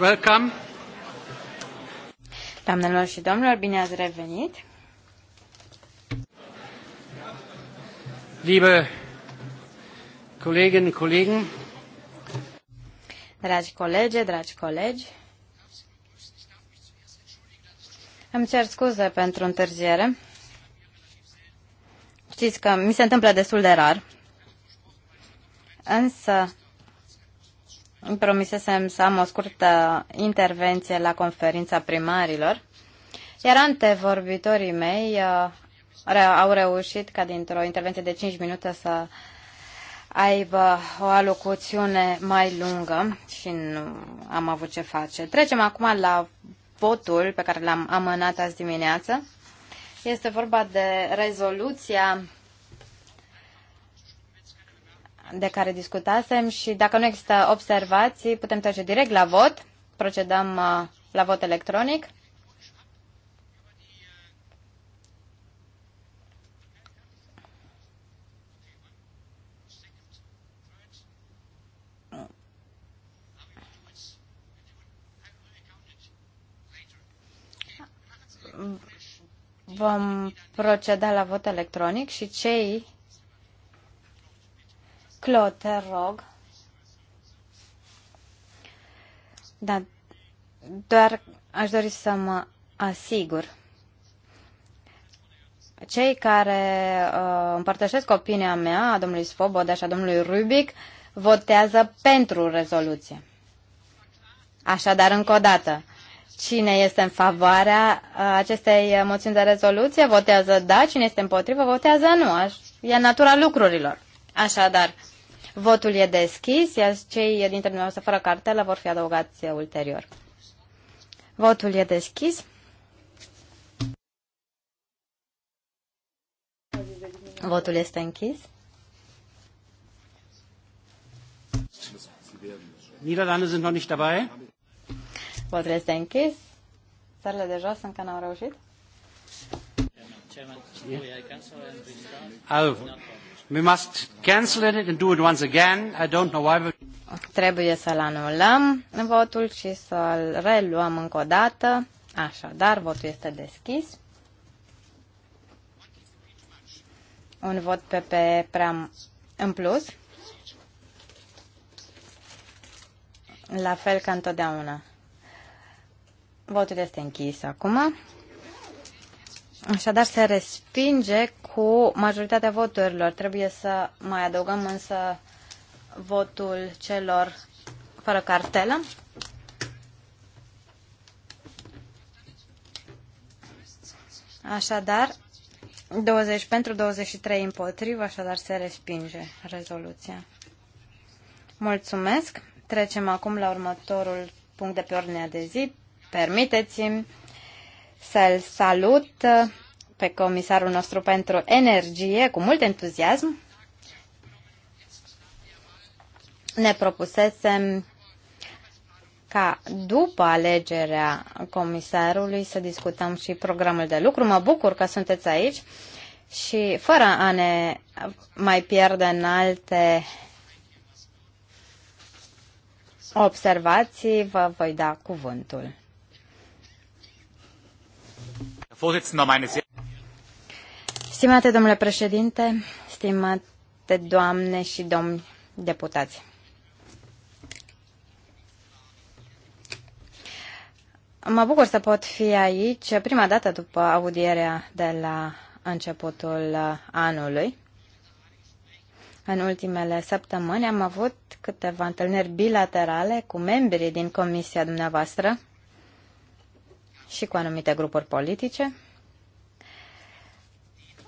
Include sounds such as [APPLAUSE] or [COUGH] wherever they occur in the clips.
Welcome. Doamnelor și domnilor, bine ați revenit. Liebe Kolleginnen und Kollegen, Dragi colege, dragi colegi, îmi cer scuze pentru întârziere. Știți că mi se întâmplă destul de rar, însă îmi promisesem să am o scurtă intervenție la conferința primarilor, iar antevorbitorii mei uh, au reușit ca dintr-o intervenție de 5 minute să aibă o alocuțiune mai lungă și nu am avut ce face. Trecem acum la votul pe care l-am amânat azi dimineață. Este vorba de rezoluția de care discutasem și dacă nu există observații, putem trece direct la vot. Procedăm uh, la vot electronic. Vom proceda la vot electronic și cei Claude, te rog. Da, doar aș dori să mă asigur. Cei care uh, împărtășesc opinia mea, a domnului Svoboda și a domnului Rubic, votează pentru rezoluție. Așadar, încă o dată, cine este în favoarea uh, acestei moțiuni de rezoluție, votează da, cine este împotrivă, votează nu. E natura lucrurilor. Așadar, votul e deschis, iar cei dintre dumneavoastră fără cartelă vor fi adăugați ulterior. Votul e deschis. Votul este închis. Niederlande sunt noch nicht dabei. Votul este închis. Țările de jos încă n-au reușit. Also, We must cancel it and do it once again. I don't know why. Trebuie să-l anulăm votul și să-l reluăm încă o dată. Așadar, votul este deschis. Un vot pe prea în plus. La fel ca întotdeauna. Votul este închis acum. Așadar se respinge cu majoritatea voturilor. Trebuie să mai adăugăm însă votul celor fără cartelă. Așadar, 20 pentru 23 împotrivă, așadar se respinge rezoluția. Mulțumesc. Trecem acum la următorul punct de pe ordinea de zi. Permiteți-mi să-l salut uh, pe comisarul nostru pentru energie cu mult entuziasm. Ne propusesem ca după alegerea comisarului să discutăm și programul de lucru. Mă bucur că sunteți aici și fără a ne mai pierde în alte observații, vă voi da cuvântul. Stimate domnule președinte, stimate doamne și domni deputați. Mă bucur să pot fi aici prima dată după audierea de la începutul anului. În ultimele săptămâni am avut câteva întâlniri bilaterale cu membrii din comisia dumneavoastră și cu anumite grupuri politice.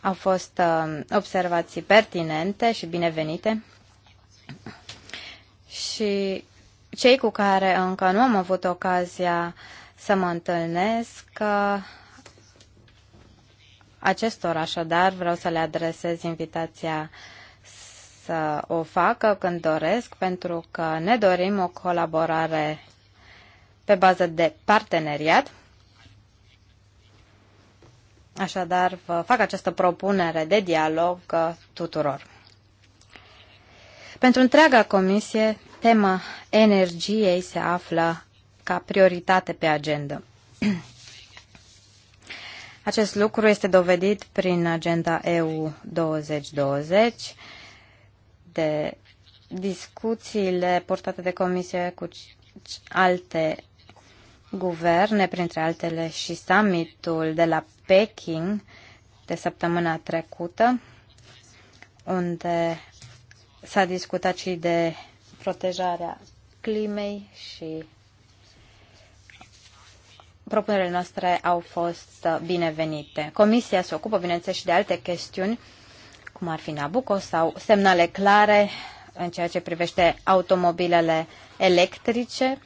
Au fost uh, observații pertinente și binevenite și cei cu care încă nu am avut ocazia să mă întâlnesc, uh, acestor așadar vreau să le adresez invitația să o facă când doresc, pentru că ne dorim o colaborare pe bază de parteneriat Așadar, vă fac această propunere de dialog uh, tuturor. Pentru întreaga comisie, tema energiei se află ca prioritate pe agenda. [CLEARS THROAT] Acest lucru este dovedit prin agenda EU 2020 de discuțiile portate de comisie cu alte guverne, printre altele și summitul de la Peking de săptămâna trecută, unde s-a discutat și de protejarea climei și propunerile noastre au fost binevenite. Comisia se ocupă, bineînțeles, și de alte chestiuni, cum ar fi Nabucco sau semnale clare în ceea ce privește automobilele electrice,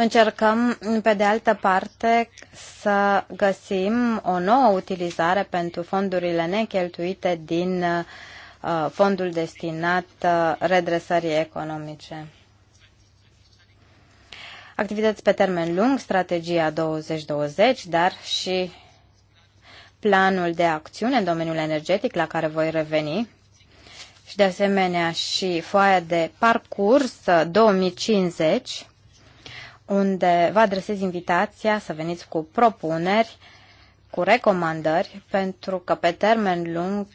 încercăm, pe de altă parte, să găsim o nouă utilizare pentru fondurile necheltuite din uh, fondul destinat uh, redresării economice. Activități pe termen lung, strategia 2020, dar și planul de acțiune în domeniul energetic la care voi reveni și de asemenea și foaia de parcurs 2050 uh, unde vă adresez invitația să veniți cu propuneri, cu recomandări, pentru că pe termen lung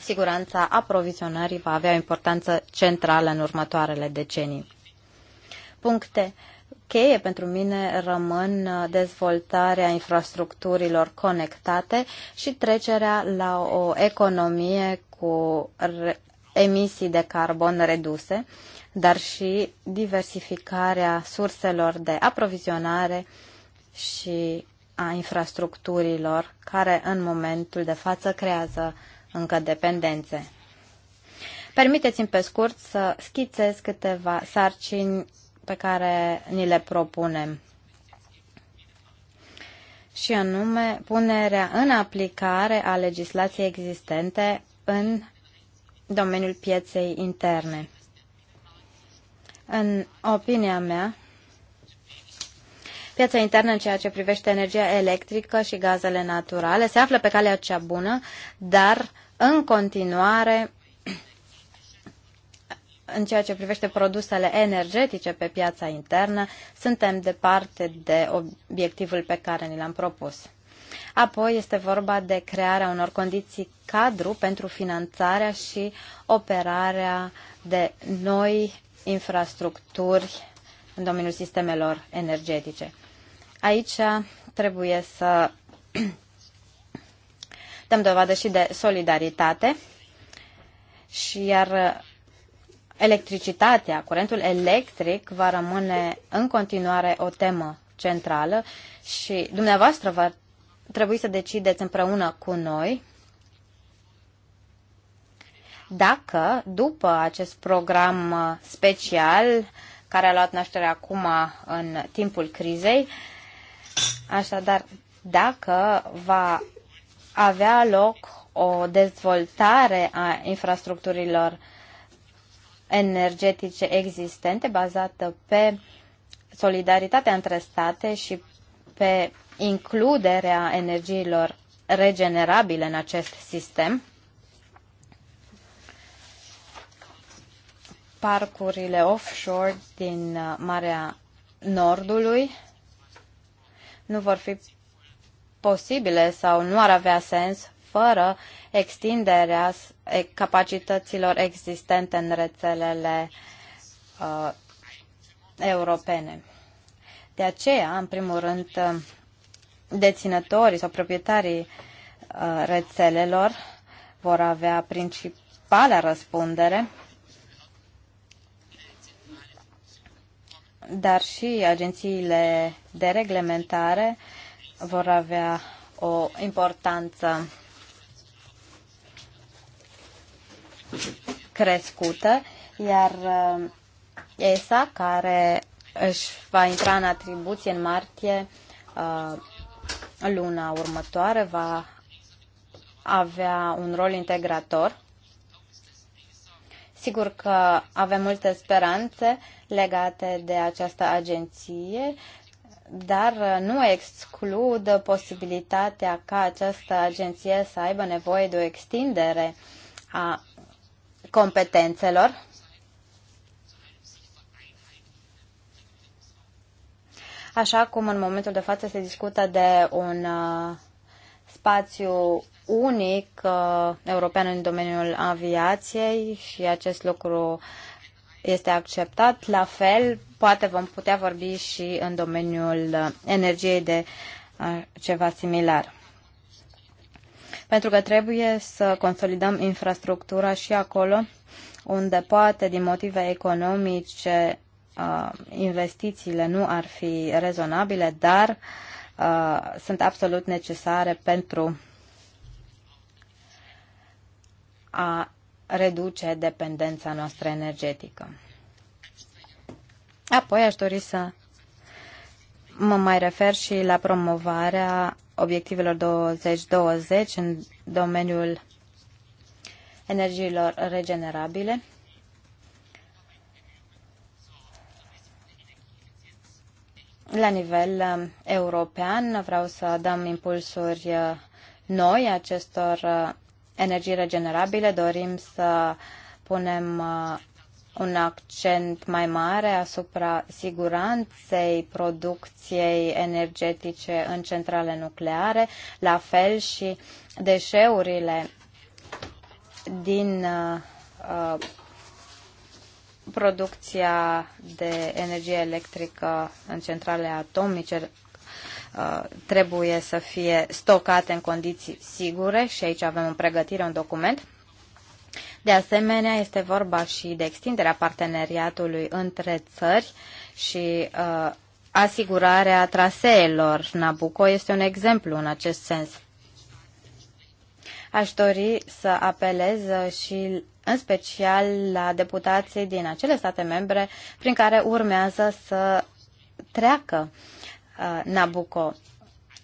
siguranța aprovizionării va avea o importanță centrală în următoarele decenii. Puncte cheie pentru mine rămân dezvoltarea infrastructurilor conectate și trecerea la o economie cu emisii de carbon reduse, dar și diversificarea surselor de aprovizionare și a infrastructurilor care în momentul de față creează încă dependențe. Permiteți-mi pe scurt să schițez câteva sarcini pe care ni le propunem și anume punerea în aplicare a legislației existente în domeniul pieței interne. În opinia mea, piața internă în ceea ce privește energia electrică și gazele naturale se află pe calea cea bună, dar în continuare în ceea ce privește produsele energetice pe piața internă, suntem departe de obiectivul pe care ni l-am propus. Apoi este vorba de crearea unor condiții cadru pentru finanțarea și operarea de noi infrastructuri în domeniul sistemelor energetice. Aici trebuie să [CLEARS THROAT] dăm dovadă și de solidaritate și iar electricitatea, curentul electric va rămâne în continuare o temă centrală și dumneavoastră va trebui să decideți împreună cu noi dacă după acest program special care a luat naștere acum în timpul crizei, așadar dacă va avea loc o dezvoltare a infrastructurilor energetice existente bazată pe solidaritatea între state și pe includerea energiilor regenerabile în acest sistem. parcurile offshore din uh, Marea Nordului nu vor fi posibile sau nu ar avea sens fără extinderea capacităților existente în rețelele uh, europene. De aceea, în primul rând, uh, deținătorii sau proprietarii uh, rețelelor vor avea principala răspundere dar și agențiile de reglementare vor avea o importanță crescută, iar uh, ESA, care își va intra în atribuție în martie uh, luna următoare, va avea un rol integrator. Sigur că avem multe speranțe legate de această agenție, dar nu exclud posibilitatea ca această agenție să aibă nevoie de o extindere a competențelor. Așa cum în momentul de față se discută de un uh, spațiu unic uh, european în domeniul aviației și acest lucru este acceptat. La fel, poate vom putea vorbi și în domeniul energiei de ceva similar. Pentru că trebuie să consolidăm infrastructura și acolo unde poate din motive economice investițiile nu ar fi rezonabile, dar sunt absolut necesare pentru a reduce dependența noastră energetică. Apoi aș dori să mă mai refer și la promovarea obiectivelor 2020 în domeniul energiilor regenerabile. La nivel um, european vreau să dăm impulsuri uh, noi acestor uh, energii regenerabile, dorim să punem uh, un accent mai mare asupra siguranței producției energetice în centrale nucleare, la fel și deșeurile din uh, uh producția de energie electrică în centrale atomice Uh, trebuie să fie stocate în condiții sigure și aici avem în pregătire un document. De asemenea, este vorba și de extinderea parteneriatului între țări și uh, asigurarea traseelor. Nabucco este un exemplu în acest sens. Aș dori să apelez și în special la deputații din acele state membre prin care urmează să treacă uh, Uh, Nabucco.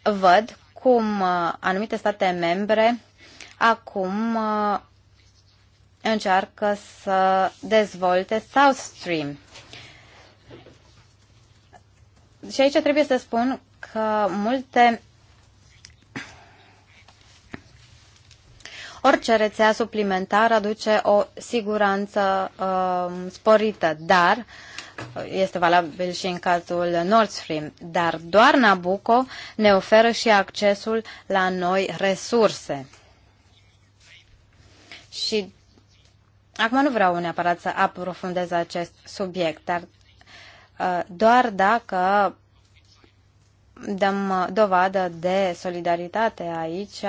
Văd cum uh, anumite state membre acum uh, încearcă să dezvolte South Stream. Și aici trebuie să spun că multe Orice rețea suplimentară aduce o siguranță uh, sporită, dar uh, este valabil și în cazul Nord Stream, dar doar Nabucco ne oferă și accesul la noi resurse. Și acum nu vreau neapărat să aprofundez acest subiect, dar uh, doar dacă dăm uh, dovadă de solidaritate aici,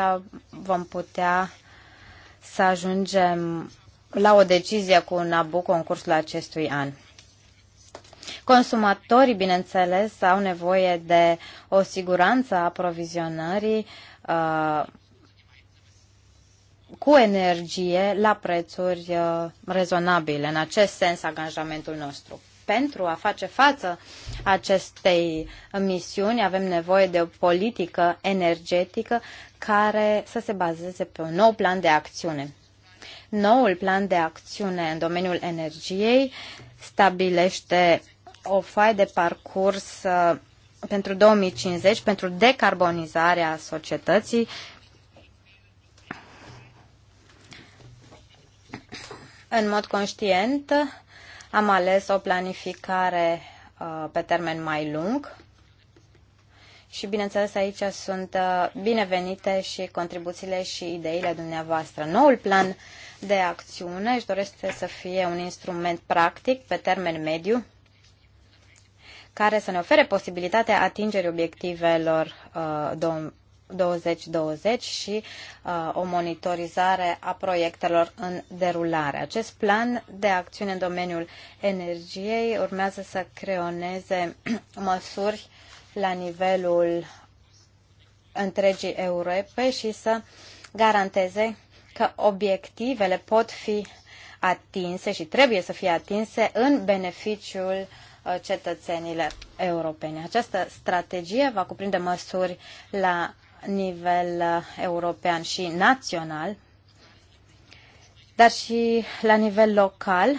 vom putea să ajungem la o decizie cu Nabucco în cursul acestui an. Consumatorii, bineînțeles, au nevoie de o siguranță a aprovizionării uh, cu energie la prețuri uh, rezonabile. În acest sens, angajamentul nostru. Pentru a face față acestei misiuni avem nevoie de o politică energetică care să se bazeze pe un nou plan de acțiune. Noul plan de acțiune în domeniul energiei stabilește o foaie de parcurs uh, pentru 2050, pentru decarbonizarea societății. În mod conștient, am ales o planificare uh, pe termen mai lung și, bineînțeles, aici sunt uh, binevenite și contribuțiile și ideile dumneavoastră. Noul plan de acțiune își dorește să fie un instrument practic pe termen mediu care să ne ofere posibilitatea atingerii obiectivelor uh, 2020 și uh, o monitorizare a proiectelor în derulare. Acest plan de acțiune în domeniul energiei urmează să creoneze [CLEARS THROAT] măsuri la nivelul întregii Europe și să garanteze că obiectivele pot fi atinse și trebuie să fie atinse în beneficiul uh, Uh, cetățenilor europene. Această strategie va cuprinde măsuri la nivel uh, european și național, dar și la nivel local.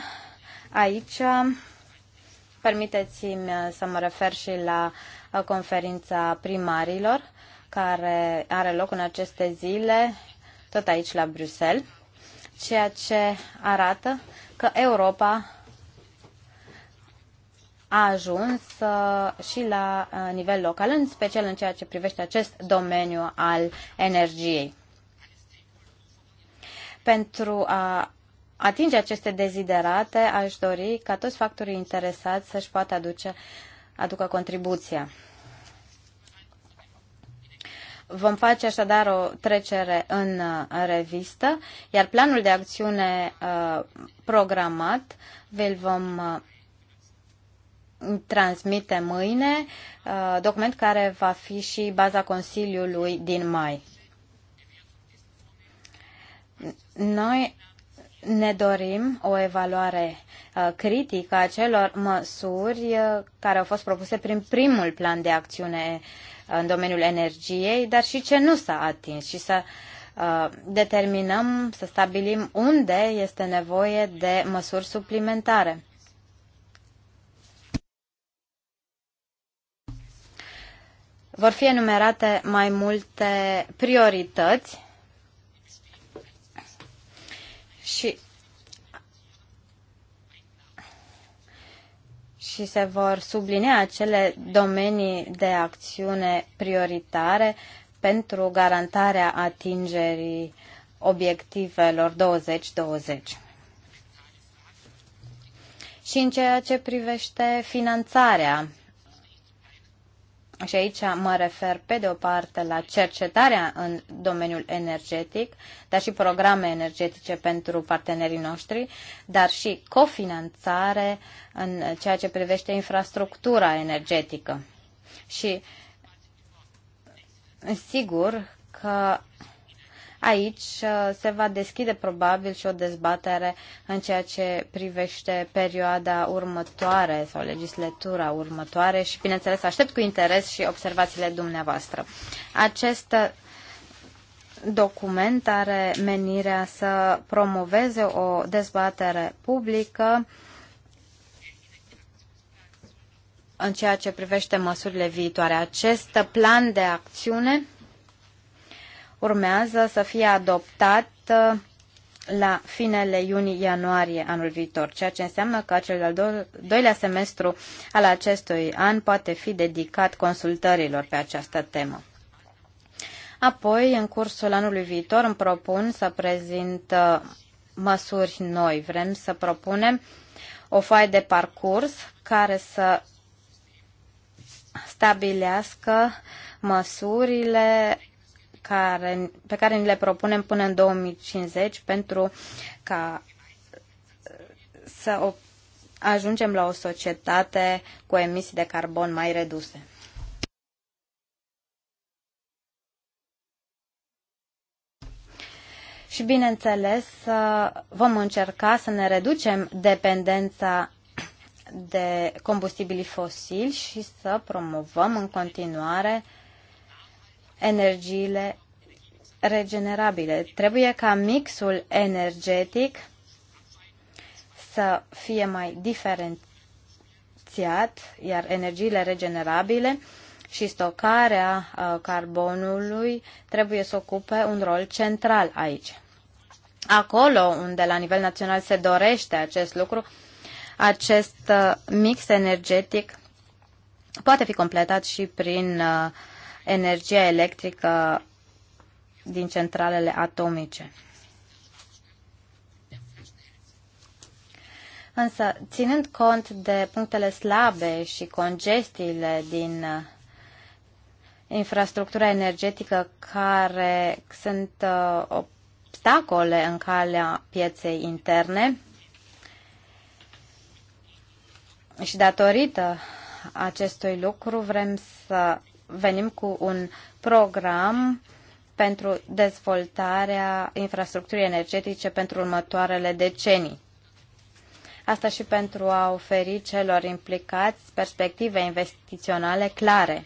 Aici uh, permiteți-mi să mă refer și la conferința primarilor care are loc în aceste zile, tot aici la Bruxelles, ceea ce arată că Europa a ajuns uh, și la uh, nivel local, în special în ceea ce privește acest domeniu al energiei. Pentru a atinge aceste deziderate, aș dori ca toți factorii interesați să-și poată aduce, aducă contribuția. Vom face așadar o trecere în, uh, revistă, iar planul de acțiune programat vi vom transmite mâine, uh, document care va fi și baza Consiliului din mai. Noi ne dorim o evaluare uh, critică a celor măsuri uh, care au fost propuse prin primul plan de acțiune în domeniul energiei, dar și ce nu s-a atins și să determinăm, să stabilim unde este nevoie de măsuri suplimentare. vor fi enumerate mai multe priorități și și se vor sublinia acele domenii de acțiune prioritare pentru garantarea atingerii obiectivelor 20-20. Și în ceea ce privește finanțarea și aici mă refer pe de o parte la cercetarea în domeniul energetic, dar și programe energetice pentru partenerii noștri, dar și cofinanțare în ceea ce privește infrastructura energetică. Și sigur că Aici uh, se va deschide probabil și o dezbatere în ceea ce privește perioada următoare sau legislatura următoare și, bineînțeles, aștept cu interes și observațiile dumneavoastră. Acest document are menirea să promoveze o dezbatere publică în ceea ce privește măsurile viitoare. Acest plan de acțiune urmează să fie adoptat uh, la finele iunie-ianuarie anul viitor, ceea ce înseamnă că cel de-al doilea semestru al acestui an poate fi dedicat consultărilor pe această temă. Apoi, în cursul anului viitor, îmi propun să prezint uh, măsuri noi. Vrem să propunem o foaie de parcurs care să stabilească măsurile care, pe care ni le propunem până în 2050 pentru ca să o, ajungem la o societate cu emisii de carbon mai reduse. Și bineînțeles, vom încerca să ne reducem dependența de combustibilii fosili și să promovăm în continuare uh, energiile regenerabile. Trebuie ca mixul energetic să fie mai diferențiat, iar energiile regenerabile și stocarea uh, carbonului trebuie să ocupe un rol central aici. Acolo unde la nivel național se dorește acest lucru, acest uh, mix energetic poate fi completat și prin uh, energia electrică din centralele atomice. Însă, ținând cont de punctele slabe și congestiile din uh, infrastructura energetică care sunt uh, obstacole în calea pieței interne și datorită acestui lucru vrem să venim cu un program pentru dezvoltarea infrastructurii energetice pentru următoarele decenii. Asta și pentru a oferi celor implicați perspective investiționale clare.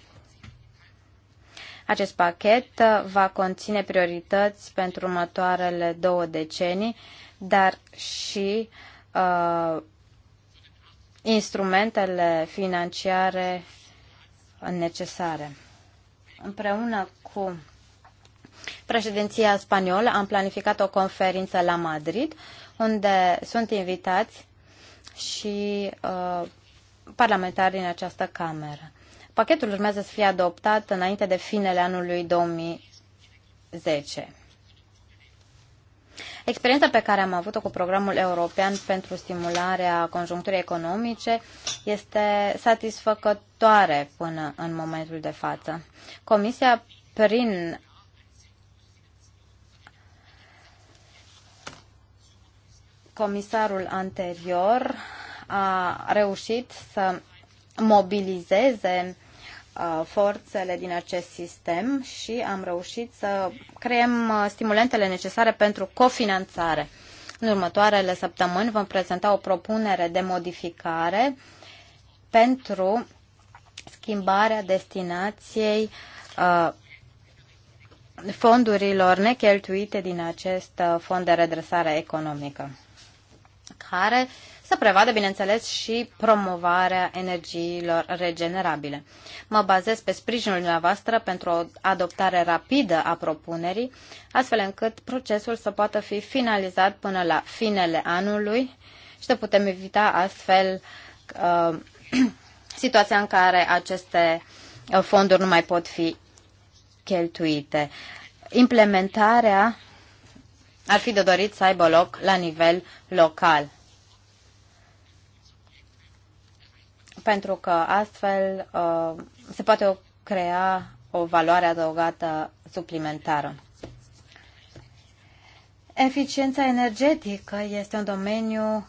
Acest pachet uh, va conține priorități pentru următoarele două decenii, dar și uh, instrumentele financiare necesare. Împreună cu președinția spaniolă am planificat o conferință la Madrid, unde sunt invitați și uh, parlamentari în această cameră. Pachetul urmează să fie adoptat înainte de finele anului 2010. Experiența pe care am avut-o cu programul european pentru stimularea conjuncturii economice este satisfăcătoare viitoare până în momentul de față. Comisia, prin comisarul anterior, a reușit să mobilizeze uh, forțele din acest sistem și am reușit să creăm uh, stimulentele necesare pentru cofinanțare. În următoarele săptămâni vom prezenta o propunere de modificare pentru schimbarea destinației uh, fondurilor necheltuite din acest uh, fond de redresare economică, care să prevadă, bineînțeles, și promovarea energiilor regenerabile. Mă bazez pe sprijinul dumneavoastră pentru o adoptare rapidă a propunerii, astfel încât procesul să poată fi finalizat până la finele anului și să putem evita astfel uh, [CLEARS THROAT] situația în care aceste uh, fonduri nu mai pot fi cheltuite. Implementarea ar fi de dorit să aibă loc la nivel local. Pentru că astfel uh, se poate crea o valoare adăugată suplimentară. Eficiența energetică este un domeniu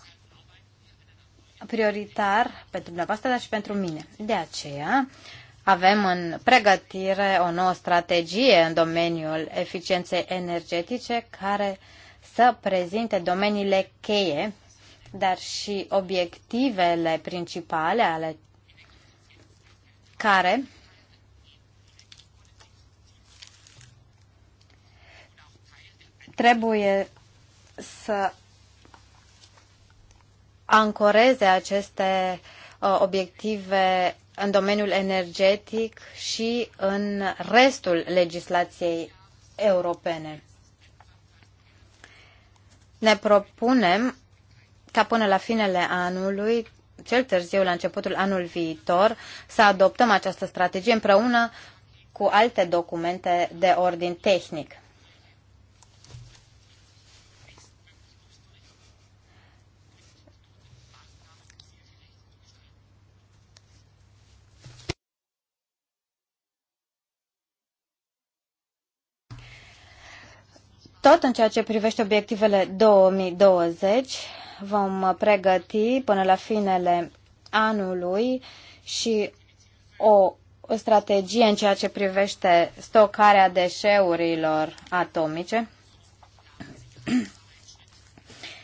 prioritar pentru dumneavoastră, dar și pentru mine. De aceea avem în pregătire o nouă strategie în domeniul eficienței energetice care să prezinte domeniile cheie, dar și obiectivele principale ale care trebuie să ancoreze aceste uh, obiective în domeniul energetic și în restul legislației europene. Ne propunem ca până la finele anului, cel târziu la începutul anul viitor, să adoptăm această strategie împreună cu alte documente de ordin tehnic. Tot în ceea ce privește obiectivele 2020, vom pregăti până la finele anului și o strategie în ceea ce privește stocarea deșeurilor atomice.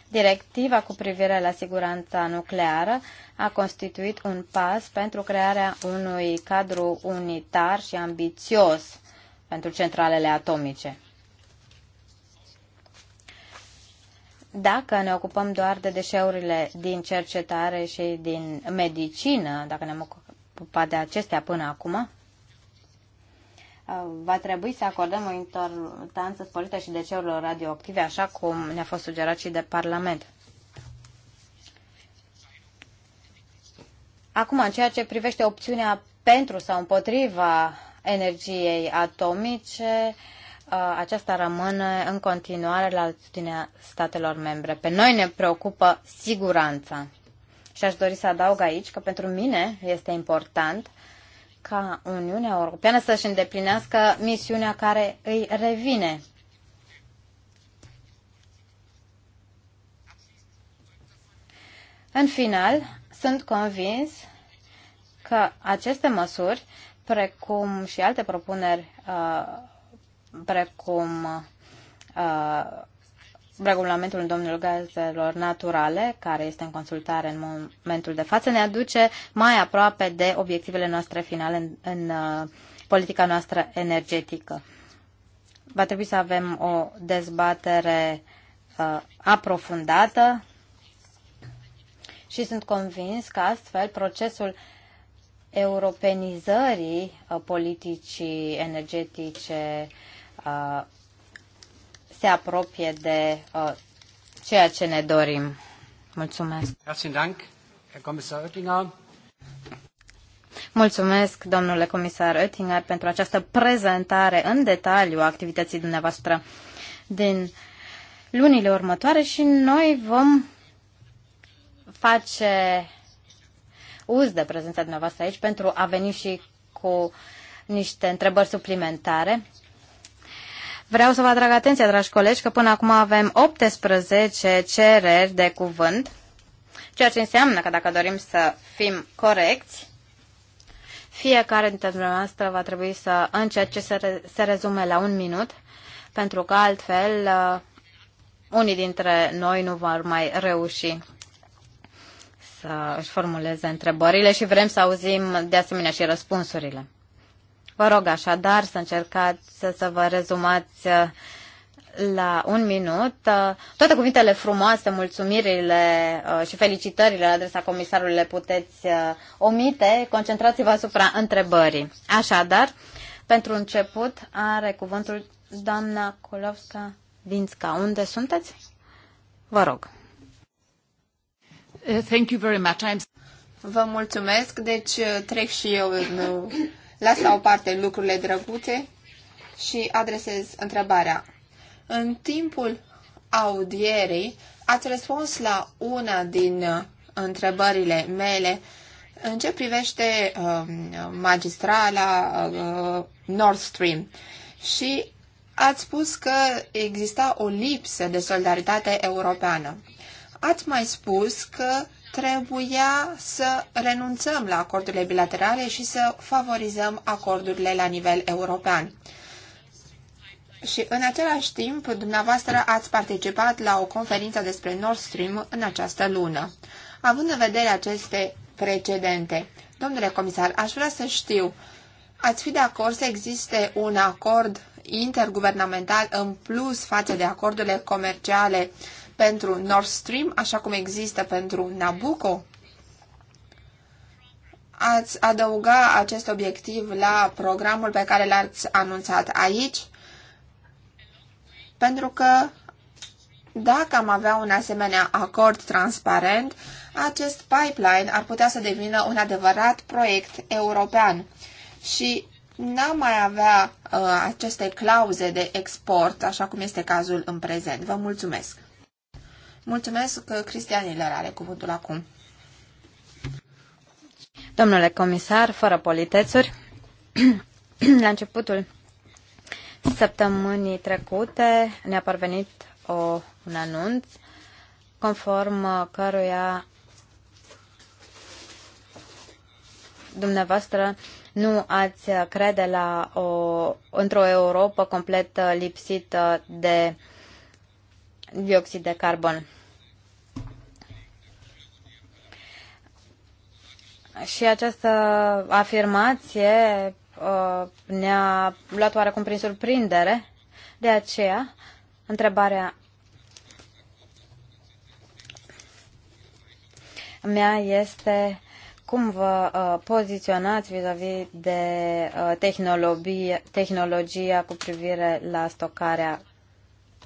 Directiva cu privire la siguranța nucleară a constituit un pas pentru crearea unui cadru unitar și ambițios pentru centralele atomice. dacă ne ocupăm doar de deșeurile din cercetare și din medicină, dacă ne-am ocupat de acestea până acum, uh, va trebui să acordăm o importanță sporită și deșeurilor radioactive, așa cum ne-a fost sugerat și de Parlament. Acum, în ceea ce privește opțiunea pentru sau împotriva energiei atomice, uh, aceasta rămâne în continuare la atitudinea statelor membre. Pe noi ne preocupă siguranța. Și aș dori să adaug aici că pentru mine este important ca Uniunea Europeană să-și îndeplinească misiunea care îi revine. În final, sunt convins că aceste măsuri, precum și alte propuneri uh, precum uh, regulamentul domnului gazelor naturale, care este în consultare în momentul de față, ne aduce mai aproape de obiectivele noastre finale în, în uh, politica noastră energetică. Va trebui să avem o dezbatere uh, aprofundată și sunt convins că astfel procesul europenizării uh, politicii energetice uh, Uh, se apropie de uh, ceea ce ne dorim. Mulțumesc. Mulțumesc, domnule comisar Oettinger, pentru această prezentare în detaliu a activității dumneavoastră din lunile următoare și noi vom face uz de prezența dumneavoastră aici pentru a veni și cu niște întrebări suplimentare. Vreau să vă atrag atenția, dragi colegi, că până acum avem 18 cereri de cuvânt, ceea ce înseamnă că dacă dorim să fim corecți, fiecare dintre dumneavoastră va trebui să încerce să re- se rezume la un minut, pentru că altfel uh, unii dintre noi nu vor mai reuși să își formuleze întrebările și vrem să auzim de asemenea și răspunsurile. Vă rog așadar să încercați să, să vă rezumați uh, la un minut. Uh, toate cuvintele frumoase, mulțumirile uh, și felicitările la adresa comisarului le puteți omite. Concentrați-vă asupra întrebării. Așadar, pentru început are cuvântul doamna Kolovska Vinska. Unde sunteți? Vă rog. Thank you very much. I'm... Vă mulțumesc. Deci trec și eu în Las la o parte lucrurile drăguțe și adresez întrebarea. În timpul audierii ați răspuns la una din uh, întrebările mele în ce privește uh, magistrala uh, Nord Stream și ați spus că exista o lipsă de solidaritate europeană. Ați mai spus că trebuia să renunțăm la acordurile bilaterale și să favorizăm acordurile la nivel european. Și în același timp, dumneavoastră ați participat la o conferință despre Nord Stream în această lună. Având în vedere aceste precedente, domnule comisar, aș vrea să știu, ați fi de acord să existe un acord interguvernamental în plus față de acordurile comerciale uh, pentru Nord Stream, așa cum există pentru Nabucco? Ați adăuga acest obiectiv la programul pe care l-ați anunțat aici? Pentru că dacă am avea un asemenea acord transparent, acest pipeline ar putea să devină un adevărat proiect european și n-am mai avea uh, aceste clauze de export, așa cum este cazul în prezent. Vă mulțumesc! Mulțumesc, Cristian Iler are cuvântul acum. Domnule comisar, fără politețuri, [CLEARS THROAT] la începutul săptămânii trecute ne-a parvenit o, un anunț conform uh, căruia dumneavoastră nu ați crede la o, într-o Europa complet uh, lipsită de uh, dioxid de carbon. Și această afirmație uh, ne-a luat oarecum prin surprindere. De aceea, întrebarea mea este cum vă uh, poziționați vis-a-vis de uh, tehnologia, tehnologia cu privire la stocarea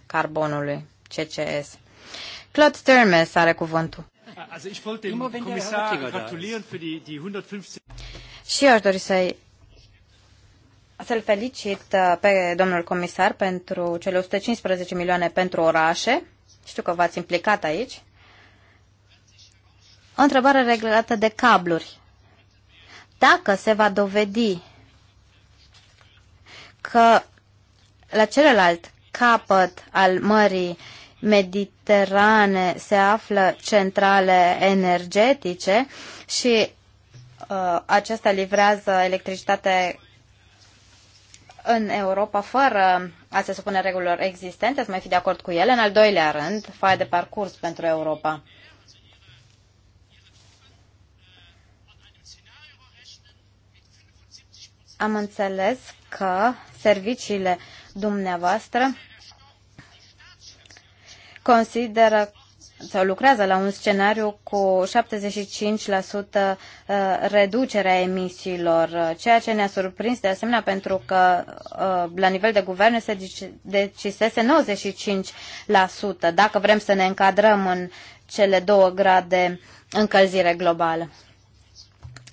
carbonului. CCS. Claude Termes are cuvântul. Da Și eu aș dori să-i să-l felicit uh, pe domnul comisar pentru cele 115 milioane pentru orașe. Știu că v-ați implicat aici. O întrebare reglată de cabluri. Dacă se va dovedi că la celălalt capăt al mării uh, mediterane se află centrale energetice și uh, acestea livrează electricitate în Europa fără a se supune regulilor existente, să mai fi de acord cu ele. În al doilea rând, foaia de parcurs pentru Europa. Am înțeles că serviciile dumneavoastră consideră sau lucrează la un scenariu cu 75% uh, reducerea emisiilor, uh, ceea ce ne-a surprins de asemenea pentru că uh, la nivel de guvern se decisese 95% dacă vrem să ne încadrăm în cele două grade încălzire globală.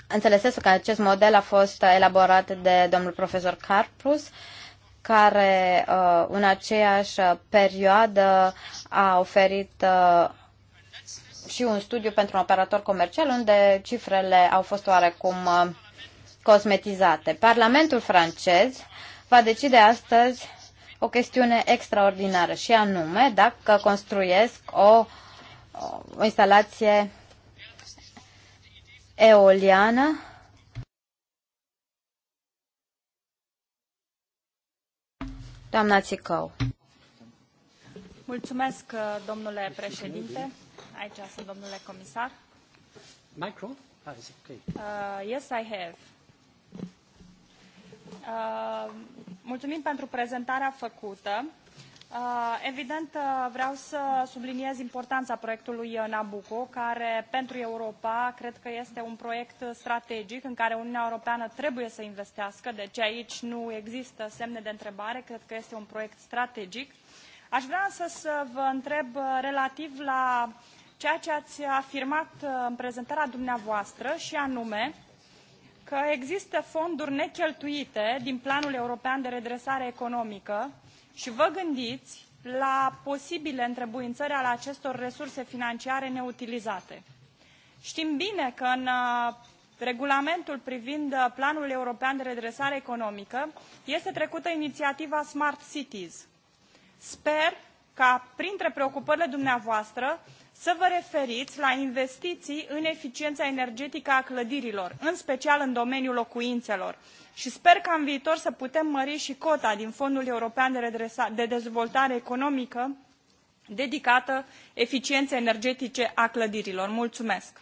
Înțelesesul că acest model a fost elaborat de domnul profesor Carpus, uh, care uh, în aceeași perioadă a oferit uh, și un studiu pentru un operator comercial unde cifrele au fost oarecum uh, cosmetizate. Parlamentul francez va decide astăzi o chestiune extraordinară și anume dacă construiesc o, o instalație eoliană Doamna Țicău. Mulțumesc, uh, domnule președinte. Aici sunt, domnule comisar. Micro? Ah, is okay. Uh, yes, I have. Uh, mulțumim pentru prezentarea făcută. Uh, evident, uh, vreau să subliniez importanța proiectului uh, Nabucco, care pentru Europa cred că este un proiect strategic în care Uniunea Europeană trebuie să investească, deci aici nu există semne de întrebare, cred că este un proiect strategic. Aș vrea însă să vă întreb relativ la ceea ce ați afirmat în prezentarea dumneavoastră și anume că există fonduri necheltuite din Planul European de Redresare Economică, și vă gândiți la posibile întrebuințări ale acestor resurse financiare neutilizate. Știm bine că în uh, regulamentul privind uh, planul european de redresare economică este trecută inițiativa Smart Cities. Sper ca printre preocupările dumneavoastră să vă referiți la investiții în eficiența energetică a clădirilor, în special în domeniul locuințelor. Și sper ca în viitor să putem mări și cota din Fondul European de Dezvoltare Economică dedicată eficienței energetice a clădirilor. Mulțumesc!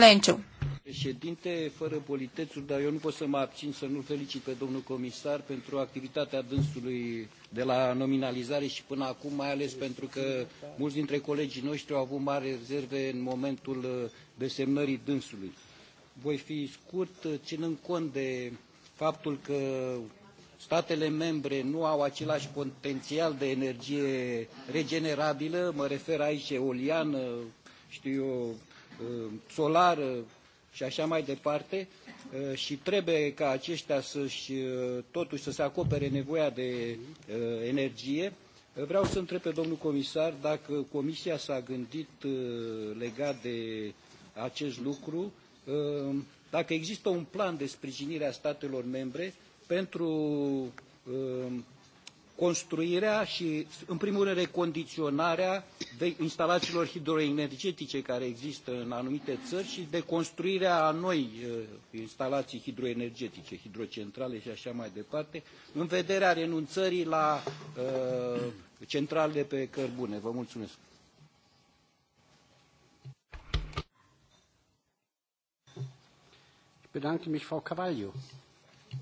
Enciu președinte, fără politețuri, dar eu nu pot să mă abțin să nu felicit pe domnul comisar pentru activitatea dânsului de la nominalizare și până acum, mai ales pentru că mulți dintre colegii noștri au avut mari rezerve în momentul uh, desemnării dânsului. Voi fi scurt, uh, ținând cont de faptul că statele membre nu au același potențial de energie regenerabilă, mă refer aici eoliană, știu eu, uh, solară, și așa mai departe uh, și trebuie ca aceștia să-și, uh, totuși să se acopere nevoia de uh, energie. Vreau să întreb pe domnul comisar dacă comisia s-a gândit legat de acest lucru, dacă există un plan de sprijinire a statelor membre pentru construirea și, în primul rând, recondiționarea instalațiilor hidroenergetice care există în anumite țări și de construirea a noi uh, instalații hidroenergetice, hidrocentrale și așa mai departe, în vederea renunțării la uh, centrale pe cărbune. Vă mulțumesc!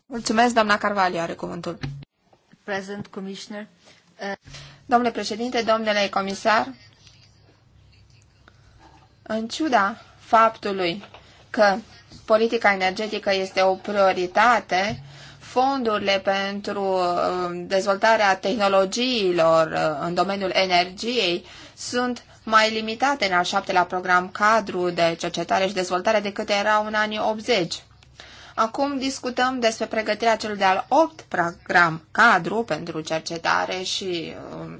Mulțumesc, doamna Carvalho, are cuvântul. Present, Commissioner. Uh, domnule președinte, domnule comisar, în ciuda faptului că politica energetică este o prioritate, fondurile pentru um, dezvoltarea tehnologiilor uh, în domeniul energiei sunt mai limitate în al șaptelea program cadru de cercetare și dezvoltare decât erau în anii 80. Acum discutăm despre pregătirea celui de-al 8 program cadru pentru cercetare și uh,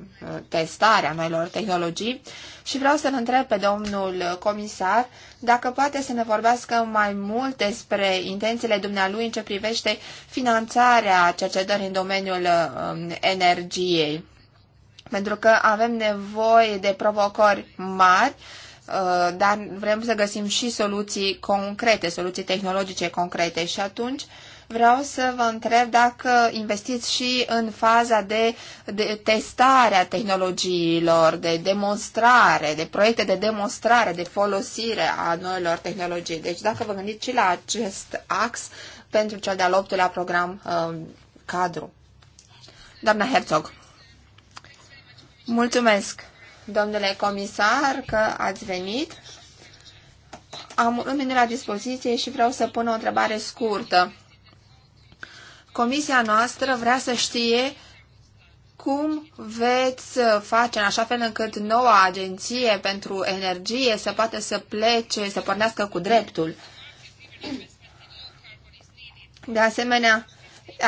testarea noilor tehnologii și vreau să-l întreb pe domnul comisar dacă poate să ne vorbească mai mult despre intențiile dumnealui în ce privește finanțarea cercetării în domeniul uh, energiei. Pentru că avem nevoie de provocări mari Uh, dar vrem să găsim și soluții concrete, soluții tehnologice concrete și atunci vreau să vă întreb dacă investiți și în faza de, de testare a tehnologiilor, de demonstrare, de proiecte de demonstrare, de folosire a noilor tehnologii. Deci dacă vă gândiți și la acest ax pentru cel de-al optulea program um, cadru. Doamna Herzog, mulțumesc! domnule comisar, că ați venit. Am un minut la dispoziție și vreau să pun o întrebare scurtă. Comisia noastră vrea să știe cum veți face în așa fel încât noua agenție pentru energie să poată să plece, să pornească cu dreptul. De asemenea,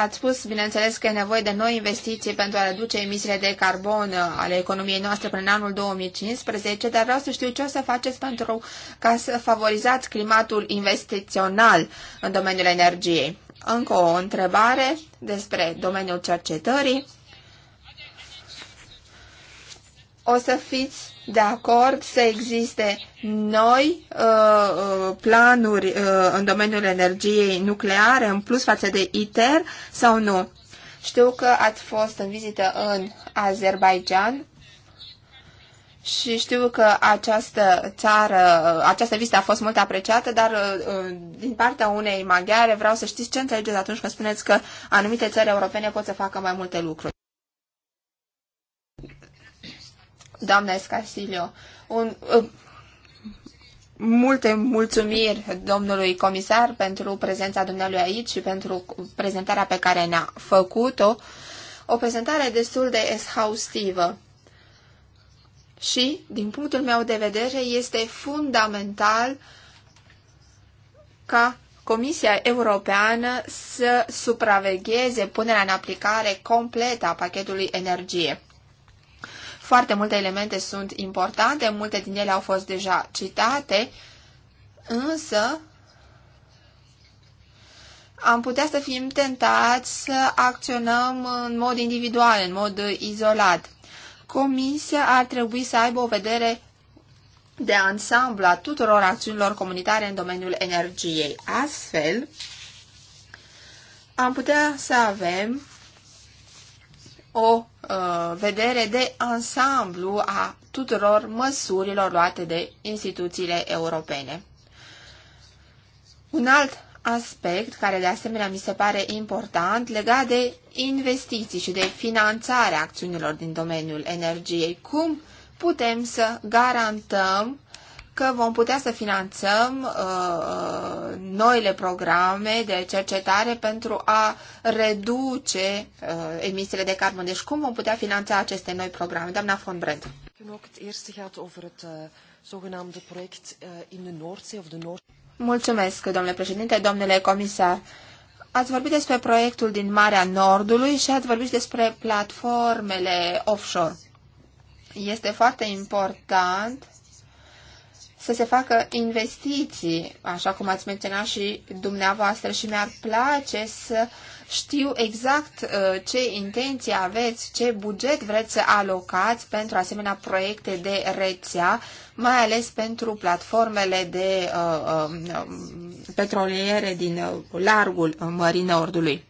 Ați spus, bineînțeles, că e nevoie de noi investiții pentru a reduce emisiile de carbon uh, ale economiei noastre până în anul 2015, dar vreau să știu ce o să faceți pentru ca să favorizați climatul investițional în domeniul energiei. Încă o întrebare despre domeniul cercetării. O să fiți de acord să existe noi uh, uh, planuri uh, în domeniul energiei nucleare, în plus față de ITER sau nu? Știu că ați fost în vizită în Azerbaijan și știu că această țară, uh, această vizită a fost mult apreciată, dar uh, din partea unei maghiare vreau să știți ce înțelegeți atunci când spuneți că anumite țări europene pot să facă mai multe lucruri. doamna Escarsilio. Un, uh, multe mulțumiri domnului comisar pentru prezența dumnealui aici și pentru prezentarea pe care ne-a făcut-o. O prezentare destul de exhaustivă. Și, din punctul meu de vedere, este fundamental ca Comisia Europeană să supravegheze punerea în aplicare completă a pachetului energie. Foarte multe elemente sunt importante, multe din ele au fost deja citate, însă am putea să fim tentați să acționăm în mod individual, în mod izolat. Comisia ar trebui să aibă o vedere de ansamblu a tuturor acțiunilor comunitare în domeniul energiei. Astfel, am putea să avem o uh, vedere de ansamblu a tuturor măsurilor luate de instituțiile europene. Un alt aspect care de asemenea mi se pare important legat de investiții și de finanțarea acțiunilor din domeniul energiei. Cum putem să garantăm că vom putea să finanțăm uh, uh, noile programe de cercetare pentru a reduce uh, emisiile de carbon. Deci cum vom putea finanța aceste noi programe? Doamna von Brent. Uh, uh, Mulțumesc, domnule președinte, domnule comisar. Ați vorbit despre proiectul din Marea Nordului și ați vorbit despre platformele offshore. Este foarte important să se facă investiții, așa cum ați menționat și dumneavoastră, și mi-ar place să știu exact uh, ce intenții aveți, ce buget vreți să alocați pentru asemenea proiecte de rețea, mai ales pentru platformele de uh, uh, petroliere din uh, largul uh, Mării Nordului.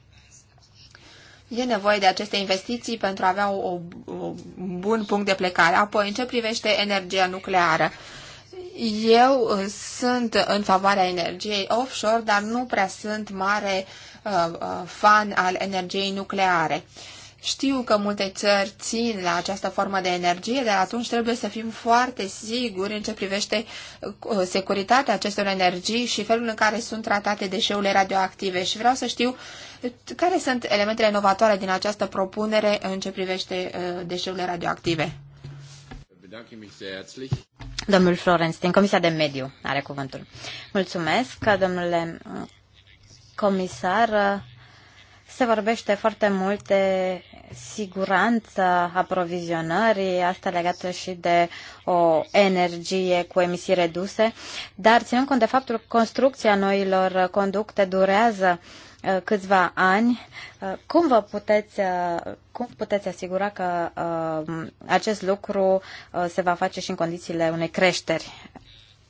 E nevoie de aceste investiții pentru a avea un bun punct de plecare. Apoi, în ce privește energia nucleară? Uh, eu uh, sunt în favoarea energiei offshore, dar nu prea sunt mare uh, uh, fan al energiei nucleare. Știu că multe țări țin la această formă de energie, dar atunci trebuie să fim foarte siguri în ce privește uh, securitatea acestor energii și felul în care sunt tratate deșeurile radioactive. Și vreau să știu care sunt elementele inovatoare din această propunere în ce privește deșeurile radioactive. Domnul Florenț, din Comisia de Mediu, are cuvântul. Mulțumesc, domnule comisar. Se vorbește foarte mult de siguranța aprovizionării, asta legată și de o energie cu emisii reduse, dar ținând cont de faptul că construcția noilor conducte durează Uh, câțiva ani, uh, cum vă puteți, uh, cum puteți asigura că acest lucru se va face și în condițiile unei creșteri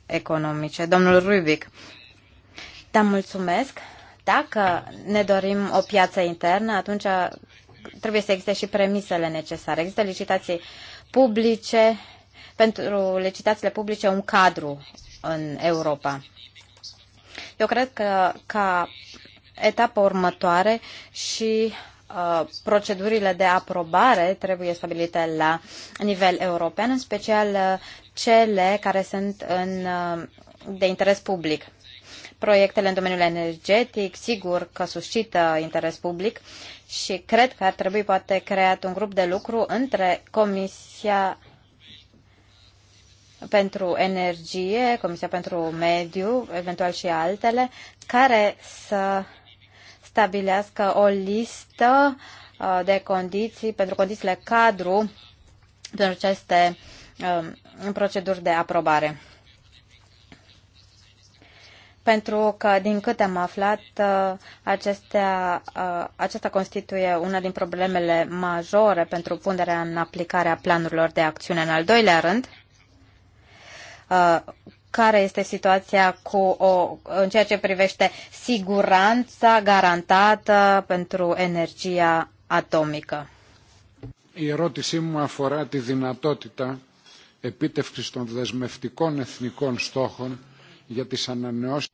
economice? Domnul Rubic, da, mulțumesc. Dacă ne dorim o piață internă, atunci trebuie să existe și premisele necesare. Există licitații publice, pentru licitațiile publice un cadru în Europa. Eu cred că ca etapă următoare și uh, procedurile de aprobare trebuie stabilite la nivel european, în special uh, cele care sunt în, uh, de interes public. Proiectele în domeniul energetic, sigur că suscită interes public și cred că ar trebui poate creat un grup de lucru între Comisia pentru energie, Comisia pentru mediu, eventual și altele, care să stabilească o listă uh, de condiții pentru condițiile cadru pentru aceste um, proceduri de aprobare. Pentru că, din câte am aflat, uh, acestea, uh, acesta constituie una din problemele majore pentru punerea în aplicare a planurilor de acțiune. În al doilea rând, care este situația cu o, în ceea ce privește siguranța garantată pentru energia atomică. Η ερώτησή μου αφορά τη δυνατότητα επίτευξης των δεσμευτικών εθνικών στόχων για τις ανανεώσεις.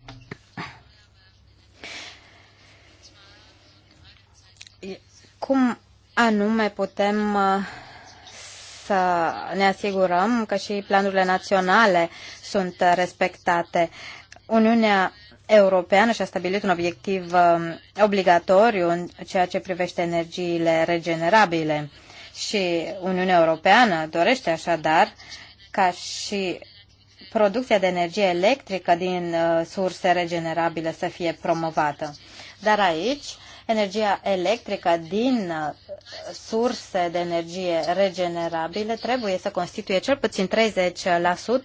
Cum anume putem uh, să ne asigurăm că și planurile naționale sunt respectate. Uniunea Europeană și-a stabilit un obiectiv um, obligatoriu în ceea ce privește energiile regenerabile și Uniunea Europeană dorește așadar ca și producția de energie electrică din uh, surse regenerabile să fie promovată. Dar aici energia electrică din uh, surse de energie regenerabile trebuie să constituie cel puțin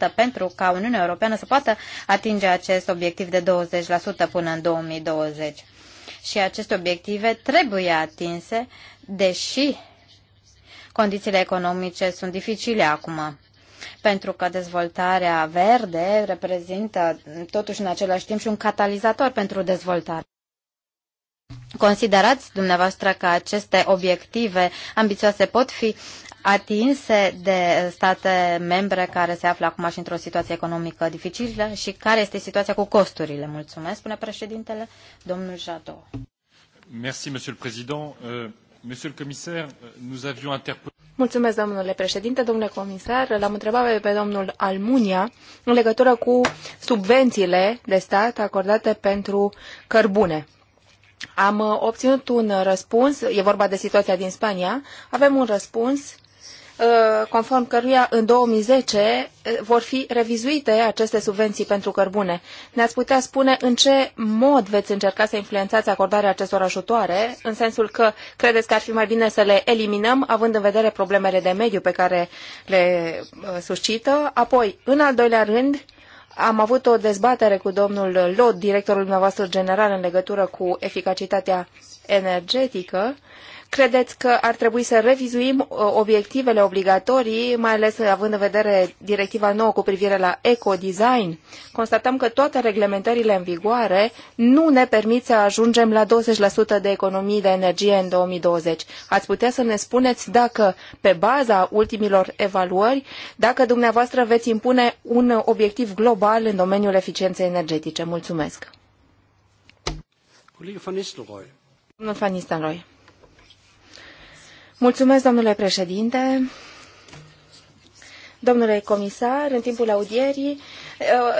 30% pentru ca Uniunea Europeană să poată atinge acest obiectiv de 20% până în 2020. Și aceste obiective trebuie atinse, deși condițiile economice sunt dificile acum pentru că dezvoltarea verde reprezintă totuși în același timp și un catalizator pentru dezvoltare. Considerați dumneavoastră că aceste obiective ambițioase pot fi atinse de state membre care se află acum și într-o situație economică dificilă și care este situația cu costurile? Mulțumesc, spune președintele, domnul Jadot. Merci, monsieur le président. Euh, monsieur le commissaire, nous avions interpellé Mulțumesc, domnule președinte, domnule comisar. L-am întrebat pe domnul Almunia în legătură cu subvențiile de stat acordate pentru cărbune. Am uh, obținut un uh, răspuns, e vorba de situația din Spania, avem un răspuns uh, conform căruia în 2010 vor fi revizuite aceste subvenții pentru cărbune. Ne-ați putea spune în ce mod veți încerca să influențați acordarea acestor ajutoare, în sensul că credeți că ar fi mai bine să le eliminăm, având în vedere problemele de mediu pe care le suscită, apoi, în al doilea rând, am avut o dezbatere cu domnul Lod, directorul dumneavoastră general, în legătură cu eficacitatea energetică Credeți că ar trebui să revizuim uh, obiectivele obligatorii, mai ales uh, având în vedere directiva nouă cu privire la ecodesign? Constatăm că toate reglementările în vigoare nu ne permit să ajungem la 20% de economii de energie în 2020. Ați putea să ne spuneți dacă, pe baza ultimilor evaluări, dacă dumneavoastră veți impune un obiectiv global în domeniul eficienței energetice. Mulțumesc. Colegul Van Nistelrooy. Domnul Van Nistelrooy. Mulțumesc, domnule președinte. Domnule comisar, în timpul audierii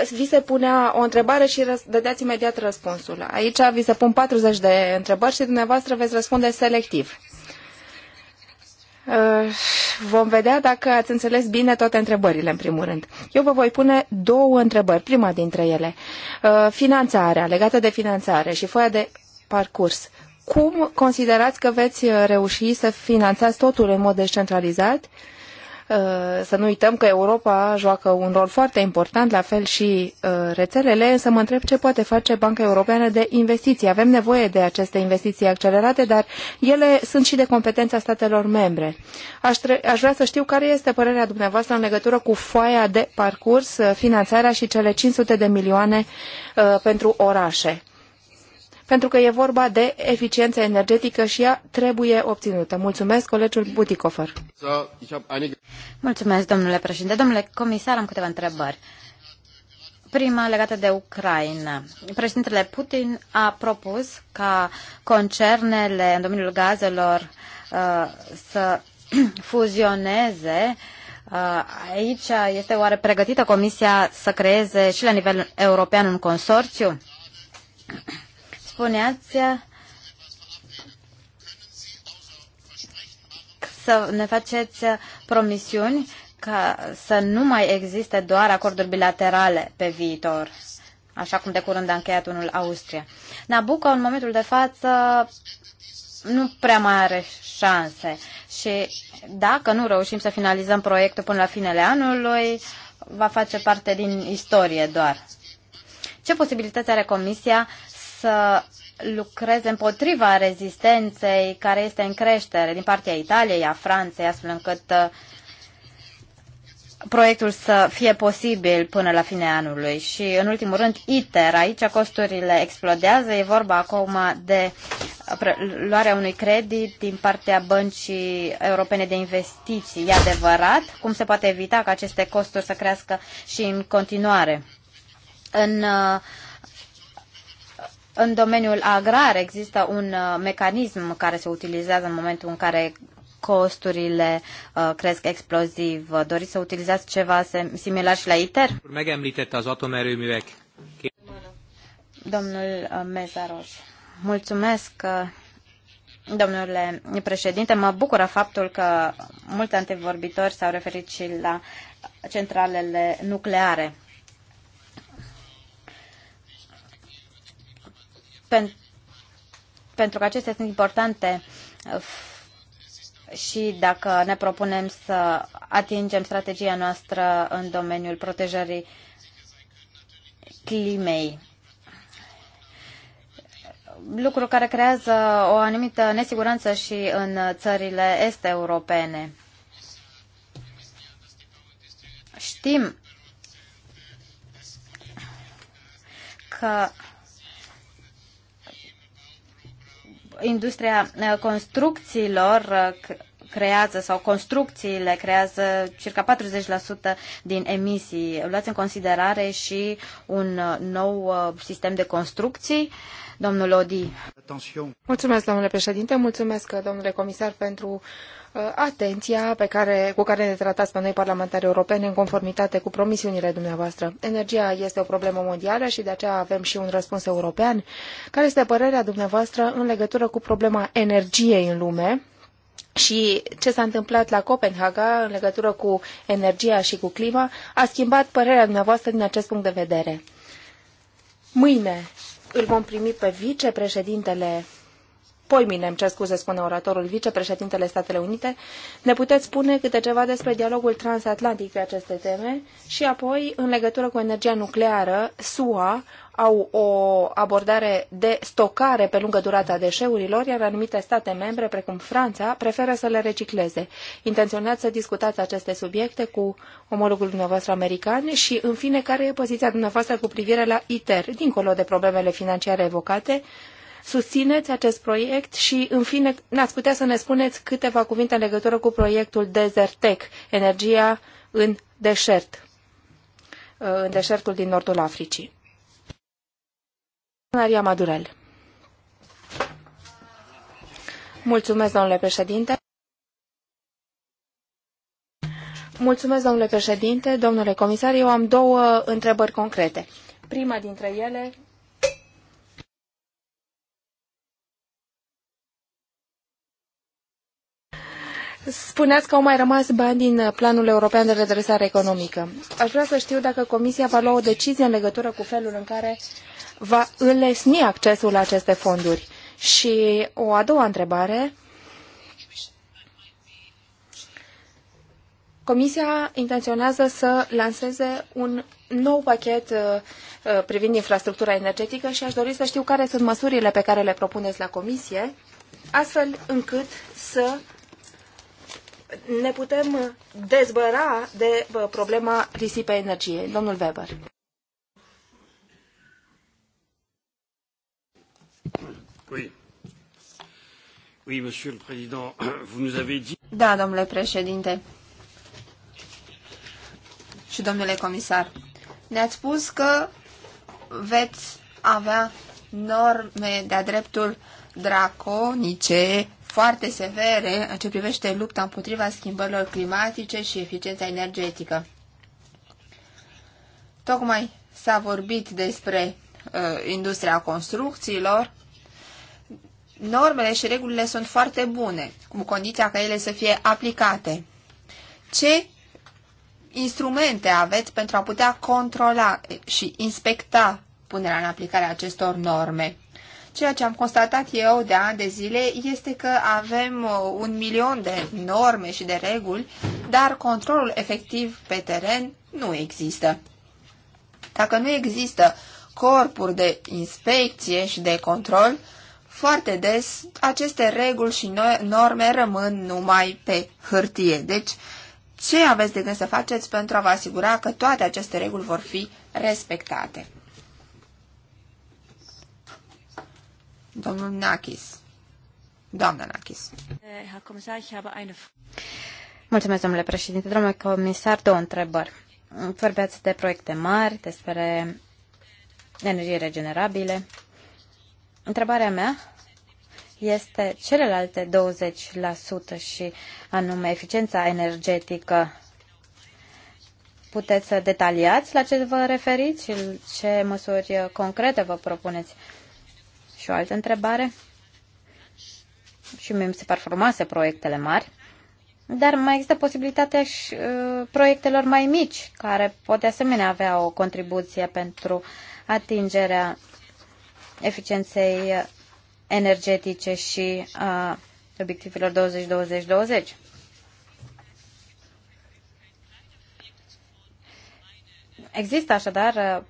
uh, vi se punea o întrebare și dădeați imediat răspunsul. Aici vi se pun 40 de întrebări și dumneavoastră veți răspunde selectiv. Uh, vom vedea dacă ați înțeles bine toate întrebările, în primul rând. Eu vă voi pune două întrebări, prima dintre ele. Uh, finanțarea, legată de finanțare și foaia de parcurs cum considerați că veți uh, reuși să finanțați totul în mod descentralizat? Uh, să nu uităm că Europa joacă un rol foarte important, la fel și uh, rețelele, însă mă întreb ce poate face Banca Europeană de Investiții. Avem nevoie de aceste investiții accelerate, dar ele sunt și de competența statelor membre. Aș, aș vrea să știu care este părerea dumneavoastră în legătură cu foaia de parcurs, finanțarea și cele 500 de milioane pentru orașe pentru că e vorba de eficiență energetică și ea trebuie obținută. Mulțumesc, colegul Buticofer. Mulțumesc, domnule președinte. Domnule comisar, am câteva întrebări. Prima legată de Ucraina. Președintele Putin a propus ca concernele în domeniul gazelor uh, să [CLEARS THROAT] fuzioneze uh, Aici este oare pregătită Comisia să creeze și la nivel european un consorțiu? [CLEARS THROAT] spuneați să ne faceți promisiuni ca să nu mai existe doar acorduri bilaterale pe viitor, așa cum de curând a încheiat unul Austria. Nabucco, în momentul de față, nu prea mai are șanse și dacă nu reușim să finalizăm proiectul până la finele anului, va face parte din istorie doar. Ce posibilități are Comisia să lucreze împotriva rezistenței care este în creștere din partea Italiei, a Franței, astfel încât uh, proiectul să fie posibil până la fine anului. Și, în ultimul rând, ITER. Aici costurile explodează. E vorba acum de uh, luarea unui credit din partea Băncii Europene de Investiții. E adevărat? Cum se poate evita ca aceste costuri să crească și în continuare? În uh, în domeniul agrar există un uh, mecanism care se utilizează în momentul în care costurile uh, cresc exploziv. Doriți să utilizați ceva similar și la ITER? Domnul uh, Mezaros. Mulțumesc, uh, domnule președinte. Mă bucură faptul că multe antevorbitori s-au referit și la centralele nucleare. pen, pentru că acestea sunt importante uh, și dacă ne propunem să atingem strategia noastră în domeniul protejării climei. Lucru care creează o anumită nesiguranță și în țările este europene. Știm că industria uh, construcțiilor uh, creează sau construcțiile creează circa 40% din emisii. Luați în considerare și un uh, nou sistem de construcții uh, domnul Mulțumesc, domnule președinte, mulțumesc, domnule comisar, pentru uh, atenția pe care, cu care ne tratați pe noi parlamentari europeni în conformitate cu promisiunile dumneavoastră. Energia este o problemă mondială și de aceea avem și un răspuns european. Care este părerea dumneavoastră în legătură cu problema energiei în lume? Și ce s-a întâmplat la Copenhaga în legătură cu energia și cu clima a schimbat părerea dumneavoastră din acest punct de vedere. Mâine îl vom primi pe vicepreședintele poimine, îmi cer scuze, spune oratorul vicepreședintele Statele Unite, ne puteți spune câte ceva despre dialogul transatlantic pe aceste teme și apoi, în legătură cu energia nucleară, SUA au o abordare de stocare pe lungă durată a deșeurilor, iar anumite state membre, precum Franța, preferă să le recicleze. Intenționați să discutați aceste subiecte cu omologul dumneavoastră american și, în fine, care e poziția dumneavoastră cu privire la ITER, dincolo de problemele financiare evocate, susțineți acest proiect și, în fine, ne-ați putea să ne spuneți câteva cuvinte în legătură cu proiectul Desertec, energia în deșert, uh, în deșertul din nordul Africii. Maria Madurel. Mulțumesc, domnule președinte. Mulțumesc, domnule președinte, domnule comisar. Eu am două întrebări concrete. Prima dintre ele Spuneați că au mai rămas bani din Planul European de Redresare Economică. Aș vrea să știu dacă Comisia va lua o decizie în legătură cu felul în care va înlesni accesul la aceste fonduri. Și o a doua întrebare. Comisia intenționează să lanseze un nou pachet uh, uh, privind infrastructura energetică și aș dori să știu care sunt măsurile pe care le propuneți la Comisie, astfel încât să ne putem uh, dezbăra de uh, problema risipei energiei. Domnul Weber. Oui. Oui, monsieur le président, [CLEARS THROAT] vous nous avez dit... Da, domnule președinte și domnule comisar, ne-ați spus că veți avea norme de-a dreptul draconice foarte severe în ce privește lupta împotriva schimbărilor climatice și eficiența energetică. Tocmai s-a vorbit despre uh, industria construcțiilor. Normele și regulile sunt foarte bune, cu condiția ca ele să fie aplicate. Ce instrumente aveți pentru a putea controla și inspecta punerea în aplicare a acestor norme? Ceea ce am constatat eu de ani de zile este că avem uh, un milion de norme și de reguli, dar controlul efectiv pe teren nu există. Dacă nu există corpuri de inspecție și de control, foarte des aceste reguli și norme rămân numai pe hârtie. Deci, ce aveți de gând să faceți pentru a vă asigura că toate aceste reguli vor fi respectate? Domnul Nakis. Doamna Nakis. Mulțumesc, domnule președinte. Domnule comisar, două întrebări. Vorbeați de proiecte mari, despre energie regenerabile. Întrebarea mea este celelalte 20% și anume eficiența energetică. Puteți să detaliați la ce vă referiți și ce măsuri concrete vă propuneți? Și o altă întrebare. Și mi se par frumoase proiectele mari, dar mai există posibilitatea și uh, proiectelor mai mici, care pot de asemenea avea o contribuție pentru atingerea eficienței energetice și a obiectivelor 20-20-20. Există așadar uh,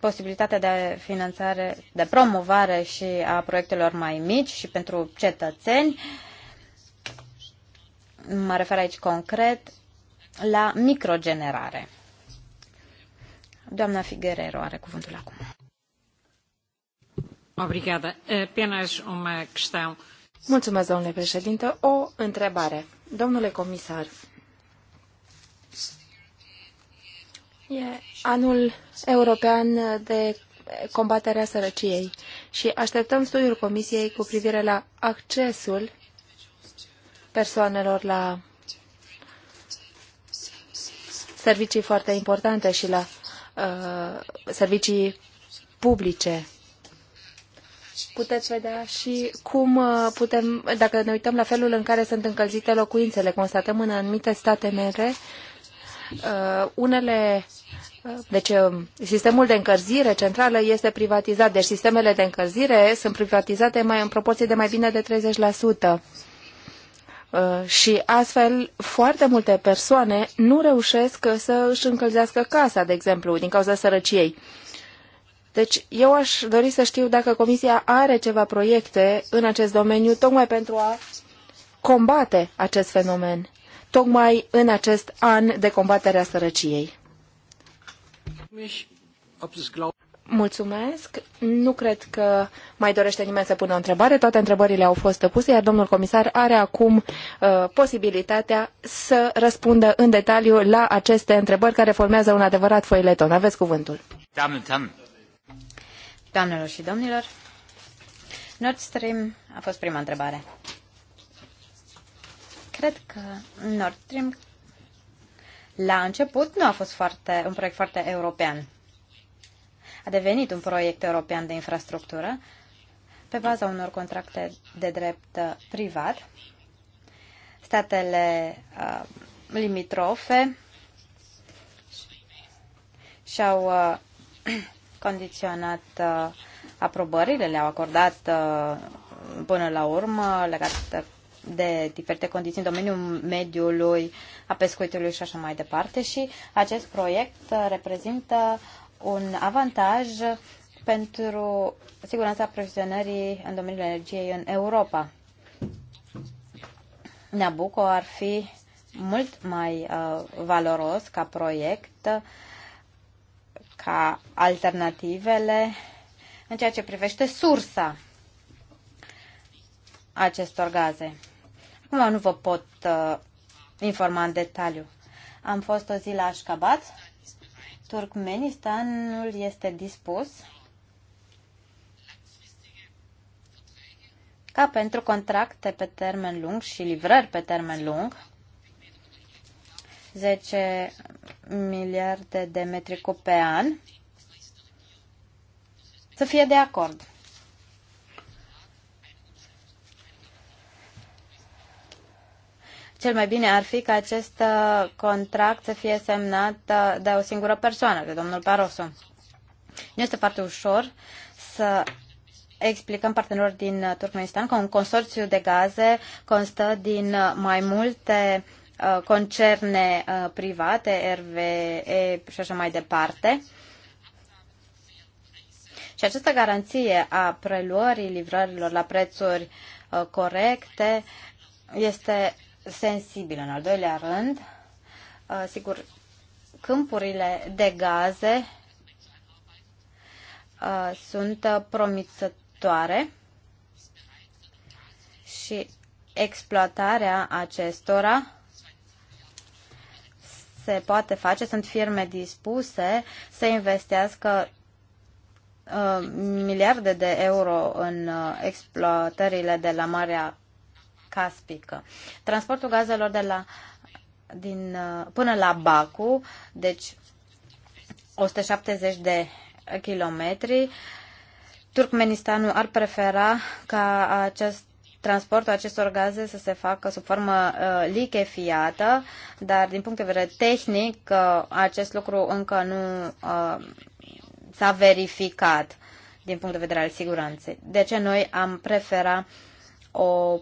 posibilitatea de finanțare, de promovare și a proiectelor mai mici și pentru cetățeni. Mă refer aici concret la microgenerare. Doamna Figuerero are cuvântul acum. Obrigada. Apenas uma questão. Mulțumesc, domnule președinte. O întrebare. Domnule comisar, E anul european de combaterea sărăciei și așteptăm studiul Comisiei cu privire la accesul persoanelor la servicii foarte importante și la uh, servicii publice. Puteți vedea și cum uh, putem, dacă ne uităm la felul în care sunt încălzite locuințele, constatăm în anumite state membre Uh, unele uh, deci um, sistemul de încălzire centrală este privatizat, deci sistemele de încălzire sunt privatizate mai în proporție de mai bine de 30%. Uh, și astfel, foarte multe persoane nu reușesc să își încălzească casa, de exemplu, din cauza sărăciei. Deci eu aș dori să știu dacă Comisia are ceva proiecte în acest domeniu, tocmai pentru a combate acest fenomen tocmai în acest an de combatere a sărăciei. Mulțumesc. Nu cred că mai dorește nimeni să pună o întrebare. Toate întrebările au fost puse, iar domnul comisar are acum uh, posibilitatea să răspundă în detaliu la aceste întrebări care formează un adevărat foileton. Aveți cuvântul. Doamnelor și domnilor, Nord Stream a fost prima întrebare. Cred că Nord Stream la început nu a fost foarte, un proiect foarte european. A devenit un proiect european de infrastructură pe baza unor contracte de drept uh, privat. Statele uh, limitrofe și-au uh, [CLEARS THROAT] condiționat uh, aprobările, le-au acordat uh, până la urmă legat de diferite condiții în domeniul mediului, a pescuitului și așa mai departe și acest proiect uh, reprezintă un avantaj pentru siguranța aprovizionării în domeniul energiei în Europa. Nabucco ar fi mult mai uh, valoros ca proiect ca alternativele în ceea ce privește sursa acestor gaze. Nu, nu vă pot uh, informa în detaliu. Am fost o zi la Ashgabat. Turkmenistanul este dispus ca pentru contracte pe termen lung și livrări pe termen lung 10 miliarde de metri cu pe an să fie de acord. cel mai bine ar fi ca acest uh, contract să fie semnat uh, de o singură persoană, de domnul Barroso. Nu este foarte ușor să explicăm partenerilor din uh, Turkmenistan că un consorțiu de gaze constă din mai multe concerne private, RVE și așa mai departe. Și această garanție a preluării livrărilor la prețuri corecte este sensibil În al doilea rând, uh, sigur, câmpurile de gaze uh, sunt uh, promițătoare și exploatarea acestora se poate face, sunt firme dispuse să investească miliarde de euro în exploatările de la Marea Caspică. Transportul gazelor de la, din, uh, până la Baku, deci 170 de kilometri, Turkmenistanul ar prefera ca acest transportul acestor gaze să se facă sub formă uh, lichefiată, dar din punct de vedere tehnic uh, acest lucru încă nu uh, s-a verificat din punct de vedere al siguranței. De ce noi am prefera o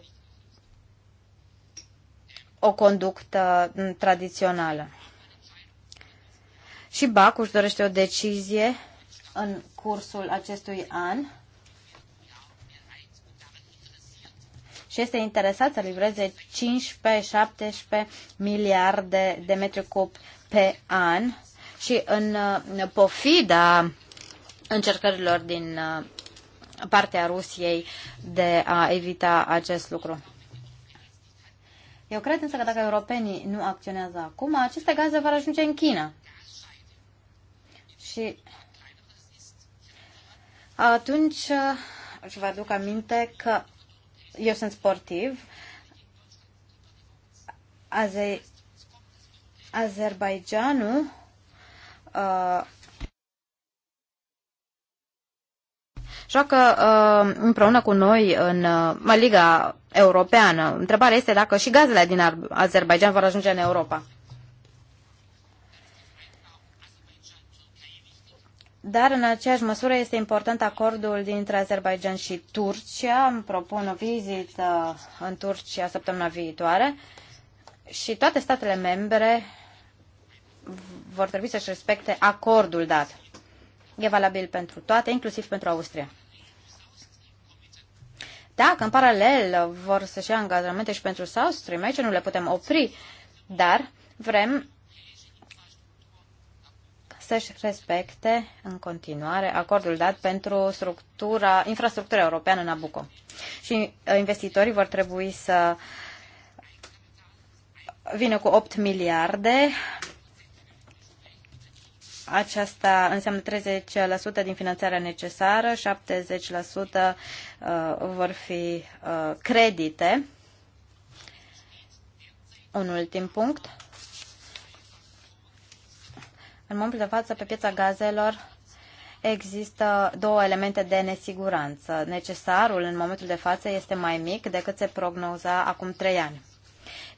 o conductă tradițională. Și BAC își dorește o decizie în cursul acestui an și este interesat să livreze 15-17 miliarde de metri cub pe an și în pofida încercărilor din uh, partea Rusiei de a evita acest lucru. Eu cred însă că dacă europenii nu acționează acum, aceste gaze vor ajunge în China. Și atunci uh, își vă aduc aminte că eu sunt sportiv. Aze- Azerbaijanul uh, joacă uh, împreună cu noi în uh, Liga Europeană. Întrebarea este dacă și gazele din Ar Azerbaijan vor ajunge în Europa. Dar în aceeași măsură este important acordul dintre Azerbaijan și Turcia. Îmi propun o vizită în Turcia săptămâna viitoare și toate statele membre vor trebui să-și respecte acordul dat. E valabil pentru toate, inclusiv pentru Austria. Dacă în paralel vor să-și ia angajamente și pentru South Stream, aici nu le putem opri, dar vrem să-și respecte în continuare acordul dat pentru structura, infrastructura europeană în Nabucco. Și uh, investitorii vor trebui să vină cu 8 miliarde aceasta înseamnă 30% din finanțarea necesară, 70% uh, vor fi uh, credite. Un ultim punct. În momentul de față, pe piața gazelor, există două elemente de nesiguranță. Necesarul în momentul de față este mai mic decât se prognoza acum trei ani.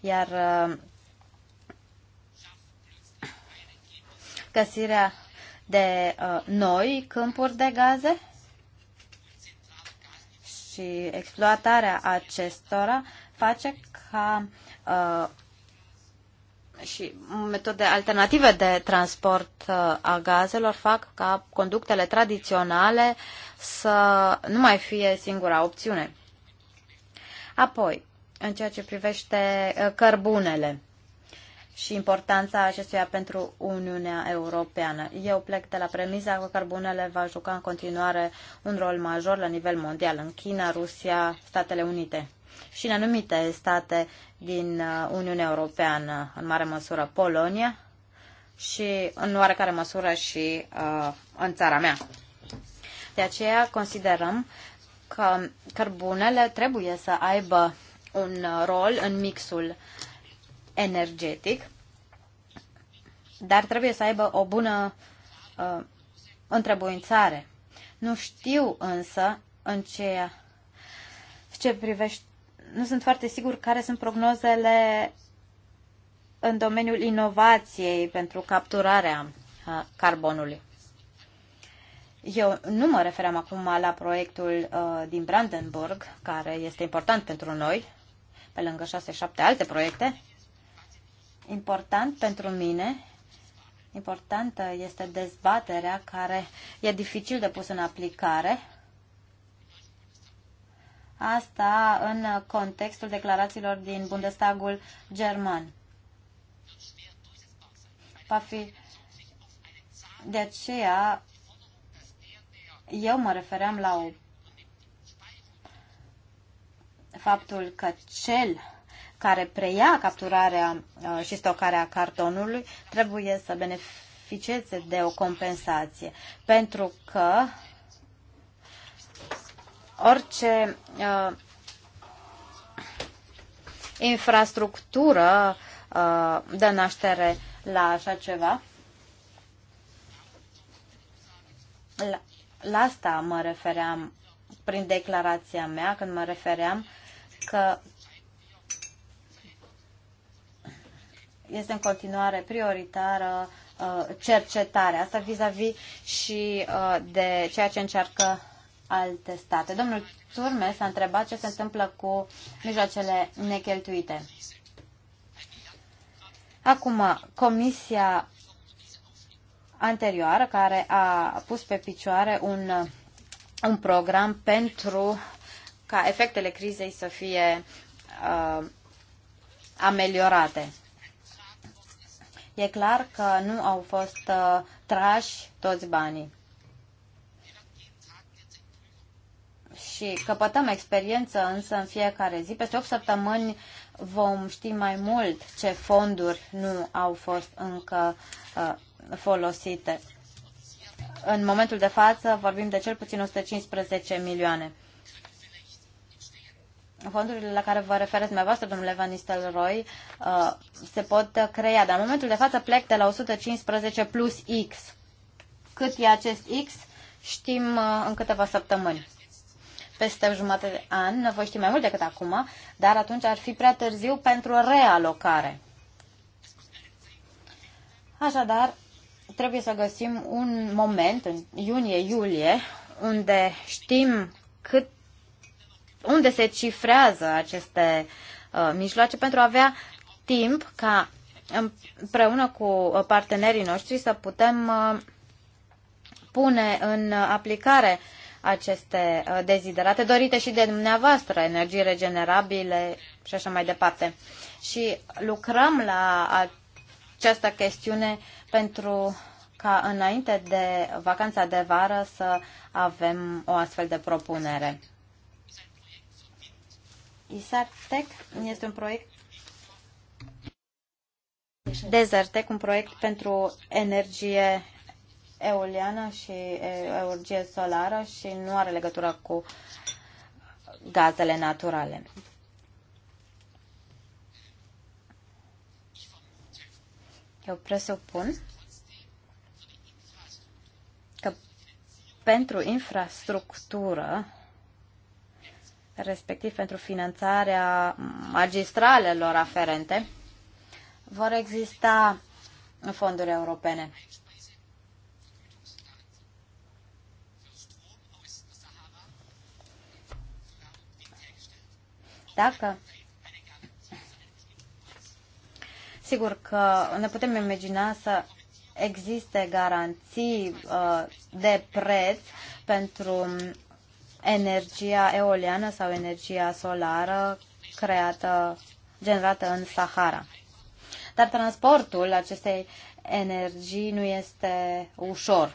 Iar uh, găsirea de uh, noi câmpuri de gaze și exploatarea acestora face ca uh, și metode alternative de transport uh, a gazelor fac ca conductele tradiționale să nu mai fie singura opțiune. Apoi, în ceea ce privește uh, cărbunele, și importanța acestuia pentru Uniunea Europeană. Eu plec de la premiza că carbonele va juca în continuare un rol major la nivel mondial în China, Rusia, Statele Unite și în anumite state din uh, Uniunea Europeană, în mare măsură Polonia și în oarecare măsură și uh, în țara mea. De aceea considerăm că cărbunele trebuie să aibă un rol în mixul energetic, dar trebuie să aibă o bună uh, întrebuințare. Nu știu însă în ce, ce privește, nu sunt foarte sigur care sunt prognozele în domeniul inovației pentru capturarea uh, carbonului. Eu nu mă referam acum la proiectul uh, din Brandenburg, care este important pentru noi, pe lângă șase-șapte alte proiecte, important pentru mine, importantă este dezbaterea care e dificil de pus în aplicare. Asta în contextul declarațiilor din Bundestagul german. Va fi de aceea eu mă refeream la o, faptul că cel care preia capturarea uh, și stocarea cartonului trebuie să beneficieze de o compensație, pentru că orice uh, infrastructură uh, dă naștere la așa ceva. La, la asta mă refeream prin declarația mea, când mă refeream că este în continuare prioritară uh, cercetarea. Asta vis-a-vis -vis și uh, de ceea ce încearcă alte state. Domnul Turme s-a întrebat ce se întâmplă cu mijloacele necheltuite. Acum, comisia anterioară care a pus pe picioare un, un program pentru ca efectele crizei să fie uh, ameliorate e clar că nu au fost uh, trași toți banii. Și căpătăm experiență însă în fiecare zi. Peste 8 săptămâni vom ști mai mult ce fonduri nu au fost încă uh, folosite. În momentul de față vorbim de cel puțin 115 milioane fondurile la care vă referiți dumneavoastră, domnule Van Nistelrooy, uh, se pot crea. Dar în momentul de față plec de la 115 plus X. Cât e acest X, știm uh, în câteva săptămâni. Peste jumătate de an, voi ști mai mult decât acum, dar atunci ar fi prea târziu pentru realocare. Așadar, trebuie să găsim un moment în iunie-iulie unde știm cât unde se cifrează aceste uh, mijloace pentru a avea timp ca împreună cu partenerii noștri să putem uh, pune în aplicare aceste uh, deziderate dorite și de dumneavoastră, energii regenerabile și așa mai departe. Și lucrăm la această chestiune pentru ca înainte de vacanța de vară să avem o astfel de propunere. ISARTEC este un proiect Desertec, un proiect pentru energie eoliană și energie solară și nu are legătură cu gazele naturale. Eu presupun că pentru infrastructură respectiv pentru finanțarea magistralelor aferente, vor exista fonduri europene. Dacă Sigur că ne putem imagina să existe garanții uh, de preț pentru energia eoliană sau energia solară creată, generată în Sahara. Dar transportul acestei energii nu este ușor.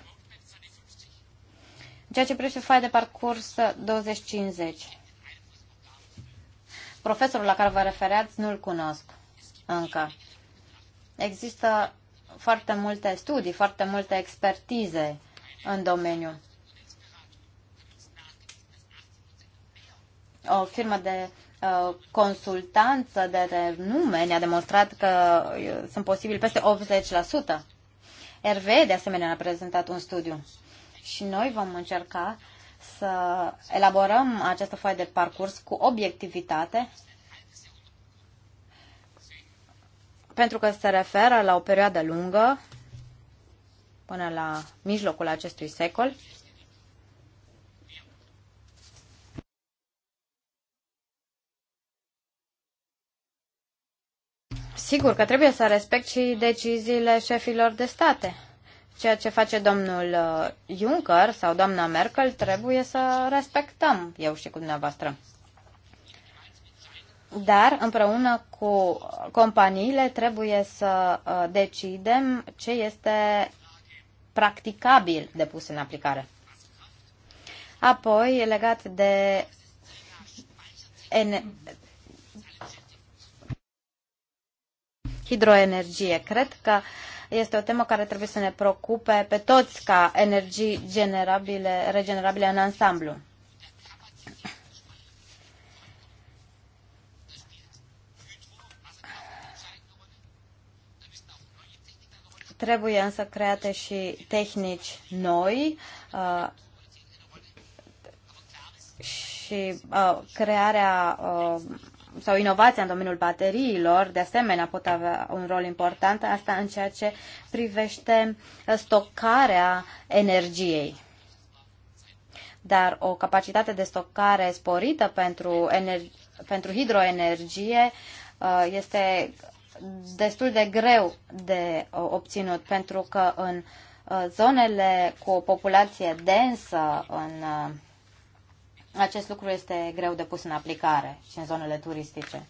ceea ce privește foaia de parcurs 2050. Profesorul la care vă refereați nu-l cunosc încă. Există foarte multe studii, foarte multe expertize în domeniu. o firmă de uh, consultanță de renume ne-a demonstrat că uh, sunt posibil peste 80%. RV, de asemenea, a prezentat un studiu. Și noi vom încerca să elaborăm această foaie de parcurs cu obiectivitate, pentru că se referă la o perioadă lungă, până la mijlocul acestui secol, Sigur că trebuie să respect și deciziile șefilor de state. Ceea ce face domnul uh, Juncker sau doamna Merkel trebuie să respectăm, eu și cu dumneavoastră. Dar împreună cu companiile trebuie să uh, decidem ce este practicabil de pus în aplicare. Apoi, legat de hidroenergie. Cred că este o temă care trebuie să ne preocupe pe toți ca energii generabile, regenerabile în ansamblu. Trebuie însă create și tehnici noi uh, și uh, crearea uh, sau inovația în domeniul bateriilor, de asemenea, pot avea un rol important, asta în ceea ce privește uh, stocarea energiei. Dar o capacitate de stocare sporită pentru, ener- pentru hidroenergie uh, este destul de greu de uh, obținut, pentru că în zonele cu o populație densă, în acest lucru este greu de pus în aplicare și în zonele turistice.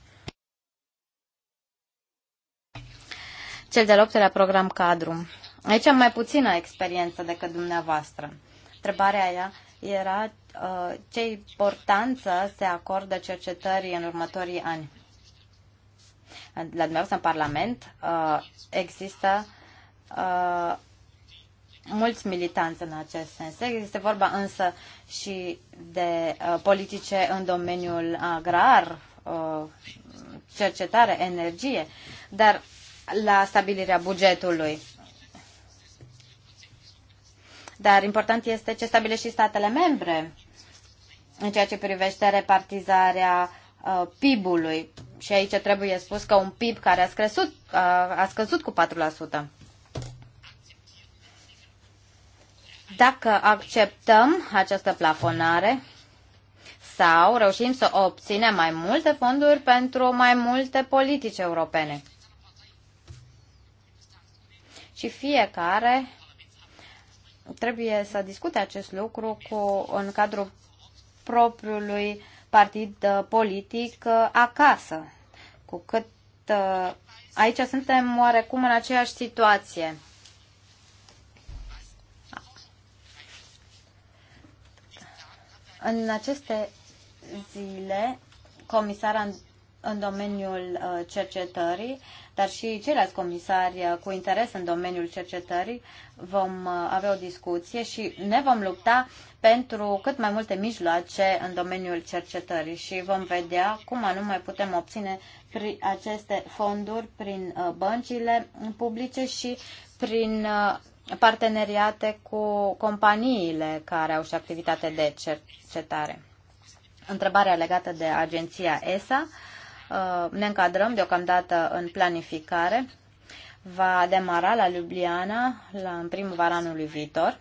Cel de-al optelea program cadru. Aici am mai puțină experiență decât dumneavoastră. Întrebarea aia era uh, ce importanță se acordă cercetării în următorii ani. La dumneavoastră în Parlament uh, există uh, mulți militanți în acest sens. Este vorba însă și de uh, politice în domeniul agrar, uh, cercetare, energie, dar la stabilirea bugetului. Dar important este ce stabilește și statele membre în ceea ce privește repartizarea uh, PIB-ului. Și aici trebuie spus că un PIB care a, scresut, uh, a scăzut cu 4%. Dacă acceptăm această plafonare sau reușim să obținem mai multe fonduri pentru mai multe politici europene. Și fiecare trebuie să discute acest lucru cu, în cadrul propriului partid uh, politic uh, acasă. Cu cât uh, aici suntem oarecum în aceeași situație. În aceste zile, comisara în domeniul uh, cercetării, dar și ceilalți comisari uh, cu interes în domeniul cercetării, vom uh, avea o discuție și ne vom lupta pentru cât mai multe mijloace în domeniul cercetării și vom vedea cum anume putem obține aceste fonduri prin băncile publice și prin parteneriate cu companiile care au și activitate de cercetare. Întrebarea legată de agenția ESA. Uh, ne încadrăm deocamdată în planificare. Va demara la Ljubljana la, în primăvara anului viitor.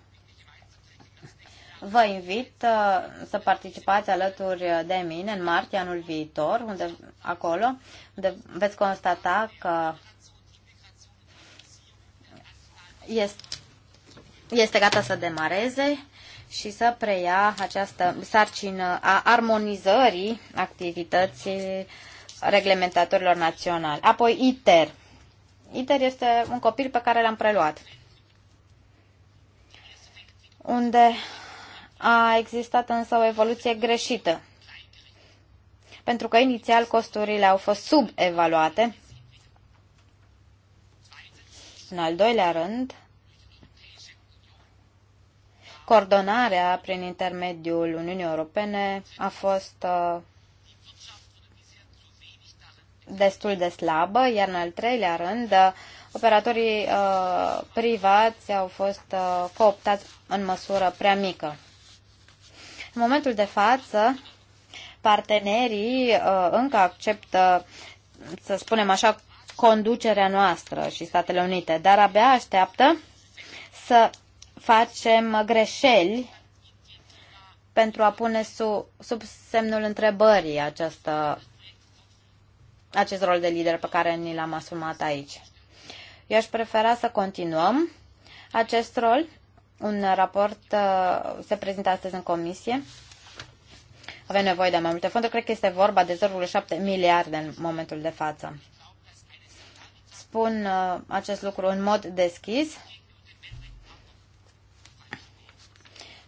Vă invit uh, să participați alături de mine în martie anul viitor, unde, acolo, unde veți constata că este este gata să demareze și să preia această sarcină a armonizării activității reglementatorilor naționali. Apoi ITER. ITER este un copil pe care l-am preluat. Unde a existat însă o evoluție greșită. Pentru că inițial costurile au fost subevaluate. În al doilea rând, Coordonarea prin intermediul Uniunii Europene a fost uh, destul de slabă, iar în al treilea rând, uh, operatorii uh, privați au fost cooptați în măsură prea mică. În momentul de față, partenerii încă acceptă, să spunem așa, conducerea noastră și Statele Unite, dar abia așteaptă să facem greșeli pentru a pune sub, sub semnul întrebării această, acest rol de lider pe care ni l-am asumat aici. Eu aș prefera să continuăm acest rol. Un raport uh, se prezintă astăzi în comisie. Avem nevoie de mai multe fonduri. Cred că este vorba de 0,7 miliarde în momentul de față. Spun uh, acest lucru în mod deschis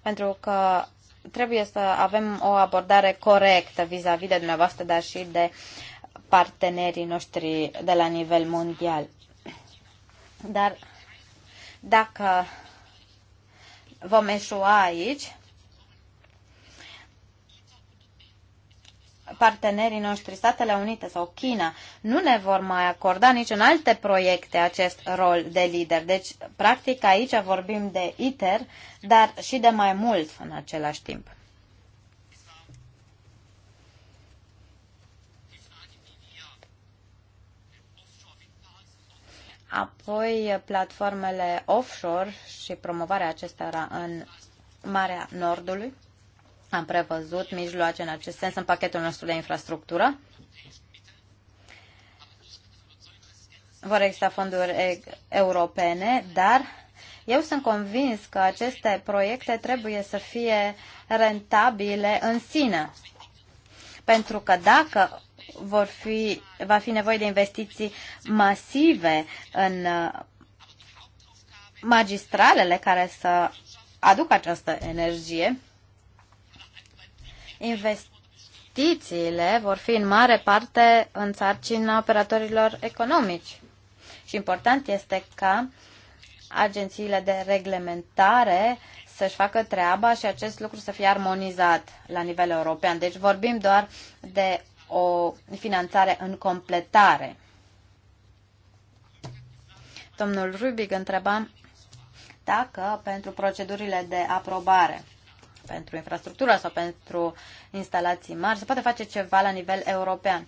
pentru că trebuie să avem o abordare corectă vis-a-vis -vis de dumneavoastră, dar și de partenerii noștri de la nivel mondial. Dar dacă vom eșua aici, partenerii noștri, Statele Unite sau China, nu ne vor mai acorda nici în alte proiecte acest rol de lider. Deci, practic, aici vorbim de ITER, dar și de mai mult în același timp. Apoi, platformele offshore și promovarea acestora în Marea Nordului. Am prevăzut mijloace în acest sens în pachetul nostru de infrastructură. Vor exista fonduri europene, dar eu sunt convins că aceste proiecte trebuie să fie rentabile în sine. Pentru că dacă vor fi, va fi nevoie de investiții masive în magistralele care să aducă această energie, investițiile vor fi în mare parte în sarcina operatorilor economici. Și important este ca agențiile de reglementare să-și facă treaba și acest lucru să fie armonizat la nivel european. Deci vorbim doar de o finanțare în completare. Domnul Rubic întreba dacă pentru procedurile de aprobare pentru infrastructura sau pentru instalații mari, se poate face ceva la nivel european.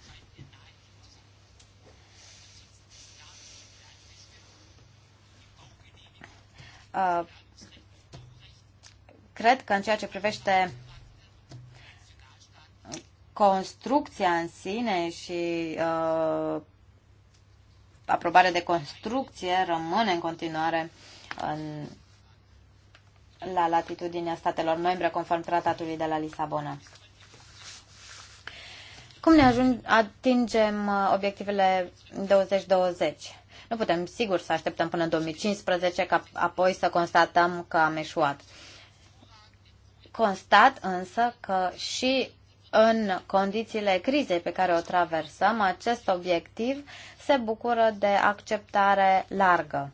Uh, cred că în ceea ce privește construcția în sine și uh, aprobarea de construcție rămâne în continuare în la latitudinea statelor membre conform tratatului de la Lisabona. Cum ne ajung, atingem uh, obiectivele 2020? Nu putem, sigur, să așteptăm până în 2015 ca apoi să constatăm că am eșuat. Constat însă că și în condițiile crizei pe care o traversăm, acest obiectiv se bucură de acceptare largă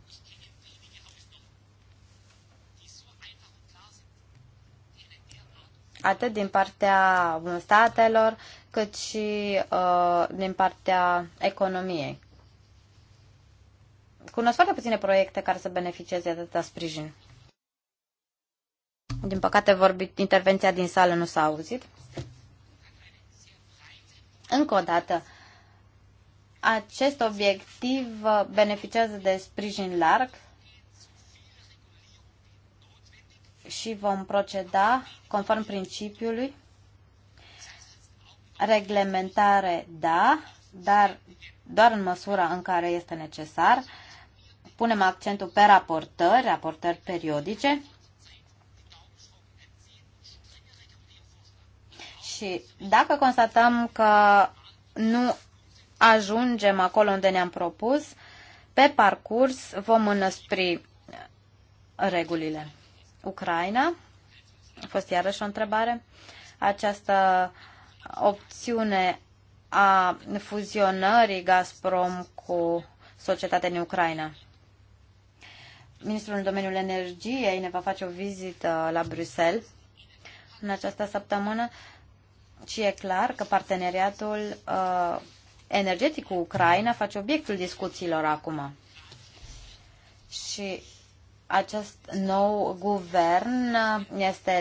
atât din partea statelor, cât și uh, din partea economiei. Cunosc foarte puține proiecte care să beneficieze de atâta sprijin. Din păcate, vorbit, intervenția din sală nu s-a auzit. Încă o dată, acest obiectiv beneficiază de sprijin larg și vom proceda conform principiului reglementare, da, dar doar în măsura în care este necesar. Punem accentul pe raportări, raportări periodice și dacă constatăm că nu ajungem acolo unde ne-am propus, pe parcurs vom înăspri regulile. Ucraina. A fost iarăși o întrebare. Această opțiune a fuzionării Gazprom cu societatea din Ucraina. Ministrul în domeniul energiei ne va face o vizită la Bruxelles în această săptămână și e clar că parteneriatul uh, energetic cu Ucraina face obiectul discuțiilor acum. Și acest nou guvern este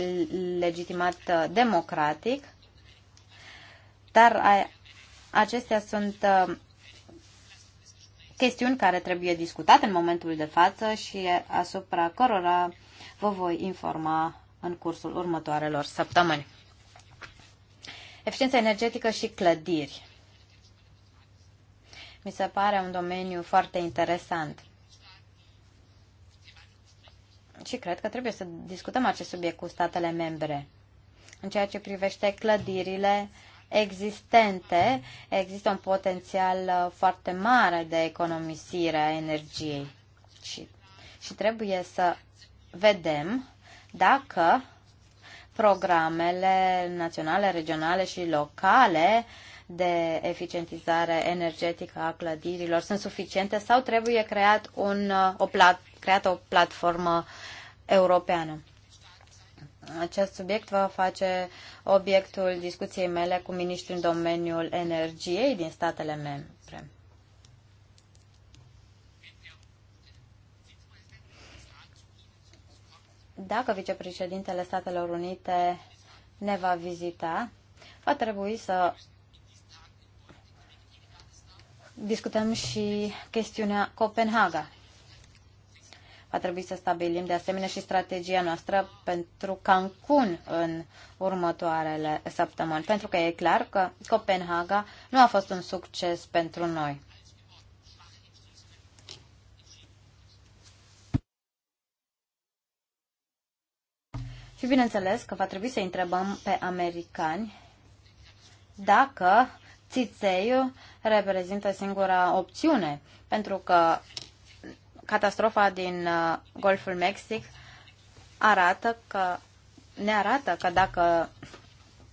legitimat uh, democratic, dar acestea sunt uh, chestiuni care trebuie discutate în momentul de față și asupra cărora vă voi informa în cursul următoarelor săptămâni. Eficiența energetică și clădiri. Mi se pare un domeniu foarte interesant și cred că trebuie să discutăm acest subiect cu statele membre. În ceea ce privește clădirile existente, există un potențial uh, foarte mare de economisire a energiei și, și trebuie să vedem dacă programele naționale, regionale și locale de eficientizare energetică a clădirilor sunt suficiente sau trebuie creat un, uh, o plat, creat o platformă europeană. Acest subiect va face obiectul discuției mele cu ministrul în domeniul energiei din statele membre. Dacă vicepreședintele Statelor Unite ne va vizita, va trebui să discutăm și chestiunea Copenhaga. Va trebui să stabilim de asemenea și strategia noastră pentru Cancun în următoarele săptămâni, pentru că e clar că Copenhaga nu a fost un succes pentru noi. Și bineînțeles că va trebui să întrebăm pe americani dacă țițeiul reprezintă singura opțiune, pentru că catastrofa din uh, Golful Mexic arată că ne arată că dacă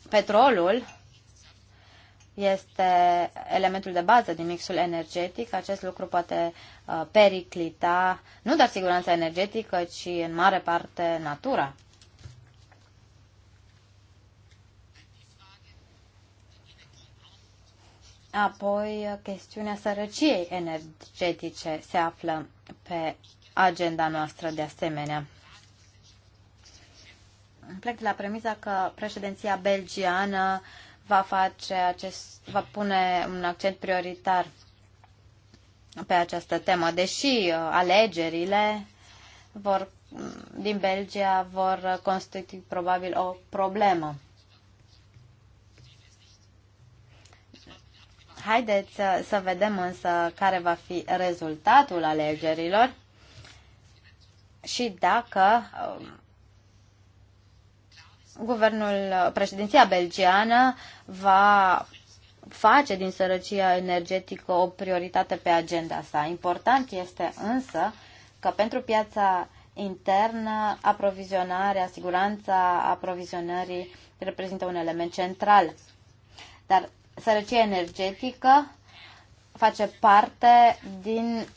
petrolul este elementul de bază din mixul energetic, acest lucru poate uh, periclita nu doar siguranța energetică, ci în mare parte natura. Apoi, chestiunea sărăciei energetice se află pe agenda noastră de asemenea. Plec de la premisa că președinția belgiană va, face acest, va pune un accent prioritar pe această temă, deși uh, alegerile vor, din Belgia vor constitui probabil o problemă. Haideți să vedem însă care va fi rezultatul alegerilor și dacă um, guvernul, președinția belgiană va face din sărăcia energetică o prioritate pe agenda sa. Important este însă că pentru piața internă aprovizionarea, siguranța aprovizionării reprezintă un element central. Dar sărăcia energetică face parte din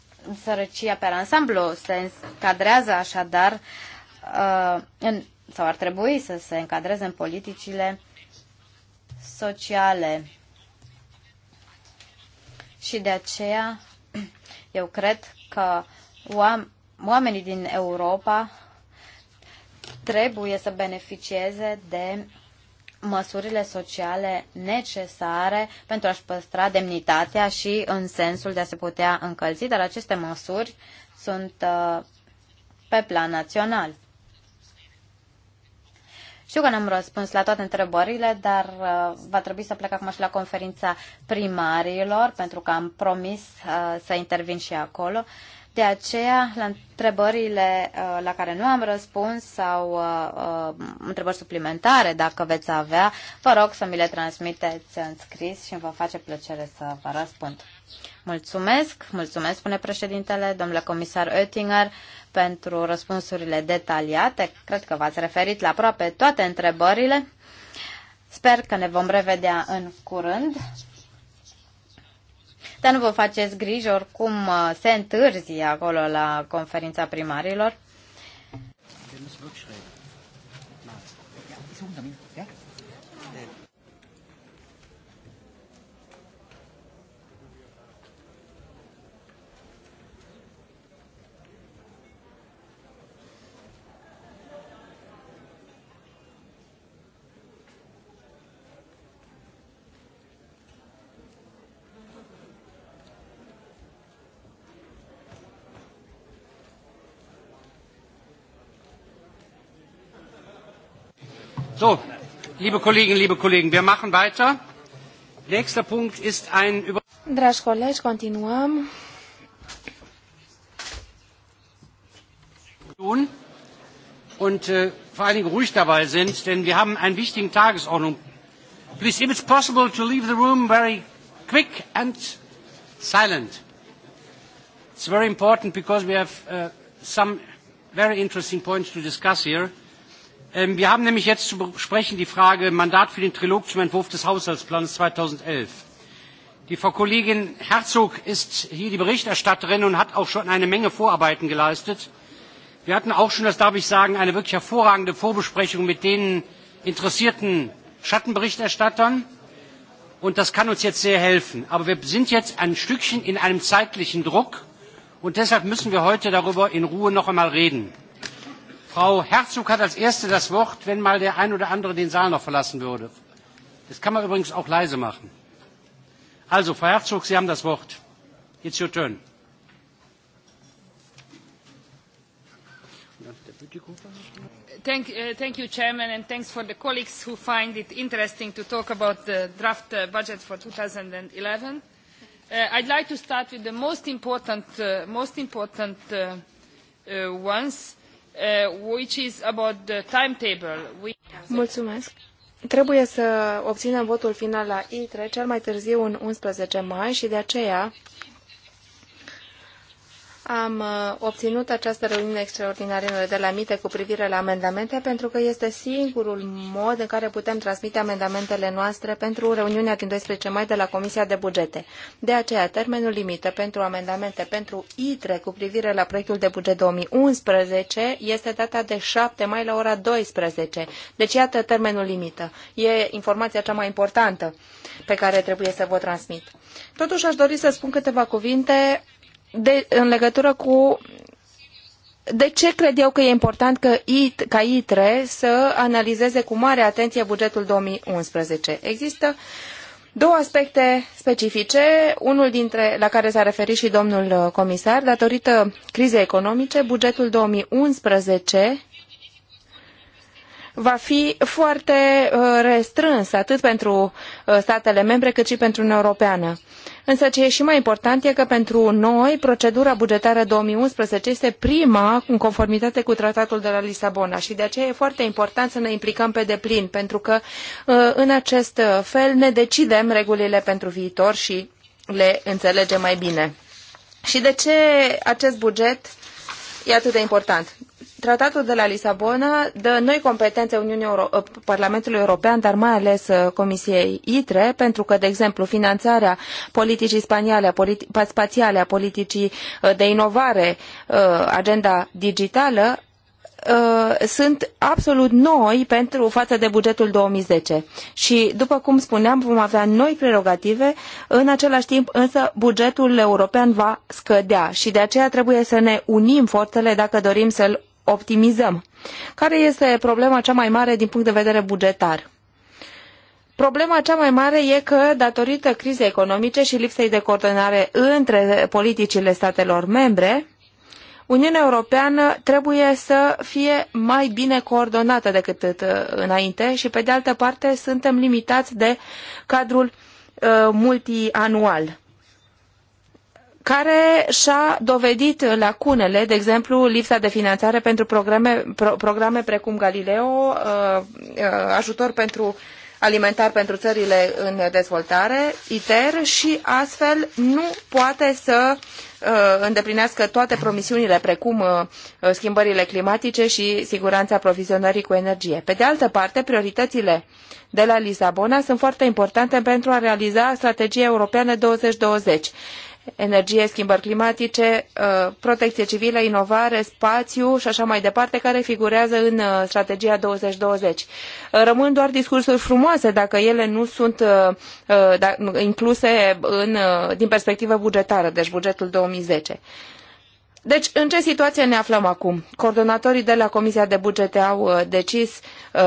sărăcia pe ansamblu. Se încadrează așadar uh, în, sau ar trebui să se încadreze în politicile sociale. Și de aceea [CLEARS THROAT] eu cred că oamenii din Europa trebuie să beneficieze de măsurile sociale necesare pentru a-și păstra demnitatea și în sensul de a se putea încălzi, dar aceste măsuri sunt uh, pe plan național. Știu că n-am răspuns la toate întrebările, dar uh, va trebui să plec acum și la conferința primarilor, pentru că am promis uh, să intervin și acolo. De aceea, la întrebările uh, la care nu am răspuns sau uh, uh, întrebări suplimentare, dacă veți avea, vă rog să mi le transmiteți în scris și îmi va face plăcere să vă răspund. Mulțumesc, mulțumesc, spune președintele, domnule comisar Oettinger, pentru răspunsurile detaliate. Cred că v-ați referit la aproape toate întrebările. Sper că ne vom revedea în curând. Dar nu vă faceți griji, oricum uh, se întârzi acolo la conferința primarilor. So, liebe Kolleginnen, liebe Kollegen, wir machen weiter. Nächster Punkt ist ein Über Dragi colegi, continuăm. Und äh, vor allen Dingen ruhig dabei sind, denn wir haben einen wichtigen Tagesordnung. Please, if it's possible to leave the room very quick and silent. It's very important because we have uh, some very interesting points to discuss here Ähm, wir haben nämlich jetzt zu besprechen die Frage Mandat für den Trilog zum Entwurf des Haushaltsplans 2011. Die Frau Kollegin Herzog ist hier die Berichterstatterin und hat auch schon eine Menge Vorarbeiten geleistet. Wir hatten auch schon, das darf ich sagen, eine wirklich hervorragende Vorbesprechung mit den interessierten Schattenberichterstattern. Und das kann uns jetzt sehr helfen. Aber wir sind jetzt ein Stückchen in einem zeitlichen Druck. Und deshalb müssen wir heute darüber in Ruhe noch einmal reden. Frau Herzog hat als Erste das Wort, wenn mal der ein oder andere den Saal noch verlassen würde. Das kann man übrigens auch leise machen. Also, Frau Herzog, Sie haben das Wort. It's your turn. Thank, uh, thank you, Chairman, and thanks for the colleagues who find it interesting to talk about the draft uh, budget for 2011. Uh, I'd like to start with the most important, uh, most important uh, uh, ones. Uh, which is about the timetable. We... Mulțumesc. Trebuie să obținem votul final la ITRE cel mai târziu în 11 mai și de aceea am uh, obținut această reuniune extraordinară de la MITE cu privire la amendamente pentru că este singurul mod în care putem transmite amendamentele noastre pentru reuniunea din 12 mai de la Comisia de Bugete. De aceea, termenul limită pentru amendamente pentru ITRE cu privire la proiectul de buget 2011 este data de 7 mai la ora 12. Deci, iată termenul limită. E informația cea mai importantă pe care trebuie să vă transmit. Totuși, aș dori să spun câteva cuvinte de, în legătură cu de ce cred eu că e important că IT, ca ITRE să analizeze cu mare atenție bugetul 2011? Există două aspecte specifice, unul dintre la care s-a referit și domnul uh, comisar, datorită crizei economice, bugetul 2011 va fi foarte uh, restrâns atât pentru uh, statele membre cât și pentru Uniunea Europeană Însă ce e și mai important e că pentru noi procedura bugetară 2011 este prima în conformitate cu tratatul de la Lisabona și de aceea e foarte important să ne implicăm pe deplin, pentru că uh, în acest fel ne decidem regulile pentru viitor și le înțelegem mai bine. Și de ce acest buget e atât de important? Tratatul de la Lisabona dă noi competențe Uniunii Euro- ă, Parlamentului European, dar mai ales ă, Comisiei ITRE, pentru că, de exemplu, finanțarea politicii spaniale, politi- spațiale, a politicii ă, de inovare, agenda digitală, sunt absolut noi pentru față de bugetul 2010. Și, după cum spuneam, vom avea noi prerogative, în același timp însă bugetul european va scădea și de aceea trebuie să ne unim forțele dacă dorim să-l optimizăm. Care este problema cea mai mare din punct de vedere bugetar? Problema cea mai mare e că, datorită crizei economice și lipsei de coordonare între politicile statelor membre, Uniunea Europeană trebuie să fie mai bine coordonată decât uh, înainte și, pe de altă parte, suntem limitați de cadrul uh, multianual care și-a dovedit lacunele, de exemplu, lipsa de finanțare pentru programe, pro, programe precum Galileo, uh, uh, ajutor pentru alimentar pentru țările în dezvoltare, ITER, și astfel nu poate să uh, îndeplinească toate promisiunile, precum schimbările climatice și siguranța aprovizionării cu energie. Pe de altă parte, prioritățile de la Lisabona sunt foarte importante pentru a realiza strategia europeană 2020 energie, schimbări climatice, uh, protecție civilă, inovare, spațiu și așa mai departe, care figurează în uh, strategia 2020. Uh, rămân doar discursuri frumoase dacă ele nu sunt da, incluse în, din perspectivă bugetară, deci bugetul 2010. Deci, în ce situație ne aflăm acum? Coordonatorii de la Comisia de Bugete au decis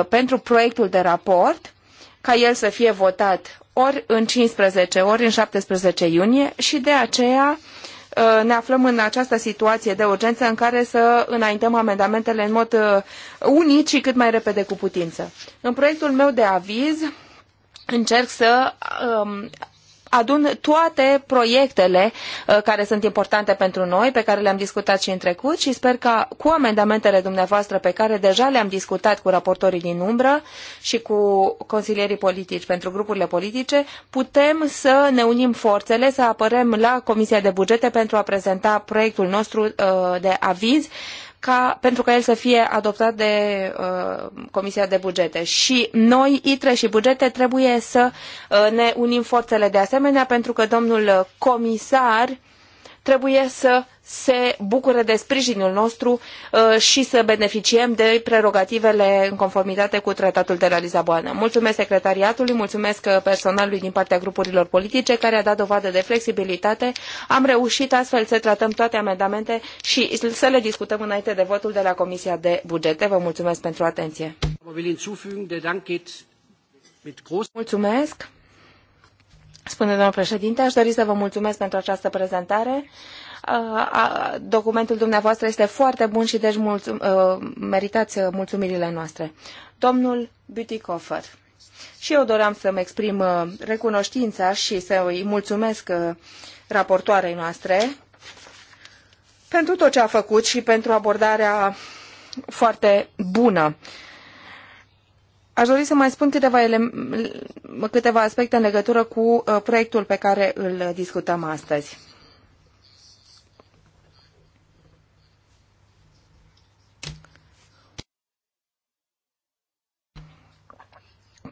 pentru proiectul de raport ca el să fie votat ori în 15, ori în 17 iunie și de aceea uh, ne aflăm în această situație de urgență în care să înaintăm amendamentele în mod uh, unic și cât mai repede cu putință. În proiectul meu de aviz încerc să um, adun toate proiectele uh, care sunt importante pentru noi, pe care le-am discutat și în trecut și sper că cu amendamentele dumneavoastră pe care deja le-am discutat cu raportorii din umbră și cu consilierii politici pentru grupurile politice, putem să ne unim forțele, să apărăm la Comisia de Bugete pentru a prezenta proiectul nostru uh, de aviz ca, pentru ca el să fie adoptat de uh, Comisia de Bugete. Și noi, ITRE și Bugete, trebuie să uh, ne unim forțele de asemenea, pentru că domnul comisar trebuie să se bucure de sprijinul nostru uh, și să beneficiem de prerogativele în conformitate cu tratatul de la Lisabona. Mulțumesc secretariatului, mulțumesc uh, personalului din partea grupurilor politice care a dat dovadă de flexibilitate. Am reușit astfel să tratăm toate amendamente și să le discutăm înainte de votul de la Comisia de Bugete. Vă mulțumesc pentru atenție. Mulțumesc. Spune domnul președinte, aș dori să vă mulțumesc pentru această prezentare. Uh, documentul dumneavoastră este foarte bun și deci mulțum, uh, meritați uh, mulțumirile noastre. Domnul Butikofer. Și eu doream să-mi exprim recunoștința și să îi mulțumesc raportoarei noastre pentru tot ce a făcut și pentru abordarea foarte bună. Aș dori să mai spun câteva, câteva aspecte în legătură cu proiectul pe care îl discutăm astăzi.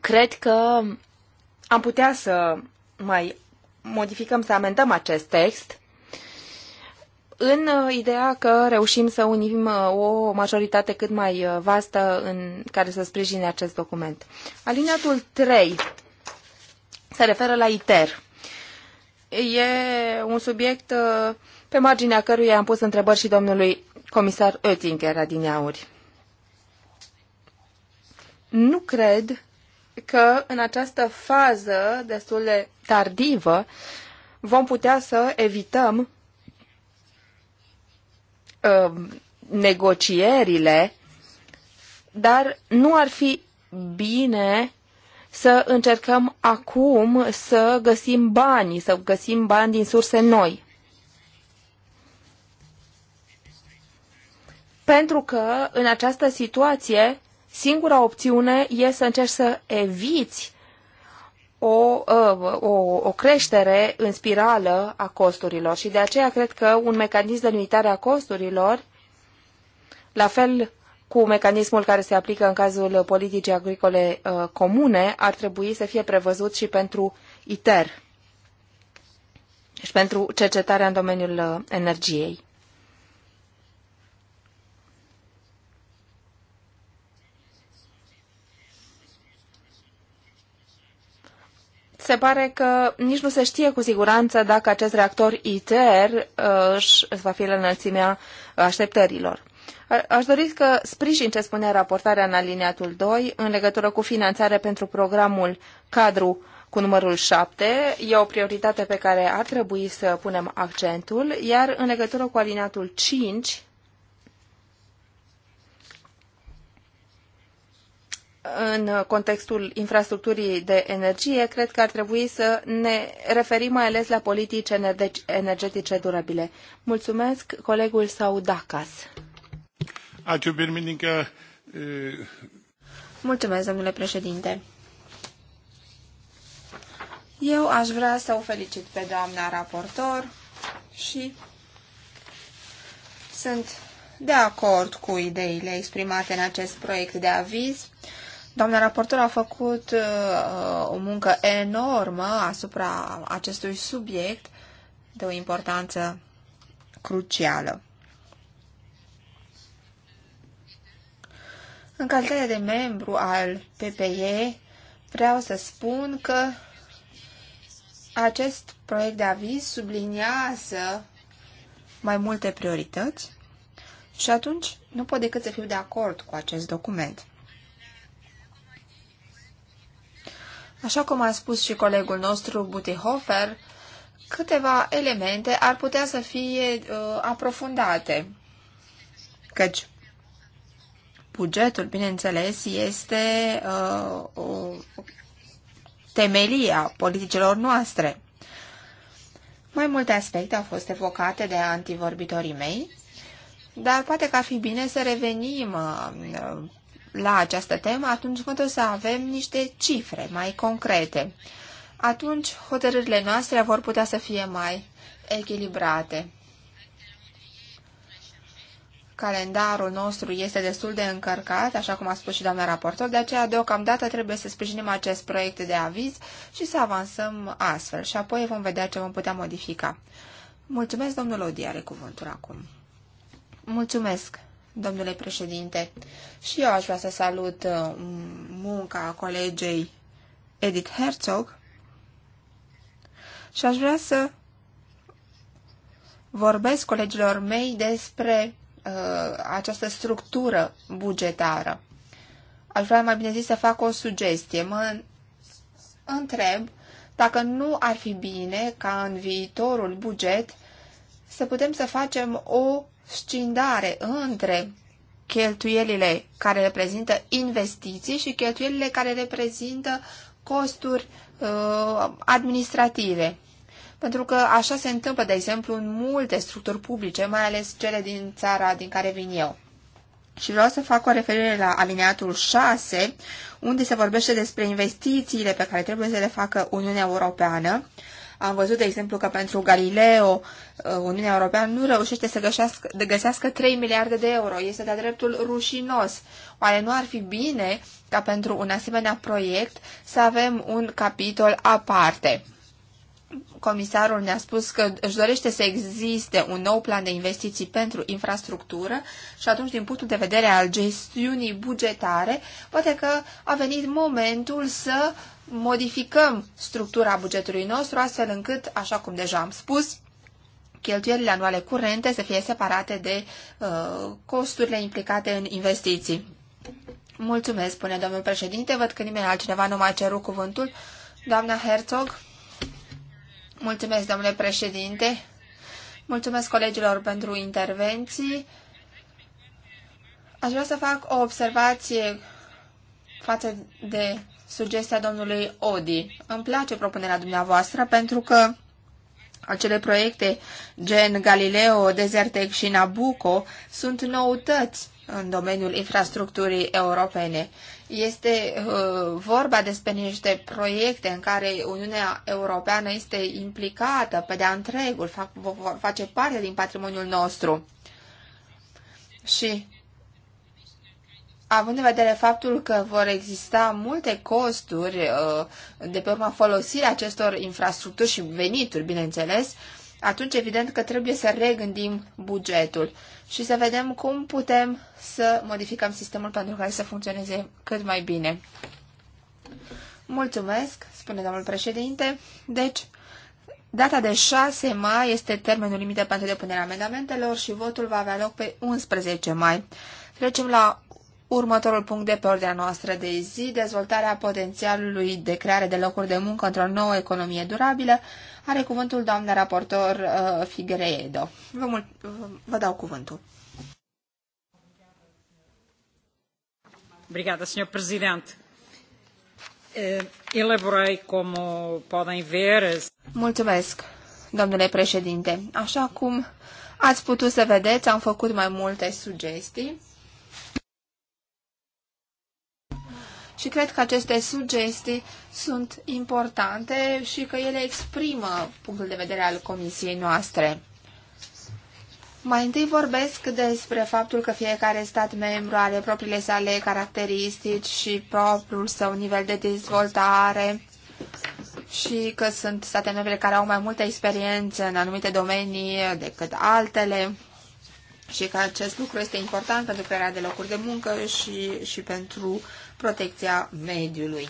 Cred că am putea să mai modificăm, să amendăm acest text în uh, ideea că reușim să unim uh, o majoritate cât mai uh, vastă în care să sprijine acest document. Alineatul 3 se referă la ITER. E un subiect pe marginea căruia am pus întrebări și domnului comisar Oettinger adineauri. Nu cred că în această fază destul de tardivă vom putea să evităm uh, negocierile, dar nu ar fi bine să încercăm acum să găsim bani, să găsim bani din surse noi. Pentru că în această situație singura opțiune e să încerci să eviți o, uh, o, o creștere în spirală a costurilor și de aceea cred că un mecanism de limitare a costurilor, la fel cu mecanismul care se aplică în cazul politicii agricole uh, comune, ar trebui să fie prevăzut și pentru ITER și deci pentru cercetarea în domeniul uh, energiei. se pare că nici nu se știe cu siguranță dacă acest reactor ITER uh, își va fi la înălțimea așteptărilor. Aș dori că sprijin ce spunea raportarea în aliniatul 2 în legătură cu finanțare pentru programul cadru cu numărul 7. E o prioritate pe care ar trebui să punem accentul, iar în legătură cu aliniatul 5, în contextul infrastructurii de energie, cred că ar trebui să ne referim mai ales la politici energetice durabile. Mulțumesc, colegul Saudacas. Mulțumesc, domnule președinte. Eu aș vrea să o felicit pe doamna raportor și sunt de acord cu ideile exprimate în acest proiect de aviz. Doamna raportor a făcut uh, o muncă enormă asupra acestui subiect de o importanță crucială. În calitate de membru al PPE, vreau să spun că acest proiect de aviz subliniază mai multe priorități și atunci nu pot decât să fiu de acord cu acest document. Așa cum a spus și colegul nostru Butihofer, câteva elemente ar putea să fie uh, aprofundate, căci bugetul, bineînțeles, este uh, o temelia politicilor noastre. Mai multe aspecte au fost evocate de antivorbitorii mei, dar poate că ar fi bine să revenim uh, la această temă, atunci când o să avem niște cifre mai concrete. Atunci hotărârile noastre vor putea să fie mai echilibrate. Calendarul nostru este destul de încărcat, așa cum a spus și doamna raportor, de aceea deocamdată trebuie să sprijinim acest proiect de aviz și să avansăm astfel și apoi vom vedea ce vom putea modifica. Mulțumesc, domnul Odi, are cuvântul acum. Mulțumesc! domnule președinte. Și eu aș vrea să salut uh, munca colegei Edith Herzog și aș vrea să vorbesc colegilor mei despre uh, această structură bugetară. Aș vrea mai bine zis să fac o sugestie. Mă întreb dacă nu ar fi bine ca în viitorul buget să putem să facem o scindare între cheltuielile care reprezintă investiții și cheltuielile care reprezintă costuri uh, administrative. Pentru că așa se întâmplă, de exemplu, în multe structuri publice, mai ales cele din țara din care vin eu. Și vreau să fac o referire la alineatul 6, unde se vorbește despre investițiile pe care trebuie să le facă Uniunea Europeană am văzut, de exemplu, că pentru Galileo uh, Uniunea Europeană nu reușește să găsească, găsească 3 miliarde de euro. Este de-a dreptul rușinos. Oare nu ar fi bine ca pentru un asemenea proiect să avem un capitol aparte? comisarul ne-a spus că își dorește să existe un nou plan de investiții pentru infrastructură și atunci, din punctul de vedere al gestiunii bugetare, poate că a venit momentul să modificăm structura bugetului nostru, astfel încât, așa cum deja am spus, cheltuielile anuale curente să fie separate de uh, costurile implicate în investiții. Mulțumesc, spune domnul președinte. Văd că nimeni altcineva nu mai cerut cuvântul. Doamna Herzog? Mulțumesc, domnule președinte. Mulțumesc colegilor pentru intervenții. Aș vrea să fac o observație față de sugestia domnului Odi. Îmi place propunerea dumneavoastră pentru că acele proiecte gen Galileo, Desertec și Nabucco sunt noutăți în domeniul infrastructurii europene. Este uh, vorba despre niște proiecte în care Uniunea Europeană este implicată pe de-a întregul, fac, face parte din patrimoniul nostru. Și având în vedere faptul că vor exista multe costuri uh, de pe urma folosirea acestor infrastructuri și venituri, bineînțeles, atunci evident că trebuie să regândim bugetul și să vedem cum putem să modificăm sistemul pentru care să funcționeze cât mai bine. Mulțumesc, spune domnul președinte. Deci, data de 6 mai este termenul limită pentru depunerea amendamentelor și votul va avea loc pe 11 mai. Trecem la Următorul punct de pe ordinea noastră de zi, dezvoltarea potențialului de creare de locuri de muncă într-o nouă economie durabilă, are cuvântul doamna raportor uh, Figueiredo. Vă, mul- vă dau cuvântul. Obrigada, senhor Presidente. Eh, elaborei, como podem ver... Mulțumesc, domnule președinte. Așa cum ați putut să vedeți, am făcut mai multe sugestii și cred că aceste sugestii sunt importante și că ele exprimă punctul de vedere al comisiei noastre. Mai întâi vorbesc despre faptul că fiecare stat membru are propriile sale caracteristici și propriul său nivel de dezvoltare și că sunt state membre care au mai multă experiență în anumite domenii decât altele și că acest lucru este important pentru crearea de locuri de muncă și, și pentru protecția mediului.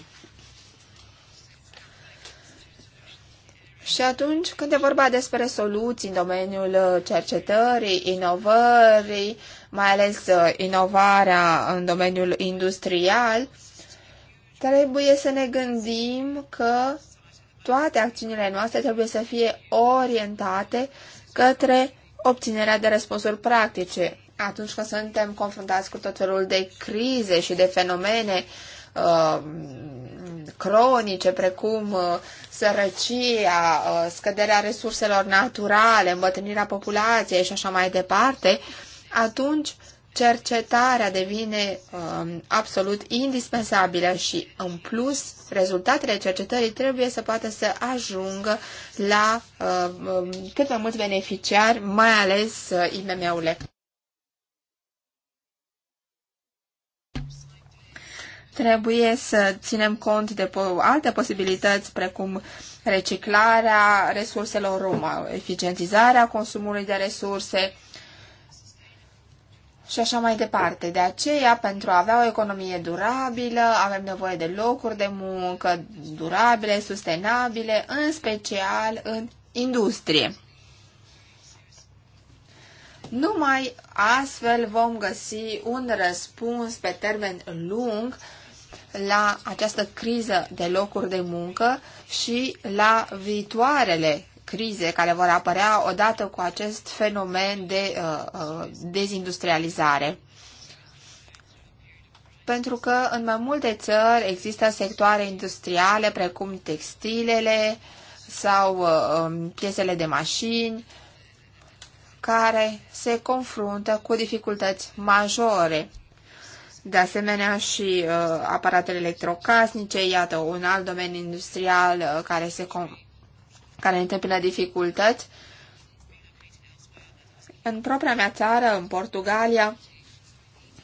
Și atunci când e vorba despre soluții în domeniul uh, cercetării, inovării, mai ales uh, inovarea în domeniul industrial, trebuie să ne gândim că toate acțiunile noastre trebuie să fie orientate către obținerea de răspunsuri practice, atunci când suntem confruntați cu tot felul de crize și de fenomene uh, cronice, precum uh, sărăcia, uh, scăderea resurselor naturale, îmbătrânirea populației și așa mai departe, atunci cercetarea devine uh, absolut indispensabilă și, în plus, rezultatele cercetării trebuie să poată să ajungă la uh, um, cât mai mulți beneficiari, mai ales uh, IMM-urile. Trebuie să ținem cont de alte posibilități, precum reciclarea resurselor roma, eficientizarea consumului de resurse și așa mai departe. De aceea, pentru a avea o economie durabilă, avem nevoie de locuri de muncă durabile, sustenabile, în special în industrie. Numai astfel vom găsi un răspuns pe termen lung la această criză de locuri de muncă și la viitoarele crize care vor apărea odată cu acest fenomen de uh, uh dezindustrializare. Pentru că în mai multe țări există sectoare industriale precum textilele sau uh, um, piesele de mașini care se confruntă cu dificultăți majore de asemenea și uh, aparatele electrocasnice, iată un alt domeniu industrial uh, care se com- care întâmpină dificultăți. În propria mea țară, în Portugalia,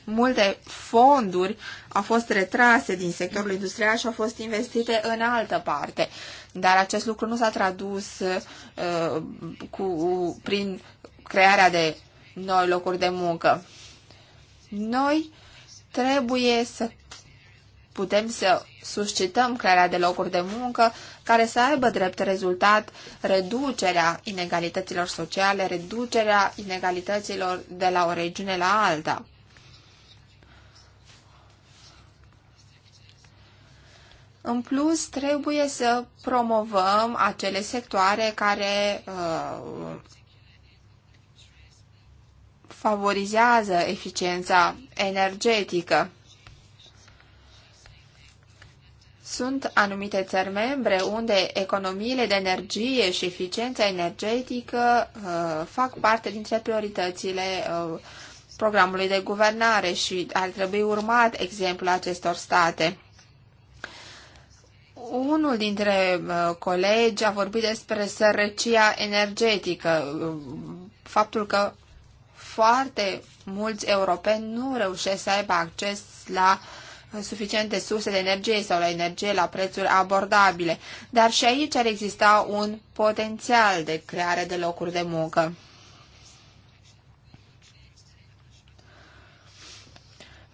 multe fonduri au fost retrase din sectorul industrial și au fost investite în altă parte. Dar acest lucru nu s-a tradus uh, cu, prin crearea de noi locuri de muncă. Noi Trebuie să putem să suscităm crearea de locuri de muncă care să aibă drept rezultat reducerea inegalităților sociale, reducerea inegalităților de la o regiune la alta. În plus, trebuie să promovăm acele sectoare care uh, favorizează eficiența energetică. Sunt anumite țări membre unde economiile de energie și eficiența energetică uh, fac parte dintre prioritățile uh, programului de guvernare și ar trebui urmat exemplul acestor state. Unul dintre uh, colegi a vorbit despre sărăcia energetică, uh, faptul că foarte mulți europeni nu reușesc să aibă acces la suficiente surse de energie sau la energie la prețuri abordabile. Dar și aici ar exista un potențial de creare de locuri de muncă.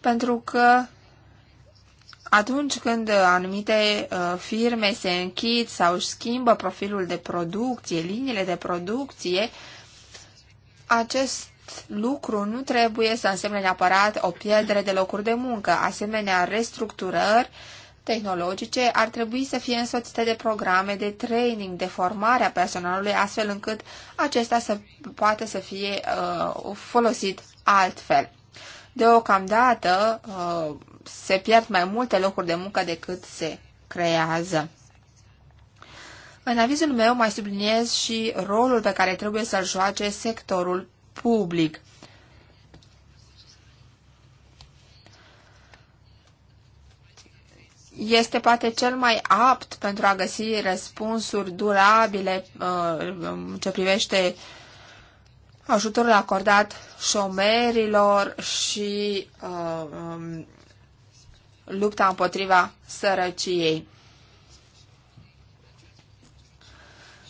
Pentru că atunci când anumite uh, firme se închid sau își schimbă profilul de producție, liniile de producție, acest lucru nu trebuie să însemne neapărat o pierdere de locuri de muncă. Asemenea, restructurări tehnologice ar trebui să fie însoțite de programe de training, de formare a personalului, astfel încât acesta să poată să fie uh, folosit altfel. Deocamdată uh, se pierd mai multe locuri de muncă decât se creează. În avizul meu mai subliniez și rolul pe care trebuie să-l joace sectorul public. Este poate cel mai apt pentru a găsi răspunsuri durabile uh, în ce privește ajutorul acordat șomerilor și uh, um, lupta împotriva sărăciei.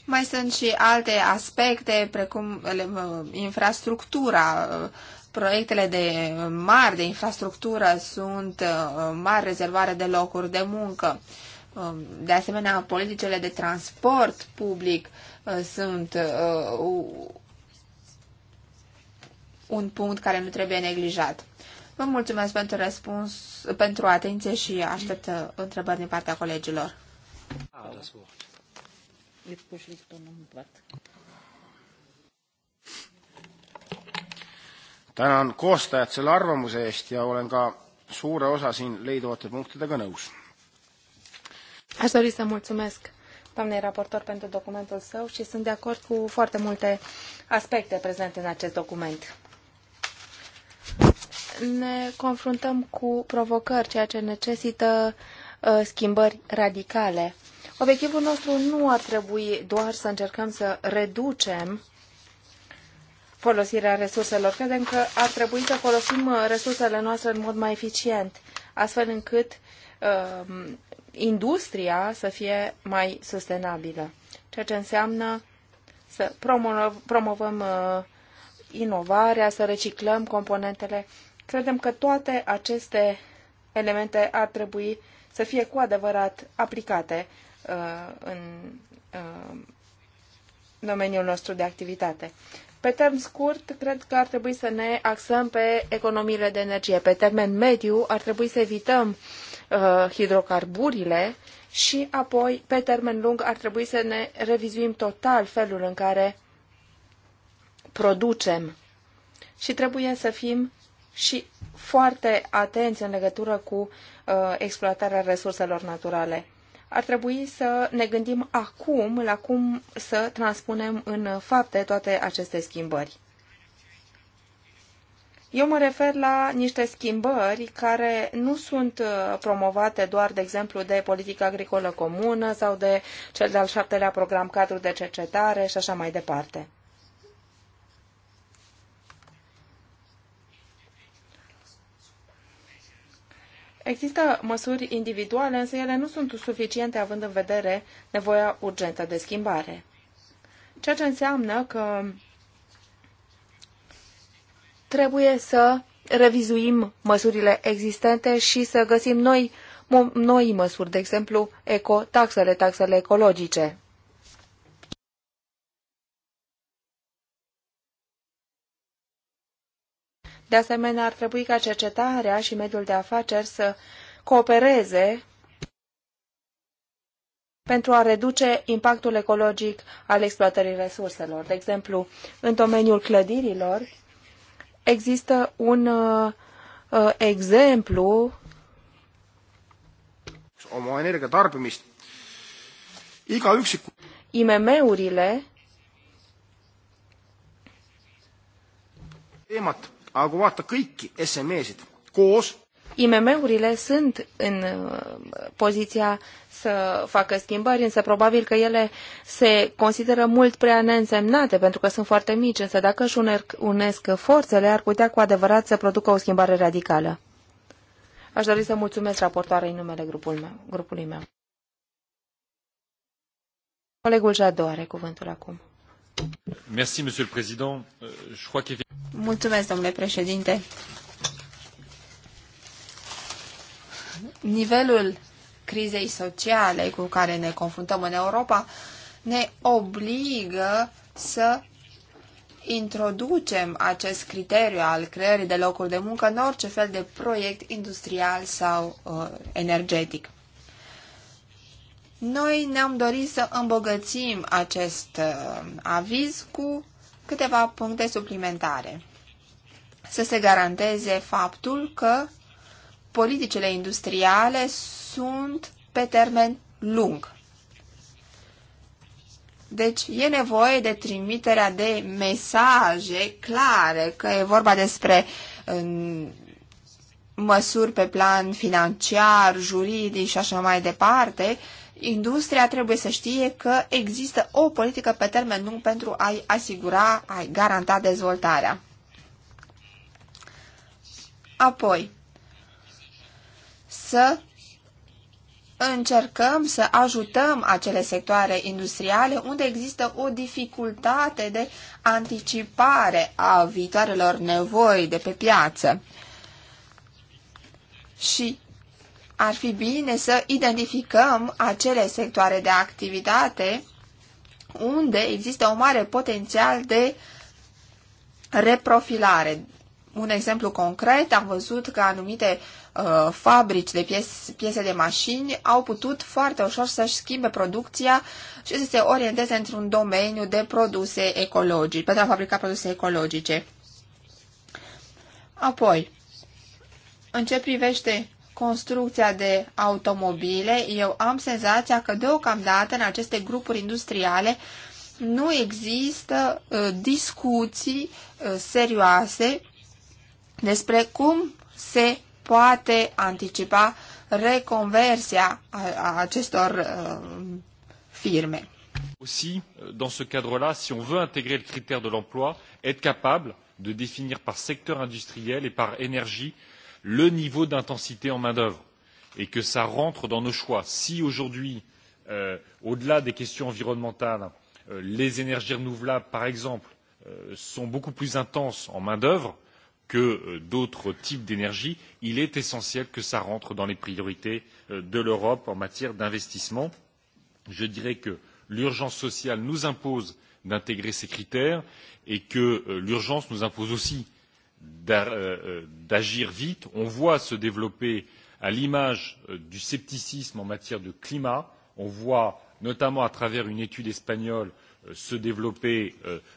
Mai sunt și alte aspecte, precum infrastructura. Proiectele de mari de infrastructură sunt uh, mari rezervare de locuri de muncă. Um, de asemenea, politicele de transport public uh, sunt uh, un punct care nu trebuie neglijat. Vă mulțumesc pentru răspuns, pentru atenție și aștept întrebări din partea colegilor. Ah, da, tänan koostajat selle arvamuse eest ja olen ka suure osa siin leiduvate punktidega nõus. Aș dori să mulțumesc doamnei raportor pentru documentul său și sunt de acord cu foarte multe aspecte prezente în acest document. Ne confruntăm cu provocări, ceea ce necesită uh, schimbări radicale Obiectivul nostru nu ar trebui doar să încercăm să reducem folosirea resurselor. Credem că ar trebui să folosim uh, resursele noastre în mod mai eficient, astfel încât uh, industria să fie mai sustenabilă, ceea ce înseamnă să promovăm, promovăm uh, inovarea, să reciclăm componentele. Credem că toate aceste elemente ar trebui să fie cu adevărat aplicate Uh, în uh, domeniul nostru de activitate. Pe termen scurt, cred că ar trebui să ne axăm pe economiile de energie. Pe termen mediu, ar trebui să evităm uh, hidrocarburile și apoi, pe termen lung, ar trebui să ne revizuim total felul în care producem. Și trebuie să fim și foarte atenți în legătură cu uh, exploatarea resurselor naturale ar trebui să ne gândim acum la cum să transpunem în fapte toate aceste schimbări. Eu mă refer la niște schimbări care nu sunt uh, promovate doar, de exemplu, de politica agricolă comună sau de cel de-al șaptelea program cadru de cercetare și așa mai departe. Există măsuri individuale, însă ele nu sunt suficiente având în vedere nevoia urgentă de schimbare. Ceea ce înseamnă că trebuie să revizuim măsurile existente și să găsim noi, noi măsuri, de exemplu, ecotaxele, taxele ecologice. De asemenea, ar trebui ca cercetarea și mediul de afaceri să coopereze pentru a reduce impactul ecologic al exploatării resurselor. De exemplu, în domeniul clădirilor există un uh, exemplu IMM-urile Aga kõiki SME-sid koos, IMM-urile sunt în uh, poziția să facă schimbări, însă probabil că ele se consideră mult prea neînsemnate pentru că sunt foarte mici, însă dacă își unesc forțele, ar putea cu adevărat să producă o schimbare radicală. Aș dori să mulțumesc raportoarei numele grupul meu, grupului meu. Colegul Jadou are cuvântul acum. Euh, Mulțumesc, domnule președinte. Nivelul crizei sociale cu care ne confruntăm în Europa ne obligă să introducem acest criteriu al creării de locuri de muncă în orice fel de proiect industrial sau uh, energetic. Noi ne-am dorit să îmbogățim acest uh, aviz cu câteva puncte suplimentare. Să se garanteze faptul că politicile industriale sunt pe termen lung. Deci e nevoie de trimiterea de mesaje clare că e vorba despre măsuri pe plan financiar, juridic și așa mai departe, industria trebuie să știe că există o politică pe termen lung pentru a-i asigura, a-i garanta dezvoltarea. Apoi, să încercăm să ajutăm acele sectoare industriale unde există o dificultate de anticipare a viitoarelor nevoi de pe piață. Și ar fi bine să identificăm acele sectoare de activitate unde există un mare potențial de reprofilare. Un exemplu concret, am văzut că anumite uh, fabrici de piese, piese de mașini au putut foarte ușor să-și schimbe producția și să se orienteze într-un domeniu de produse ecologice, pentru a fabrica produse ecologice. Apoi, în ce privește construcția de automobile, eu am senzația că deocamdată în aceste grupuri industriale nu există uh, discuții uh, serioase despre cum se poate anticipa reconversia a, a acestor uh, firme. Aussi, dans ce cadre-là, si on veut intégrer le critère de l'emploi, être capable de définir par secteur industriel et par énergie euh, le niveau d'intensité en main d'œuvre et que cela rentre dans nos choix. si aujourd'hui euh, au delà des questions environnementales euh, les énergies renouvelables par exemple euh, sont beaucoup plus intenses en main d'œuvre que euh, d'autres types d'énergie il est essentiel que cela rentre dans les priorités euh, de l'europe en matière d'investissement. je dirais que l'urgence sociale nous impose d'intégrer ces critères et que euh, l'urgence nous impose aussi Euh, euh, d'agir vite. On voit se développer, à l'image euh, du scepticisme en matière de climat, on voit notamment à travers une étude espagnole se développer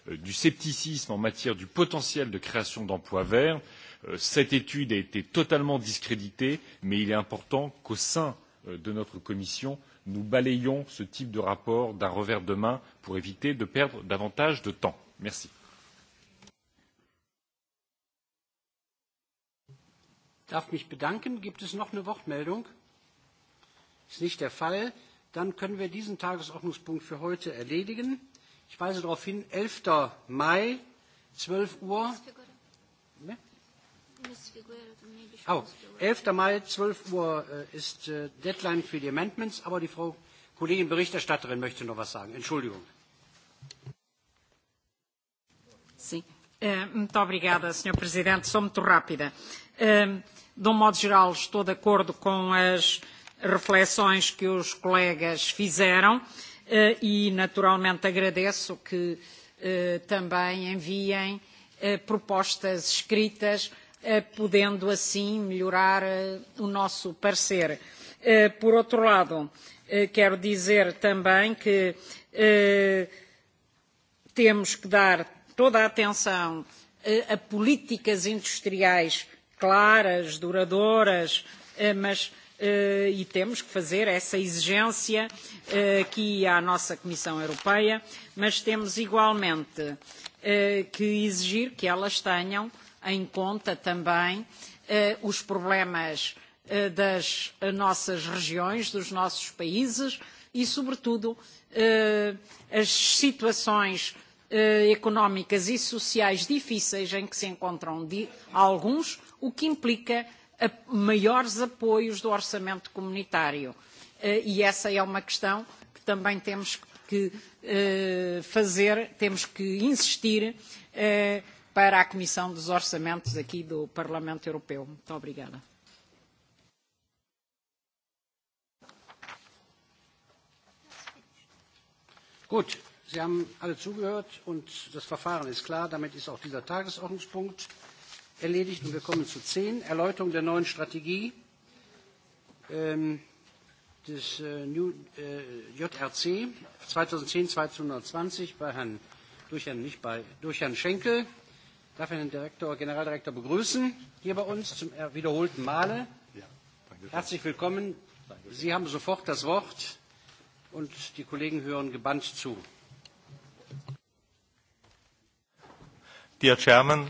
du scepticisme en matière du potentiel de création d'emplois verts. Cette étude a été totalement discréditée, mais il est important qu'au sein de notre commission, nous balayions ce type de rapport d'un revers de main pour éviter de perdre davantage de temps. Merci. darf mich bedanken. Gibt es noch eine Wortmeldung? Ist nicht der Fall. Dann können wir diesen Tagesordnungspunkt für heute erledigen. Ich weise darauf hin, 11. Mai, 12 Uhr. Oh, 11. Mai, 12 Uhr äh, ist äh, Deadline für die Amendments, aber die Frau Kollegin Berichterstatterin möchte noch was sagen. Entschuldigung. Eh, muito obrigada, Sr. Presidente. Sou muito rápida. Eh, de um modo geral, estou de acordo com as reflexões que os colegas fizeram și, eh, naturalmente, agradeço que também enviem propostas escritas, podendo assim melhorar o nosso parecer. Por outro lado, quero dizer também que temos que dar toda a atenção a políticas industriais claras, duradouras, eh, mas eh, e temos que fazer essa exigência eh, aqui à nossa Comissão Europeia, mas temos igualmente que exigir que elas tenham em conta também os problemas das nossas regiões, dos nossos países e, sobretudo, as situações Eh, económicas e sociais difíceis em que se encontram de, alguns, o que implica a, maiores apoios do orçamento comunitário. Eh, e essa é uma questão que também temos que eh, fazer, temos que insistir para a Comissão dos Orçamentos aqui do Parlamento Europeu. Muito obrigada. Gut, Sie haben alle zugehört und das Verfahren ist klar. Damit ist auch dieser Tagesordnungspunkt erledigt. Und wir kommen zu 10, Erläuterung der neuen Strategie ähm, des äh, New, äh, JRC 2010-2020 bei Herrn, durch Herrn, nicht bei, durch Herrn Schenkel. Ich Darf Herrn Direktor, Generaldirektor begrüßen hier bei uns zum er, wiederholten Male. Ja, danke Herzlich willkommen. Danke. Sie haben sofort das Wort und die Kollegen hören gebannt zu. Dear Chairman,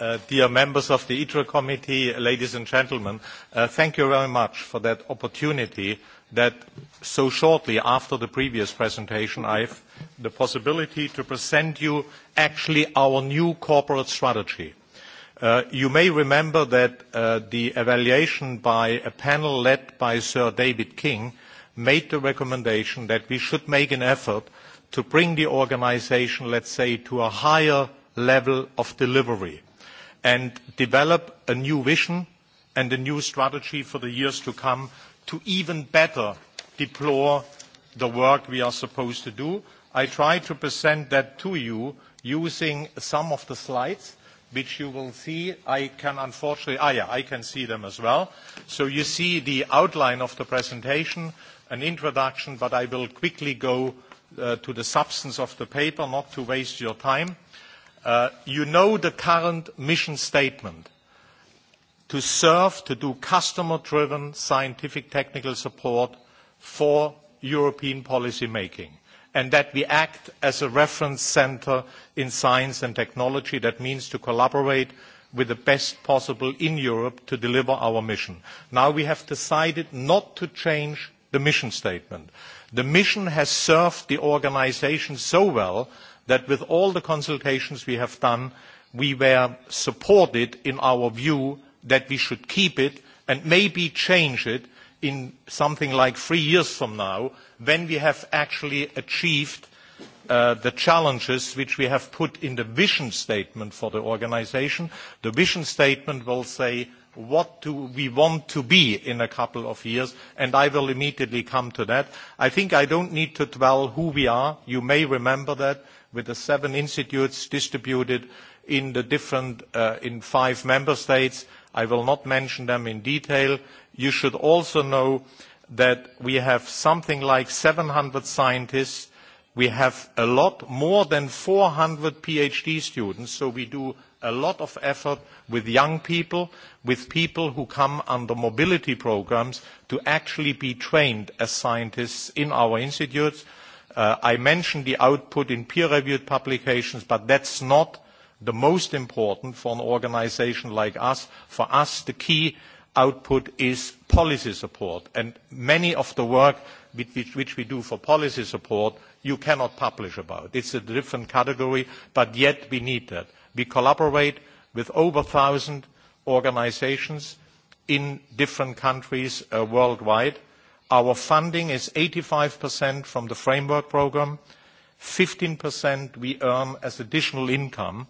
uh, dear members of the ITRA committee, ladies and gentlemen, uh, thank you very much for that opportunity that so shortly after the previous presentation I have the possibility to present you actually our new corporate strategy. Uh, you may remember that uh, the evaluation by a panel led by Sir David King made the recommendation that we should make an effort to bring the organisation, let's say, to a higher level of delivery and develop a new vision and a new strategy for the years to come to even better deploy the work we are supposed to do. I try to present that to you using some of the slides which you will see. I can unfortunately, ah, yeah, I can see them as well. So you see the outline of the presentation, an introduction, but I will quickly go uh, to the substance of the paper, not to waste your time. Uh, you know the current mission statement to serve, to do customer-driven scientific technical support for European policy making and that we act as a reference centre in science and technology. That means to collaborate with the best possible in Europe to deliver our mission. Now we have decided not to change the mission statement. The mission has served the organisation so well that with all the consultations we have done, we were supported in our view that we should keep it and maybe change it in something like three years from now when we have actually achieved uh, the challenges which we have put in the vision statement for the organisation. The vision statement will say what do we want to be in a couple of years, and I will immediately come to that. I think I don't need to dwell who we are. You may remember that with the seven institutes distributed in the different uh, in five member states. I will not mention them in detail. You should also know that we have something like 700 scientists. We have a lot more than 400 PhD students, so we do a lot of effort with young people, with people who come under mobility programs to actually be trained as scientists in our institutes. Uh, I mentioned the output in peer-reviewed publications, but that's not the most important for an organization like us. For us, the key output is policy support, and many of the work which, we do for policy support, you cannot publish about. It's a different category, but yet we need that. We collaborate with over 1,000 organizations in different countries uh, worldwide, Our funding is 85% from the framework program, 15% we earn as additional income,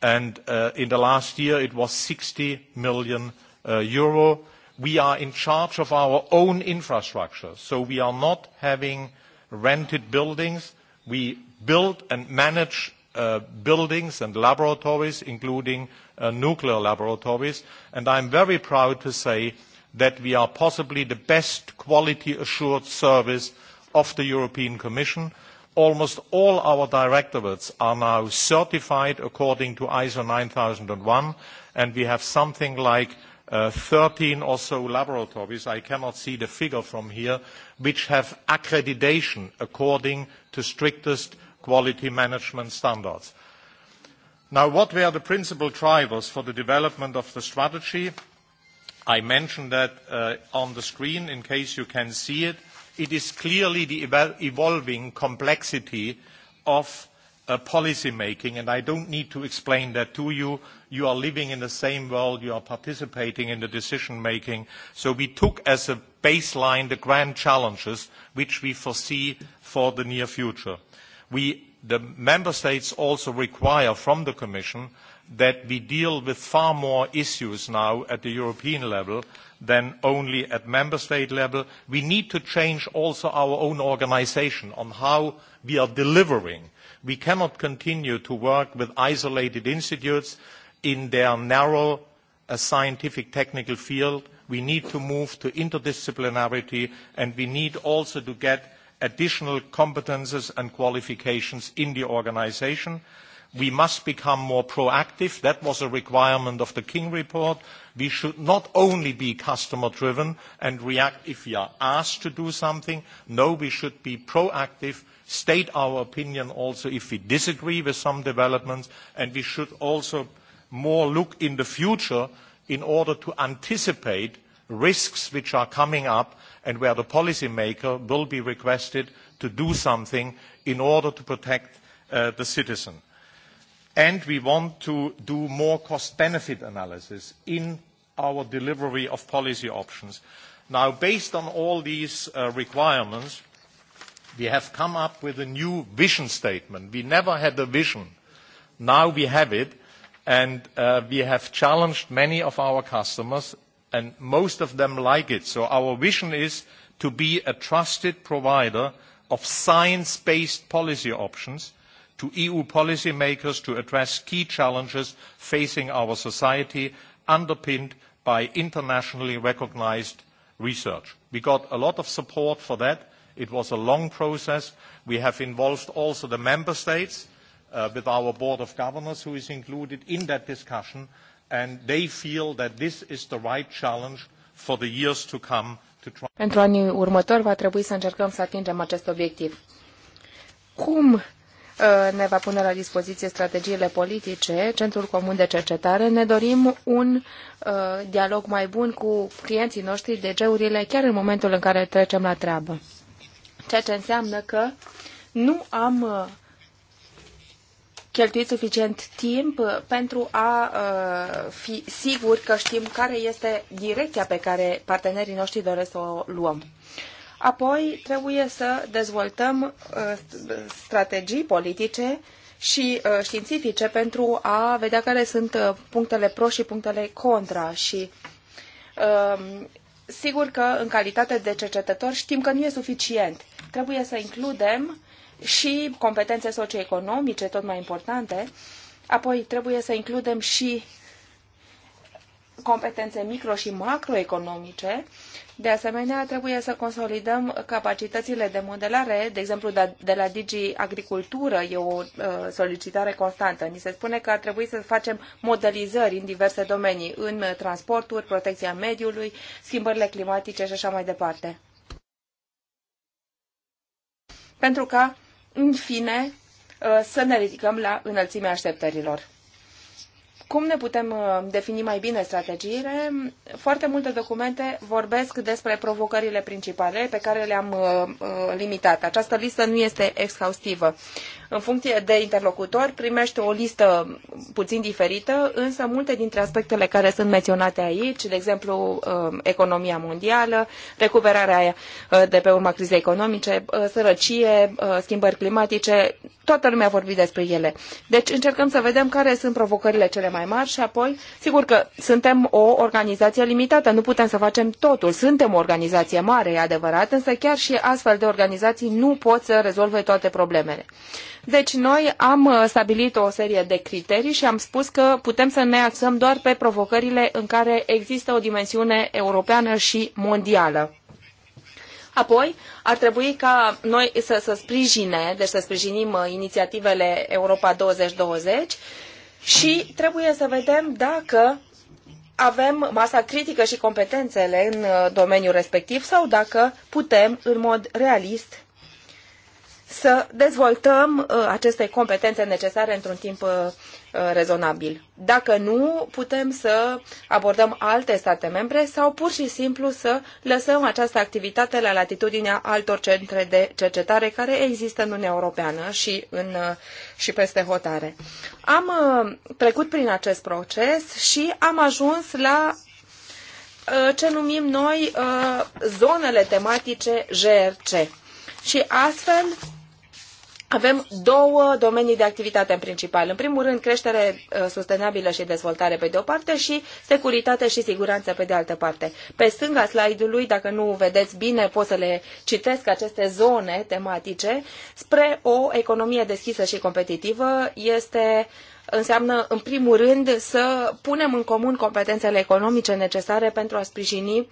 and uh, in the last year, it was 60 million uh, euro. We are in charge of our own infrastructure, so we are not having rented buildings. We build and manage uh, buildings and laboratories, including nuclear laboratories. And I'm very proud to say that we are possibly the best quality assured service of the European Commission. Almost all our directorates are now certified according to ISO 9001, and we have something like uh, thirteen 13 or so laboratories, I cannot see the figure from here, which have accreditation according to strictest quality management standards. Now, what were the principal drivers for the development of the strategy? I mentioned that uh, on the screen in case you can see it. It is clearly the evolving complexity of uh, policy making, and I don't need to explain that to you. You are living in the same world. You are participating in the decision making. So we took as a baseline the grand challenges which we foresee for the near future. We, the member states also require from the Commission that we deal with far more issues now at the European level than only at member state level. We need to change also our own organisation on how we are delivering. We cannot continue to work with isolated institutes in their narrow uh, scientific technical field. We need to move to interdisciplinarity and we need also to get additional competences and qualifications in the organisation we must become more proactive. That was a requirement of the King report. We should not only be customer-driven and react if we are asked to do something. No, we should be proactive, state our opinion also if we disagree with some developments, and we should also more look in the future in order to anticipate risks which are coming up and where the policymaker will be requested to do something in order to protect uh, the citizen and we want to do more cost-benefit analysis in our delivery of policy options. Now, based on all these uh, requirements, we have come up with a new vision statement. We never had a vision. Now we have it, and uh, we have challenged many of our customers, and most of them like it. So our vision is to be a trusted provider of science-based policy options – to EU policymakers to address key challenges facing our society, underpinned by internationally recognised research. We got a lot of support for that. It was a long process. We have involved also the member states uh, with our board of governors who is included in that discussion and they feel that this is the right challenge for the years to come to try. Pentru anii următori va trebui să încercăm să atingem acest obiectiv. Cum Uh, ne va pune la dispoziție strategiile politice, Centrul Comun de Cercetare. Ne dorim un uh, dialog mai bun cu clienții noștri, de geurile chiar în momentul în care trecem la treabă. Ceea ce înseamnă că nu am uh, cheltuit suficient timp pentru a fi sigur că știm care este direcția pe care partenerii noștri doresc să o luăm. Apoi trebuie să dezvoltăm uh, strategii politice și uh, științifice pentru a vedea care sunt uh, punctele pro și punctele contra și um, sigur că în calitate de cercetător știm că nu e suficient. Trebuie să includem și competențe socioeconomice tot mai importante, apoi trebuie să includem și competențe micro și macroeconomice de asemenea, trebuie să consolidăm capacitățile de modelare, de exemplu de la Digi Agricultură e o uh, solicitare constantă. Ni se spune că ar trebui să facem modelizări în diverse domenii, în transporturi, protecția mediului, schimbările climatice și așa mai departe. Pentru ca, în fine, uh, să ne ridicăm la înălțimea așteptărilor. Cum ne putem uh, defini mai bine strategiile? Foarte multe documente vorbesc despre provocările principale pe care le-am uh, uh, limitat. Această listă nu este exhaustivă. În funcție de interlocutor primește o listă puțin diferită, însă multe dintre aspectele care sunt menționate aici, de exemplu economia mondială, recuperarea de pe urma crizei economice, sărăcie, schimbări climatice, toată lumea a vorbit despre ele. Deci încercăm să vedem care sunt provocările cele mai mari și apoi, sigur că suntem o organizație limitată, nu putem să facem totul. Suntem o organizație mare, e adevărat, însă chiar și astfel de organizații nu pot să rezolve toate problemele. Deci noi am uh, stabilit o serie de criterii și am spus că putem să ne axăm doar pe provocările în care există o dimensiune europeană și mondială. Apoi, ar trebui ca noi să, să sprijine, deci să sprijinim uh, inițiativele Europa 2020 și trebuie să vedem dacă avem masa critică și competențele în uh, domeniul respectiv sau dacă putem, în mod realist, să dezvoltăm uh, aceste competențe necesare într-un timp uh, uh, rezonabil. Dacă nu, putem să abordăm alte state membre sau pur și simplu să lăsăm această activitate la latitudinea altor centre de cercetare care există în Uniunea Europeană și, în, și peste hotare. Am trecut prin acest proces și am ajuns la ce numim noi zonele tematice GRC. Și astfel avem două domenii de activitate în principal. În primul rând, creștere uh, sustenabilă și dezvoltare pe de o parte și securitate și siguranță pe de altă parte. Pe stânga slide-ului, dacă nu vedeți bine, pot să le citesc aceste zone tematice. Spre o economie deschisă și competitivă este înseamnă, în primul rând, să punem în comun competențele economice necesare pentru a sprijini uh,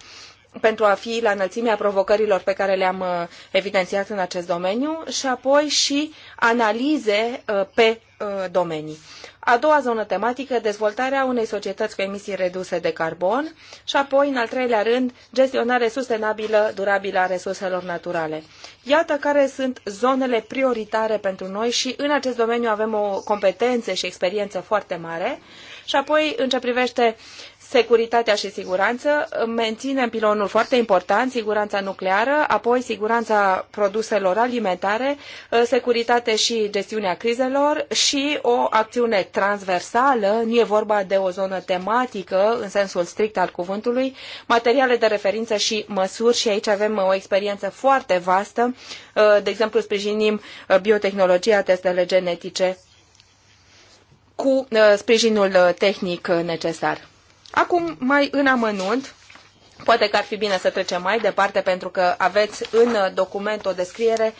pentru a fi la înălțimea provocărilor pe care le-am uh, evidențiat în acest domeniu și apoi și analize uh, pe uh, domenii. A doua zonă tematică, dezvoltarea unei societăți cu emisii reduse de carbon și apoi, în al treilea rând, gestionare sustenabilă, durabilă a resurselor naturale. Iată care sunt zonele prioritare pentru noi și în acest domeniu avem o competență și experiență foarte mare. Și apoi, în ce privește securitatea și siguranță, menținem pilonul foarte important, siguranța nucleară, apoi siguranța produselor alimentare, uh, securitate și gestiunea crizelor și o acțiune transversală, nu e vorba de o zonă tematică în sensul strict al cuvântului, materiale de referință și măsuri și aici avem uh, o experiență foarte vastă, uh, de exemplu sprijinim biotehnologia, testele genetice cu sprijinul tehnic necesar. Acum, mai în amănunt, poate că ar fi bine să trecem mai departe, pentru că aveți în document o descriere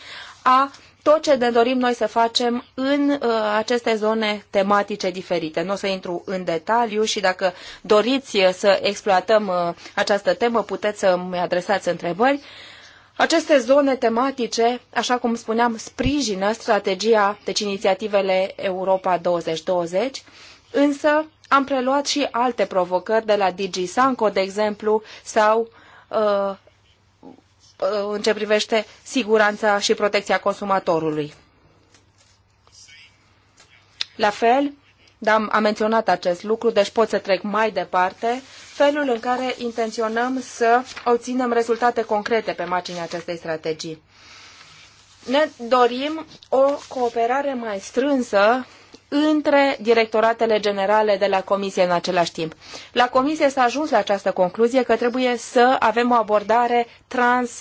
a tot ce ne dorim noi să facem în uh, aceste zone tematice diferite. Nu o să intru în detaliu și dacă doriți uh, să exploatăm uh, această temă, puteți să-mi adresați întrebări. Aceste zone tematice, așa cum spuneam, sprijină strategia, deci inițiativele Europa 2020, însă am preluat și alte provocări de la DG Sanco de exemplu, sau uh, uh, în ce privește siguranța și protecția consumatorului. La fel, am, da, am menționat acest lucru, deci pot să trec mai departe, felul în care intenționăm să obținem rezultate concrete pe marginea acestei strategii. Ne dorim o cooperare mai strânsă între directoratele generale de la Comisie în același timp. La Comisie s-a ajuns la această concluzie că trebuie să avem o abordare trans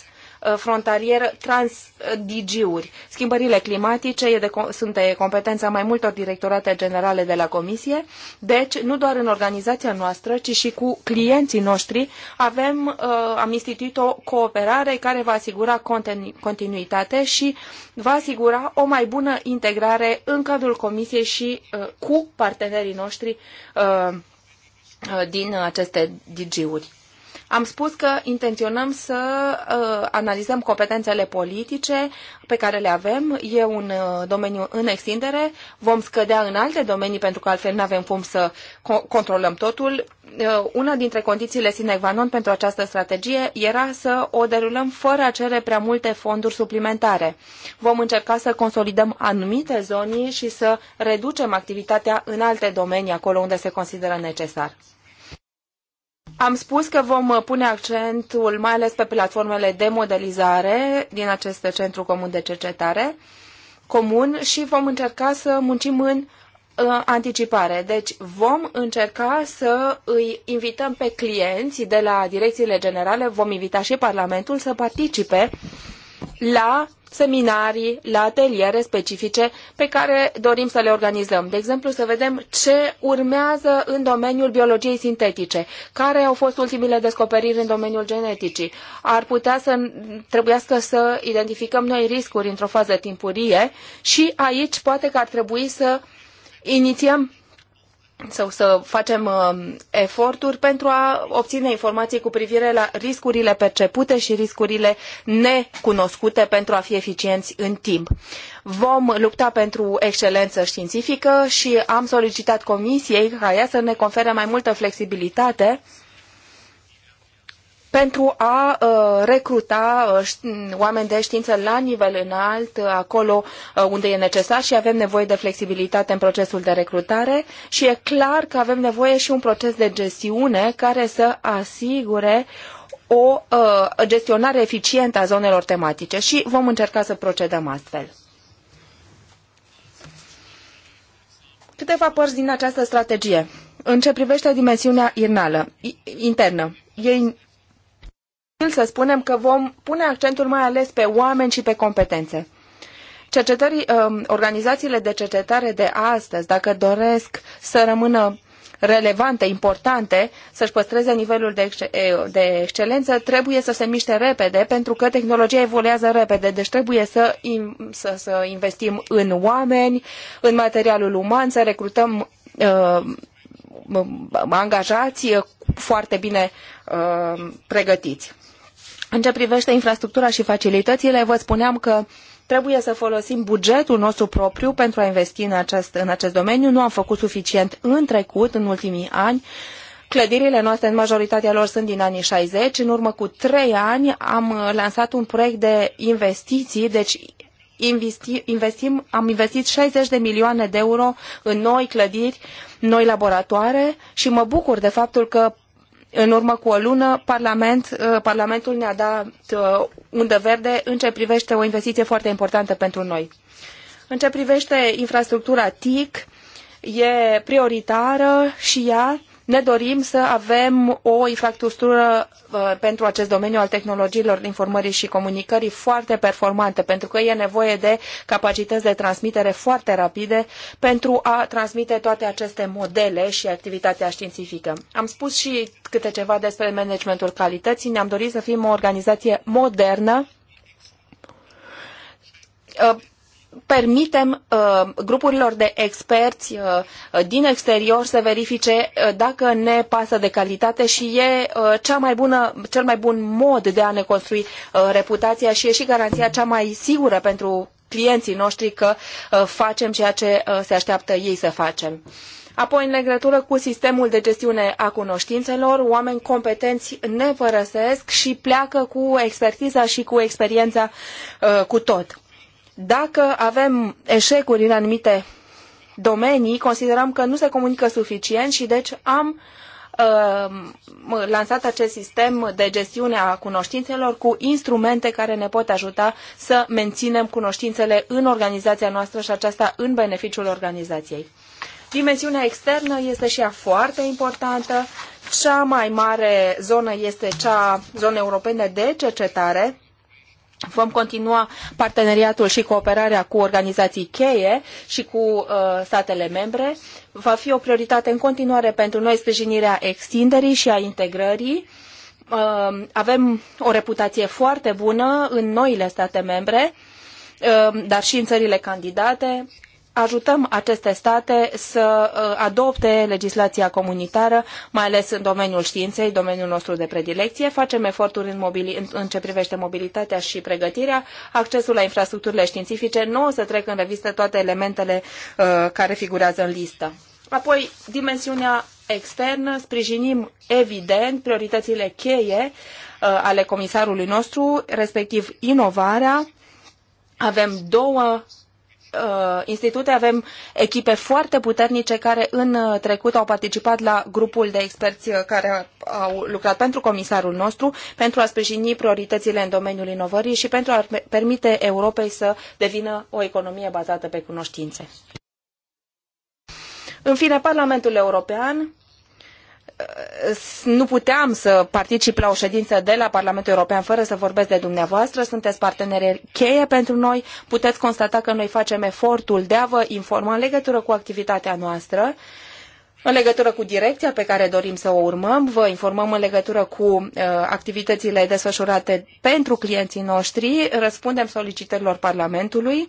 Uh, frontalier transdigiuri. Schimbările climatice e de, sunt de competența mai multor directorate generale de la Comisie, deci nu doar în organizația noastră, ci și cu clienții noștri avem, uh, am instituit o cooperare care va asigura continuitate și va asigura o mai bună integrare în cadrul Comisiei și uh, cu partenerii noștri din aceste DG-uri. Am spus că intenționăm să uh, analizăm competențele politice pe care le avem. E un uh, domeniu în extindere. Vom scădea în alte domenii pentru că altfel nu avem cum să co- controlăm totul. Uh, una dintre condițiile sine qua non pentru această strategie era să o derulăm fără a cere prea multe fonduri suplimentare. Vom încerca să consolidăm anumite zone și să reducem activitatea în alte domenii acolo unde se consideră necesar. Am spus că vom uh, pune accentul mai ales pe platformele de modelizare din acest centru comun de cercetare comun și vom încerca să muncim în uh, anticipare. Deci vom încerca să îi invităm pe clienți de la direcțiile generale, vom invita și Parlamentul să participe uh, la seminarii, la ateliere specifice pe care dorim să le organizăm. De exemplu, să vedem ce urmează în domeniul biologiei sintetice, care au fost ultimile descoperiri în domeniul geneticii. Ar putea să trebuiască să identificăm noi riscuri într-o fază timpurie și aici poate că ar trebui să inițiem sau să facem uh, eforturi pentru a obține informații cu privire la riscurile percepute și riscurile necunoscute pentru a fi eficienți în timp. Vom lupta pentru excelență științifică și am solicitat comisiei ca ea să ne confere mai multă flexibilitate uh, pentru a uh, recruta uh, oameni de știință la nivel înalt, uh, acolo unde e necesar și avem nevoie de flexibilitate în procesul de recrutare și e clar că avem nevoie și un proces de gestiune care să asigure o gestionare eficientă a zonelor tematice și vom încerca să procedăm astfel. Câteva părți din această strategie. În ce privește dimensiunea irnală, internă, e să spunem că vom pune accentul mai ales pe oameni și pe competențe. Cercetării, um, organizațiile de cercetare de astăzi, dacă doresc să rămână relevante, importante, să-și păstreze nivelul de, de excelență, trebuie să se miște repede, pentru că tehnologia evoluează repede, deci trebuie să, să, să investim în oameni, în materialul uman, să recrutăm uh, angajați uh, foarte bine uh, pregătiți. În ce privește infrastructura și facilitățile, vă spuneam că trebuie să folosim bugetul nostru propriu pentru a investi în acest, în acest domeniu. Nu am făcut suficient în trecut, în ultimii ani. Clădirile noastre, în majoritatea lor, sunt din anii 60. În urmă cu trei ani am lansat un proiect de investiții, deci investi, investim, am investit 60 de milioane de euro în noi clădiri, noi laboratoare și mă bucur de faptul că în urmă cu o lună, Parlament, uh, Parlamentul ne-a dat uh, undă verde în ce privește o investiție foarte importantă pentru noi. În ce privește infrastructura TIC, e prioritară și ea ne dorim să avem o infrastructură uh, pentru acest domeniu al tehnologiilor informării și comunicării foarte performantă, pentru că e nevoie de capacități de transmitere foarte rapide pentru a transmite toate aceste modele și activitatea științifică. Am spus și câte ceva despre managementul calității. Ne-am dorit să fim o organizație modernă uh, permitem uh, grupurilor de experți uh, din exterior să verifice uh, dacă ne pasă de calitate și e cea mai bună, cel mai bun mod de a ne construi reputația și e și garanția cea mai sigură pentru clienții noștri că facem ceea ce se așteaptă ei să facem. Apoi, în legătură cu sistemul de gestiune a cunoștințelor, oameni competenți ne părăsesc și pleacă cu expertiza și cu experiența uh, cu tot. Dacă avem eșecuri în anumite domenii, considerăm că nu se comunică suficient și deci am uh, lansat acest sistem de gestiune a cunoștințelor cu instrumente care ne pot ajuta să menținem cunoștințele în organizația noastră și aceasta în beneficiul organizației. Dimensiunea externă este și ea foarte importantă. Cea mai mare zonă este cea zonă europene de cercetare, Vom continua parteneriatul și cooperarea cu organizații cheie și cu uh, statele membre. Va fi o prioritate în continuare pentru noi sprijinirea extinderii și a integrării. Uh, avem o reputație foarte bună în noile state membre, uh, dar și în țările candidate ajutăm aceste state să uh, adopte legislația comunitară, mai ales în domeniul științei, domeniul nostru de predilecție. Facem eforturi în, mobili- în ce privește mobilitatea și pregătirea, accesul la infrastructurile științifice. Nu o să trec în revistă toate elementele uh, care figurează în listă. Apoi, dimensiunea externă, sprijinim evident prioritățile cheie uh, ale comisarului nostru, respectiv inovarea. Avem două Uh, institute avem echipe foarte puternice care în uh, trecut au participat la grupul de experți uh, care au lucrat pentru comisarul nostru pentru a sprijini prioritățile în domeniul inovării și pentru a permite Europei să devină o economie bazată pe cunoștințe. În fine, Parlamentul European Uh, nu puteam să particip la o ședință de la Parlamentul European fără să vorbesc de dumneavoastră. Sunteți parteneri cheie pentru noi. Puteți constata că noi facem efortul de a vă informa în legătură cu activitatea noastră. În legătură cu direcția pe care dorim să o urmăm, vă informăm în legătură cu uh, activitățile desfășurate pentru clienții noștri, răspundem solicitărilor Parlamentului. Uh,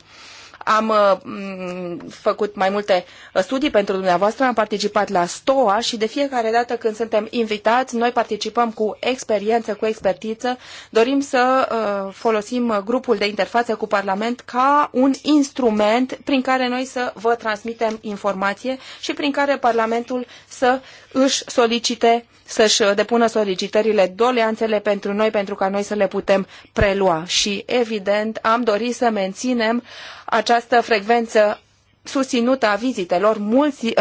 am uh, făcut mai multe studii pentru dumneavoastră, am participat la STOA și de fiecare dată când suntem invitați, noi participăm cu experiență, cu expertiță. Dorim să uh, folosim grupul de interfață cu Parlament ca un instrument prin care noi să vă transmitem informație și prin care Parlamentul să își solicite, să-și depună solicitările, doleanțele pentru noi, pentru ca noi să le putem prelua. Și, evident, am dorit să menținem această frecvență susținută a vizitelor. Mulți uh,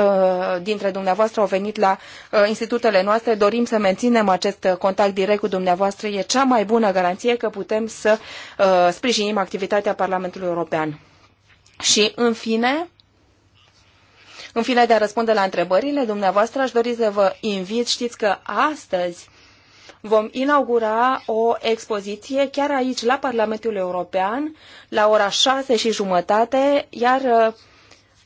dintre dumneavoastră au venit la uh, institutele noastre. Dorim să menținem acest contact direct cu dumneavoastră. E cea mai bună garanție că putem să uh, sprijinim activitatea Parlamentului European. Și, în fine, în fine, de a răspunde la întrebările dumneavoastră, aș dori să vă invit. Știți că astăzi vom inaugura o expoziție chiar aici, la Parlamentul European, la ora șase și jumătate, iar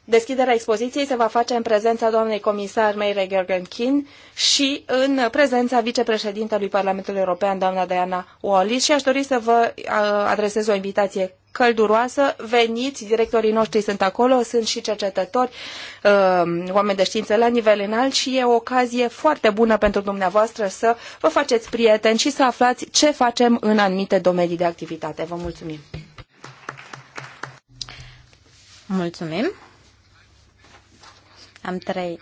Deschiderea expoziției se va face în prezența doamnei comisar Meire Gergenkin și în prezența vicepreședintelui Parlamentului European, doamna Diana Wallis. Și aș dori să vă adresez o invitație călduroasă. Veniți, directorii noștri sunt acolo, sunt și cercetători, oameni de știință la nivel înalt și e o ocazie foarte bună pentru dumneavoastră să vă faceți prieteni și să aflați ce facem în anumite domenii de activitate. Vă mulțumim! Mulțumim! Am trei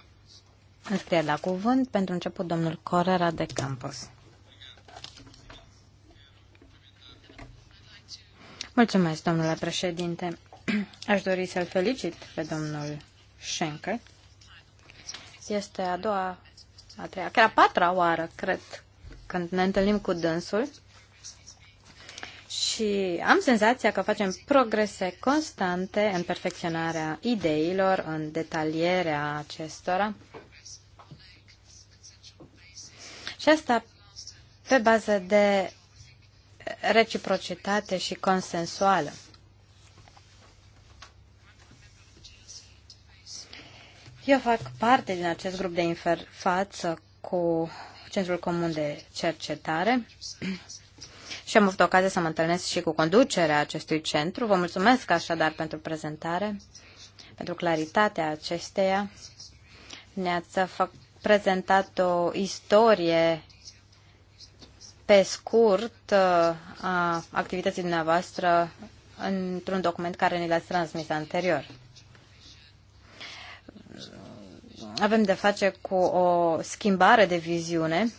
înscrieri la cuvânt. Pentru început, domnul Corera de Campos. Mulțumesc, domnule președinte. [CLEARS THROAT] Aș dori să-l felicit pe domnul Schenker. Este a doua, a treia, chiar a patra oară, cred, când ne întâlnim cu dânsul și am senzația că facem progrese constante în perfecționarea ideilor, în detalierea acestora. Și asta pe bază de reciprocitate și consensuală. Eu fac parte din acest grup de interfață cu Centrul Comun de Cercetare și am avut ocazia să mă întâlnesc și cu conducerea acestui centru. Vă mulțumesc așadar pentru prezentare, pentru claritatea acesteia. Ne-ați prezentat o istorie pe scurt uh, a activității dumneavoastră într-un document care ne l-ați transmis anterior. Avem de face cu o schimbare de viziune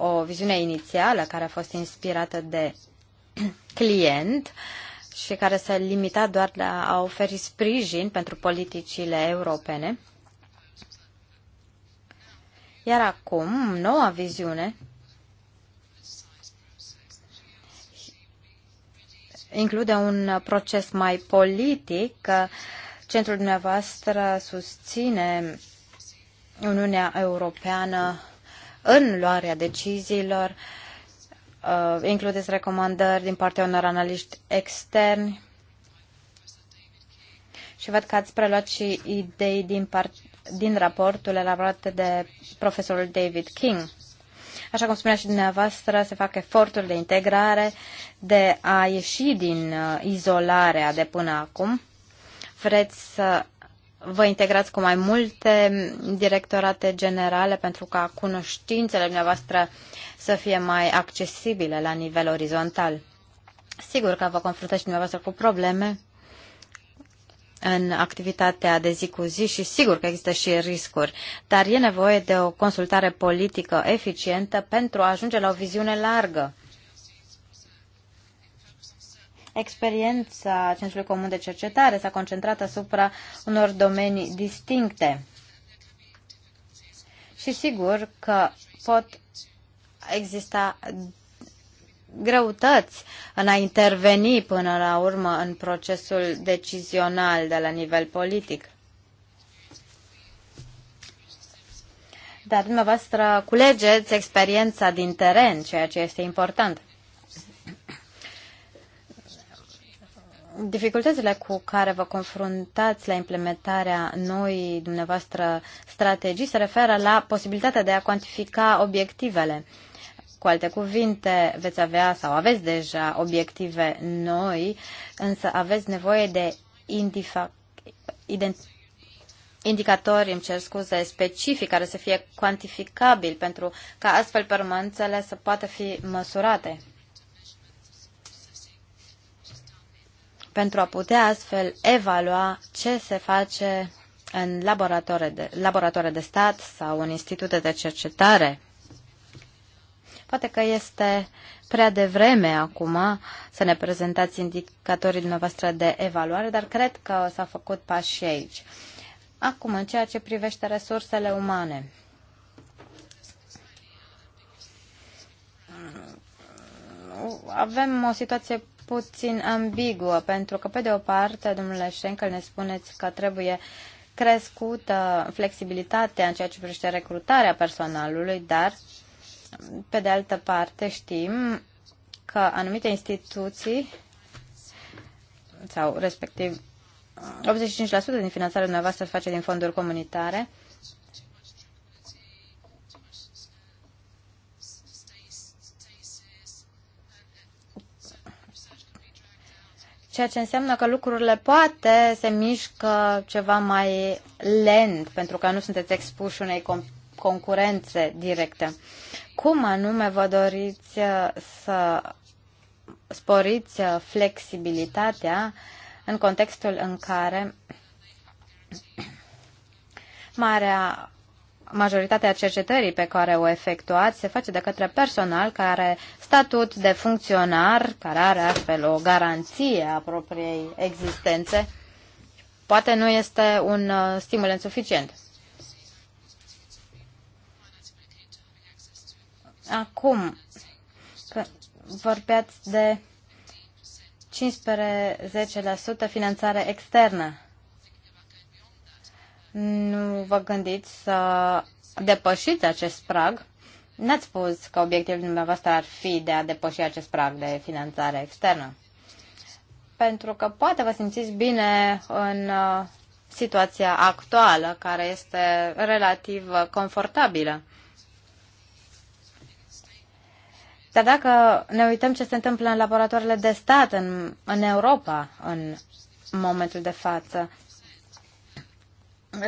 o viziune inițială care a fost inspirată de [CLEARS THROAT] client și care s-a limitat doar la a oferi sprijin pentru politicile europene. Iar acum, noua viziune include un proces mai politic. Centrul dumneavoastră susține Uniunea Europeană în luarea deciziilor, uh, includeți recomandări din partea unor analiști externi și văd că ați preluat și idei din, part, din raportul elaborat de profesorul David King. Așa cum spunea și dumneavoastră, se fac eforturi de integrare, de a ieși din uh, izolarea de până acum. Vreți să vă integrați cu mai multe directorate generale pentru ca cunoștințele dumneavoastră să fie mai accesibile la nivel orizontal. Sigur că vă confruntați dumneavoastră cu probleme în activitatea de zi cu zi și sigur că există și riscuri, dar e nevoie de o consultare politică eficientă pentru a ajunge la o viziune largă Experiența Centrului Comun de Cercetare s-a concentrat asupra unor domenii distincte. Și sigur că pot exista greutăți în a interveni până la urmă în procesul decizional de la nivel politic. Dar dumneavoastră culegeți experiența din teren, ceea ce este important. dificultățile cu care vă confruntați la implementarea noii dumneavoastră strategii se referă la posibilitatea de a cuantifica obiectivele. Cu alte cuvinte, veți avea sau aveți deja obiective noi, însă aveți nevoie de indicatori, îmi cer scuze, specific care să fie cuantificabil pentru ca astfel permanențele să poată fi măsurate. pentru a putea astfel evalua ce se face în laboratoare de, laboratoare de stat sau în institute de cercetare. Poate că este prea devreme acum să ne prezentați indicatorii dumneavoastră de evaluare, dar cred că s-a făcut pași aici. Acum, în ceea ce privește resursele umane, avem o situație puțin ambiguă, pentru că, pe de o parte, domnule Schenkel, ne spuneți că trebuie crescută flexibilitatea în ceea ce privește recrutarea personalului, dar, pe de altă parte, știm că anumite instituții sau respectiv 85% din finanțarea dumneavoastră se face din fonduri comunitare ceea ce înseamnă că lucrurile poate se mișcă ceva mai lent, pentru că nu sunteți expuși unei concurențe directe. Cum anume vă doriți uh, să sporiți uh, flexibilitatea în contextul în care marea majoritatea cercetării pe care o efectuați se face de către personal care statut de funcționar, care are astfel o garanție a propriei existențe, poate nu este un uh, stimul insuficient. Acum, că vorbeați de 15-10% finanțare externă nu vă gândiți să depășiți acest prag? N-ați spus că obiectivul dumneavoastră ar fi de a depăși acest prag de finanțare externă. Pentru că poate vă simțiți bine în uh, situația actuală, care este relativ uh, confortabilă. Dar dacă ne uităm ce se întâmplă în laboratoarele de stat în, în Europa în momentul de față,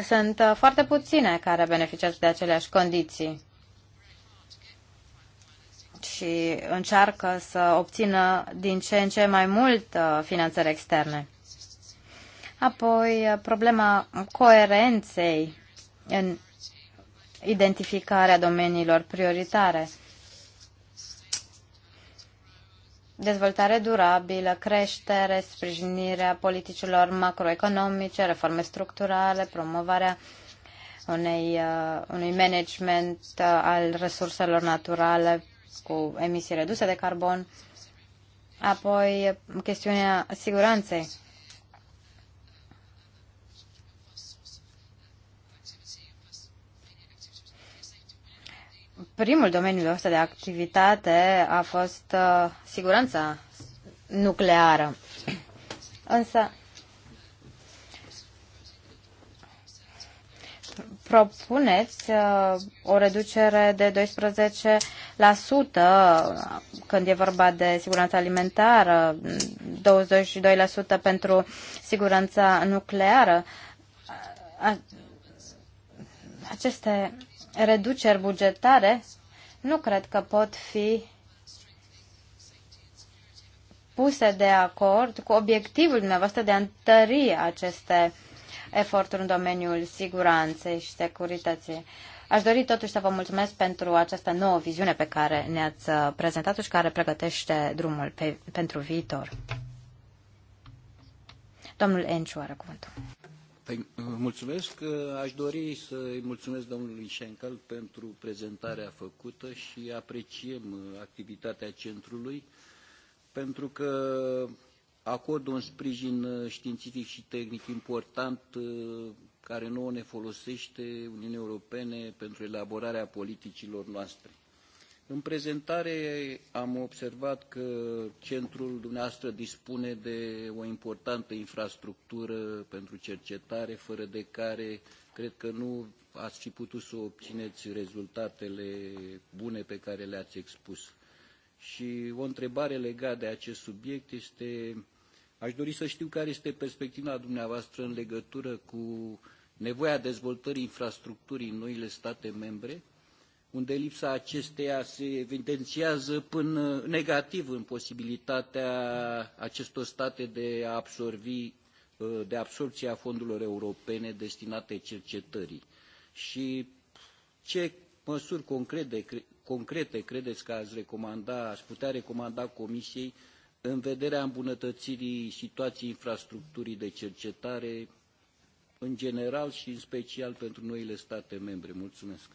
sunt uh, foarte puține care beneficiază de aceleași condiții și încearcă să obțină din ce în ce mai mult uh, finanțări externe. Apoi, uh, problema coerenței în identificarea domeniilor prioritare. dezvoltare durabilă, creștere, sprijinirea politicilor macroeconomice, reforme structurale, promovarea unei, uh, unui management uh, al resurselor naturale cu emisii reduse de carbon, apoi chestiunea siguranței primul domeniu ăsta de activitate a fost uh, siguranța nucleară. Însă propuneți uh, o reducere de 12% când e vorba de siguranța alimentară, 22% pentru siguranța nucleară. Aceste reduceri bugetare nu cred că pot fi puse de acord cu obiectivul dumneavoastră de a întări aceste eforturi în domeniul siguranței și securității. Aș dori totuși să vă mulțumesc pentru această nouă viziune pe care ne-ați uh, prezentat-o și care pregătește drumul pe, pentru viitor. Domnul Enciu are cuvântul. Păi, mulțumesc. Aș dori să îi mulțumesc domnului Șencal pentru prezentarea făcută și apreciem activitatea centrului, pentru că acordă un sprijin științific și tehnic important care nouă ne folosește Uniunii Europene pentru elaborarea politicilor noastre. În prezentare am observat că centrul dumneavoastră dispune de o importantă infrastructură pentru cercetare, fără de care cred că nu ați fi putut să obțineți rezultatele bune pe care le-ați expus. Și o întrebare legată de acest subiect este, aș dori să știu care este perspectiva dumneavoastră în legătură cu nevoia dezvoltării infrastructurii în noile state membre, unde lipsa acesteia se evidențiază până negativ în posibilitatea acestor state de a absorbi uh, de absorpția fondurilor europene destinate cercetării. Și ce măsuri concrete, concrete credeți că ați recomanda, ați putea recomanda Comisiei în vederea îmbunătățirii situației infrastructurii de cercetare în general și în special pentru noile state membre? Mulțumesc!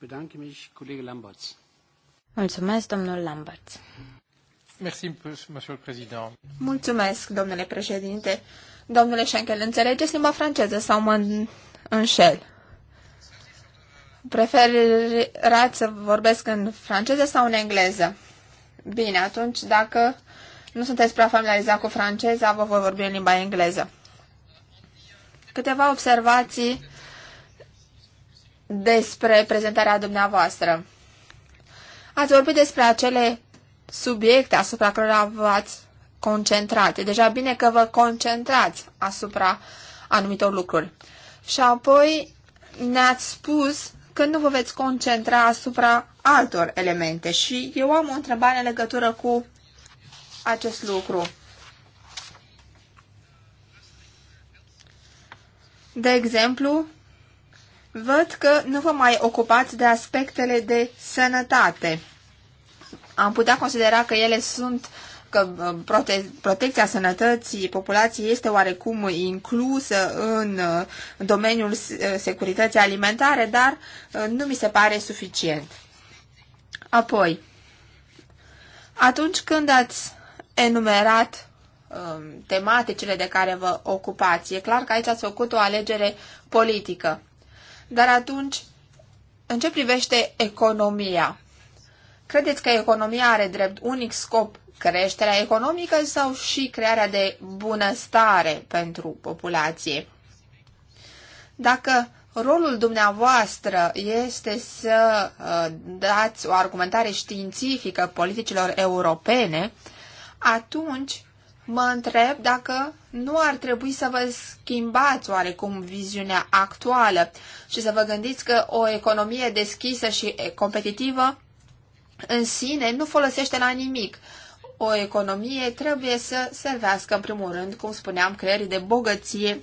bedanke mich, Kollege Lamberts. Mulțumesc, domnul Lamberts. Merci, monsieur le président. Mulțumesc, domnule președinte. Domnule Schenkel, înțelegeți limba franceză sau mă înșel? Preferați să vorbesc în franceză sau în engleză? Bine, atunci, dacă nu sunteți prea familiarizat cu franceza, vă voi vorbi în limba engleză. Câteva observații despre prezentarea dumneavoastră. Ați vorbit despre acele subiecte asupra cărora v-ați concentrat. E deja bine că vă concentrați asupra anumitor lucruri. Și apoi ne-ați spus că nu vă veți concentra asupra altor elemente și eu am o întrebare în legătură cu acest lucru. De exemplu, văd că nu vă mai ocupați de aspectele de sănătate. Am putea considera că ele sunt, că uh, prote, protecția sănătății populației este oarecum inclusă în uh, domeniul uh, securității alimentare, dar nu mi se pare suficient. Apoi, atunci când ați enumerat um, tematicile de care vă ocupați, e clar că aici ați făcut o alegere politică. Dar atunci, în ce privește economia? Credeți că economia are drept unic scop creșterea economică sau și crearea de bunăstare pentru populație? Dacă rolul dumneavoastră este să uh, dați o argumentare științifică politicilor europene, atunci mă întreb dacă nu ar trebui să vă schimbați oarecum viziunea actuală și să vă gândiți că o economie deschisă și competitivă în sine nu folosește la nimic. O economie trebuie să servească, în primul rând, cum spuneam, creierii de bogăție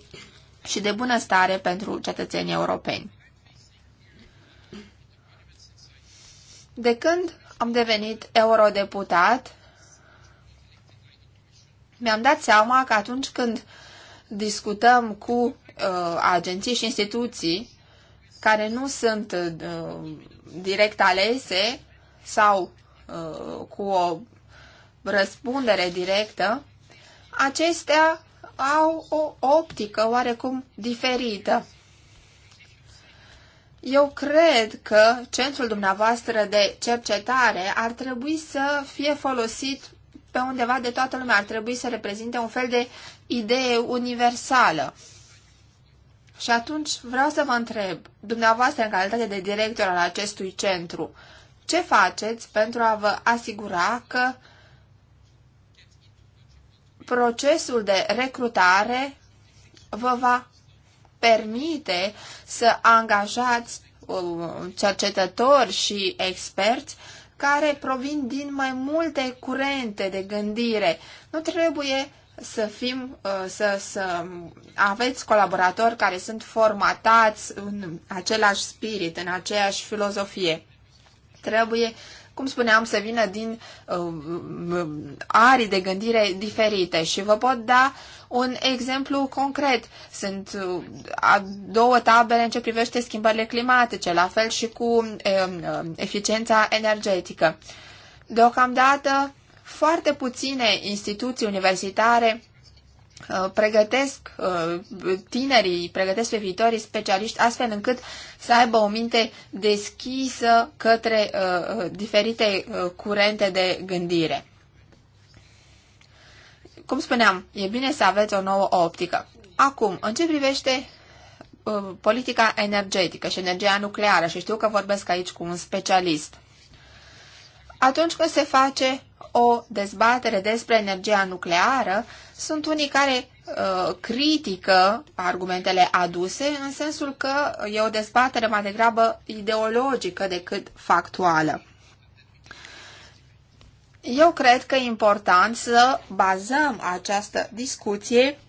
și de bunăstare pentru cetățenii europeni. De când am devenit eurodeputat, mi-am dat seama că atunci când discutăm cu uh, agenții și instituții care nu sunt uh, direct alese sau uh, cu o răspundere directă, acestea au o optică oarecum diferită. Eu cred că centrul dumneavoastră de cercetare ar trebui să fie folosit pe undeva de toată lumea. Ar trebui să reprezinte un fel de idee universală. Și atunci vreau să vă întreb, dumneavoastră în calitate de director al acestui centru, ce faceți pentru a vă asigura că procesul de recrutare vă va permite să angajați uh, cercetători și experți care provin din mai multe curente de gândire. Nu trebuie să fim, uh, să, să aveți colaboratori care sunt formatați în același spirit, în aceeași filozofie. Trebuie, cum spuneam, să vină din uh, uh, uh arii de gândire diferite și vă pot da un exemplu concret. Sunt uh, a două tabere în ce privește schimbările climatice, la fel și cu um, um, eficiența energetică. Deocamdată, foarte puține instituții universitare uh, pregătesc uh, tinerii, pregătesc pe viitorii specialiști astfel încât să aibă o minte deschisă către diferite curente de gândire cum spuneam, e bine să aveți o nouă optică. Acum, în ce privește uh, politica energetică și energia nucleară, și știu că vorbesc aici cu un specialist, atunci când se face o dezbatere despre energia nucleară, sunt unii care uh, critică argumentele aduse în sensul că e o dezbatere mai degrabă ideologică decât factuală. Eu cred că e important să bazăm această discuție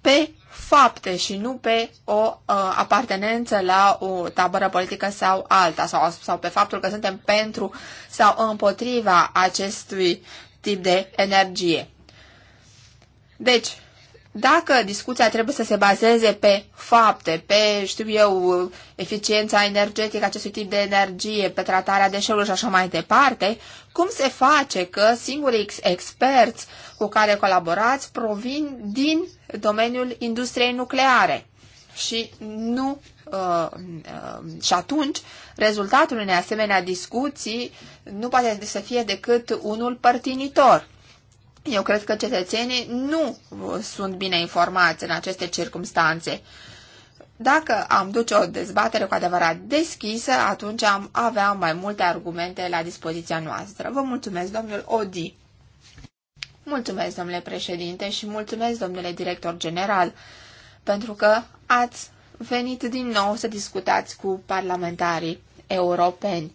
pe fapte și nu pe o uh, apartenență la o tabără politică sau alta sau, sau pe faptul că suntem pentru sau împotriva acestui tip de energie. Deci, dacă discuția trebuie să se bazeze pe fapte, pe, știu eu, eficiența energetică acestui tip de energie, pe tratarea deșeurilor și așa mai departe, cum se face că singurii experți cu care colaborați provin din domeniul industriei nucleare? Și nu Uh, uh, și atunci rezultatul unei asemenea discuții nu poate să fie decât unul părtinitor. Eu cred că cetățenii nu sunt bine informați în aceste circumstanțe. Dacă am duce o dezbatere cu adevărat deschisă, atunci am avea mai multe argumente la dispoziția noastră. Vă mulțumesc, domnul Odi. Mulțumesc, domnule președinte, și mulțumesc, domnule director general, pentru că ați venit din nou să discutați cu parlamentarii europeni,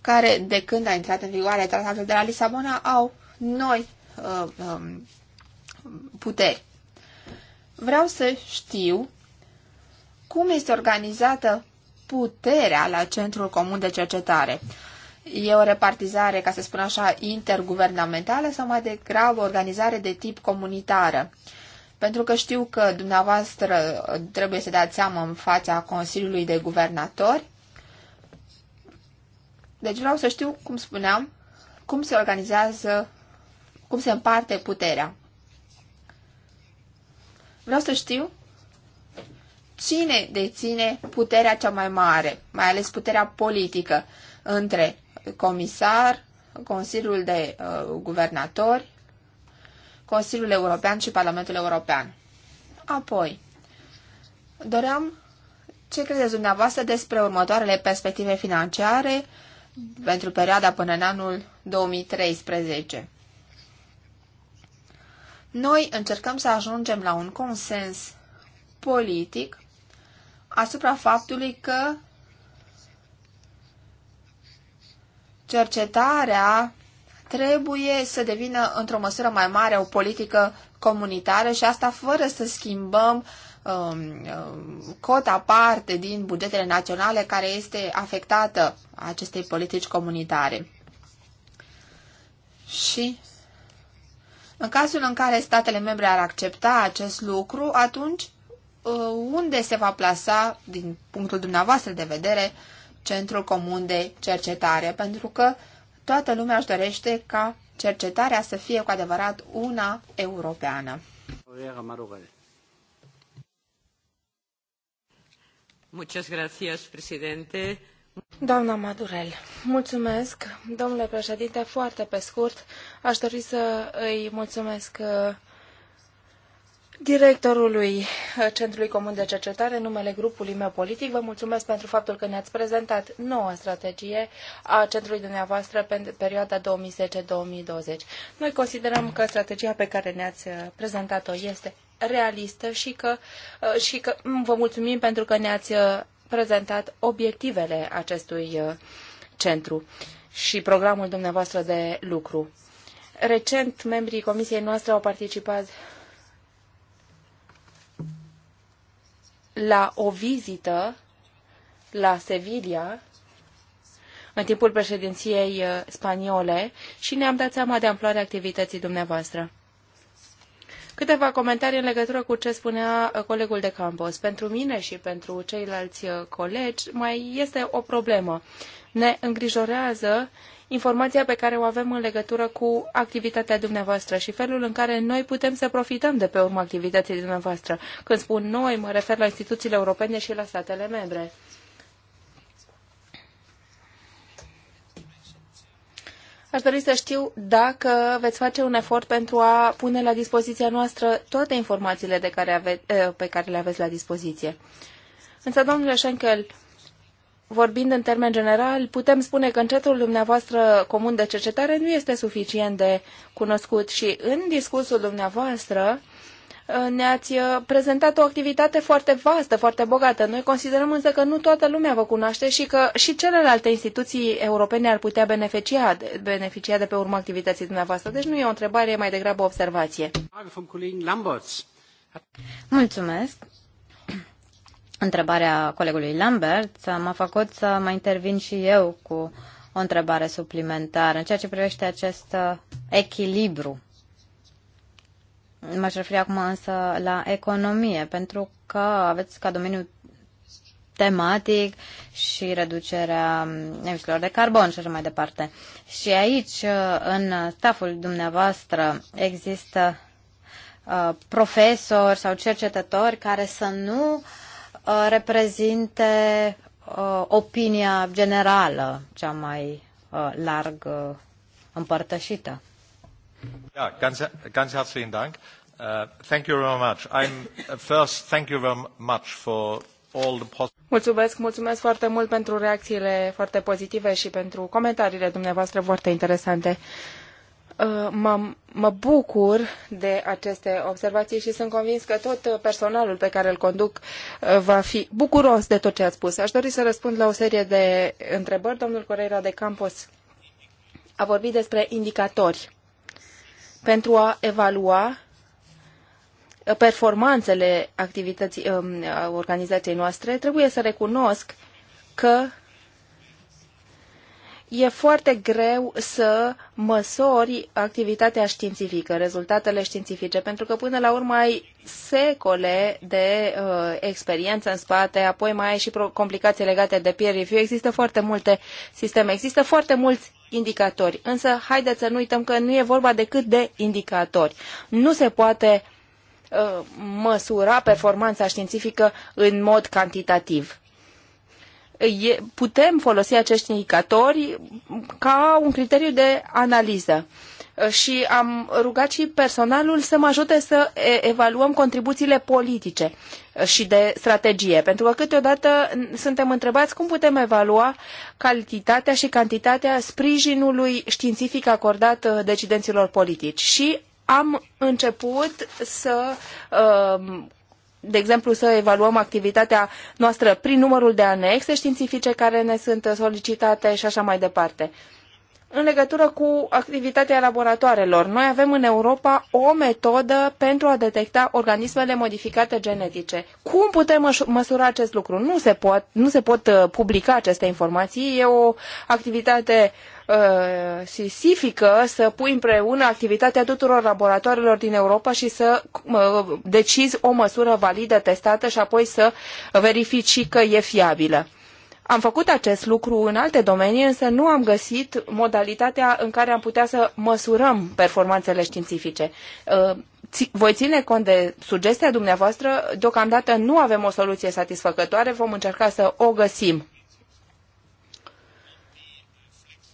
care, de când a intrat în vigoare tratatul de la Lisabona, au noi Uh, um, puteri. Vreau să știu cum este organizată puterea la Centrul Comun de Cercetare. E o repartizare, ca să spun așa, interguvernamentală sau mai degrabă o organizare de tip comunitară? Pentru că știu că dumneavoastră trebuie să dați seama în fața Consiliului de Guvernatori. Deci vreau să știu, cum spuneam, cum se organizează cum se împarte puterea. Vreau să știu cine deține puterea cea mai mare, mai ales puterea politică, între comisar, Consiliul de uh, Guvernatori, Consiliul European și Parlamentul European. Apoi, doream ce credeți dumneavoastră despre următoarele perspective financiare pentru perioada până în anul 2013. Noi încercăm să ajungem la un consens politic asupra faptului că cercetarea trebuie să devină într-o măsură mai mare o politică comunitară și asta fără să schimbăm um, um cota parte din bugetele naționale care este afectată acestei politici comunitare. Și în cazul în care statele membre ar accepta acest lucru, atunci uh, unde se va plasa, din punctul dumneavoastră de vedere, Centrul Comun de Cercetare? Pentru că toată lumea își dorește ca cercetarea să fie cu adevărat una europeană. Muchas gracias, presidente. Doamna Madurel, mulțumesc. Domnule președinte, foarte pe scurt, aș dori să îi mulțumesc uh, directorului uh, Centrului Comun de Cercetare, numele grupului meu politic. Vă mulțumesc pentru faptul că ne-ați prezentat noua strategie a centrului dumneavoastră pentru perioada 2010-2020. Noi considerăm că strategia pe care ne-ați uh, prezentat-o este realistă și că, și că mm, vă mulțumim pentru că ne-ați prezentat obiectivele acestui uh, centru și programul dumneavoastră de lucru. Recent, membrii comisiei noastre au participat la o vizită la Sevilla în timpul președinției uh, spaniole și ne-am dat seama de amploarea activității dumneavoastră. Câteva comentarii în legătură cu ce spunea uh, colegul de Campos. Pentru mine și pentru ceilalți uh, colegi mai este o problemă. Ne îngrijorează informația pe care o avem în legătură cu activitatea dumneavoastră și felul în care noi putem să profităm de pe urma activității dumneavoastră. Când spun noi, mă refer la instituțiile europene și la statele membre. Aș dori să știu dacă veți face un efort pentru a pune la dispoziția noastră toate informațiile de care ave- eh, pe care le aveți la dispoziție. Însă, domnule Schenkel, vorbind în termen general, putem spune că încetul dumneavoastră comun de cercetare nu este suficient de cunoscut și în discursul dumneavoastră Uh, ne-ați uh, prezentat o activitate foarte vastă, foarte bogată. Noi considerăm însă că nu toată lumea vă cunoaște și că și celelalte instituții europene ar putea beneficia de, beneficia de pe urma activității dumneavoastră. Deci nu e o întrebare, e mai degrabă o observație. Mulțumesc. Întrebarea colegului Lambert m-a făcut să mai intervin și eu cu o întrebare suplimentară în ceea ce privește acest uh, echilibru M-aș referi acum însă la economie, pentru că aveți ca domeniu tematic și reducerea emisiilor de carbon și așa mai departe. Și aici, în staful dumneavoastră, există uh, profesori sau cercetători care să nu uh, reprezinte uh, opinia generală, cea mai larg împărtășită. Ja, ganz, ganz herzlichen Dank. Uh, thank you very much. I'm uh, first thank you very much for all the Mulțumesc, mulțumesc foarte mult pentru reacțiile foarte pozitive și pentru comentariile dumneavoastră foarte interesante. Äh, mă, mă bucur de aceste observații și sunt convins că tot personalul pe care îl conduc äh, va fi bucuros de tot ce ați spus. Aș dori să răspund la o serie de întrebări. Domnul Correira de Campos a vorbit despre indicatori pentru a evalua uh, performanțele activității um, organizației noastre, trebuie să recunosc că e foarte greu să măsori activitatea științifică, rezultatele științifice, pentru că până la urmă ai secole de uh, experiență în spate, apoi mai ai și complicații legate de peer review. Există foarte multe sisteme, există foarte mulți indicatori. Însă, haideți să nu uităm că nu e vorba decât de indicatori. Nu se poate uh, măsura performanța științifică în mod cantitativ. E, putem folosi acești indicatori ca un criteriu de analiză. Uh, și am rugat și personalul să mă ajute să evaluăm contribuțiile politice uh, și de strategie, pentru că câteodată suntem întrebați cum putem evalua calitatea și cantitatea sprijinului științific acordat uh, decidenților politici. Și am început să de exemplu, să evaluăm activitatea noastră prin numărul de anexe științifice care ne sunt solicitate și așa mai departe. Uh, în legătură cu activitatea laboratoarelor. Noi avem în Europa o metodă pentru a detecta organismele modificate genetice. Cum putem măsura acest lucru? Nu se, pot, nu se pot uh, publica aceste informații. E o activitate uh, sisifică să pui împreună activitatea tuturor laboratoarelor din Europa și să uh, decizi o măsură validă, testată și apoi să verifici că e fiabilă. Am făcut acest lucru în alte domenii, însă nu am găsit modalitatea în care am putea să măsurăm performanțele științifice. Uh, voi ține cont de sugestia dumneavoastră, deocamdată nu avem o soluție satisfăcătoare, vom încerca să o găsim.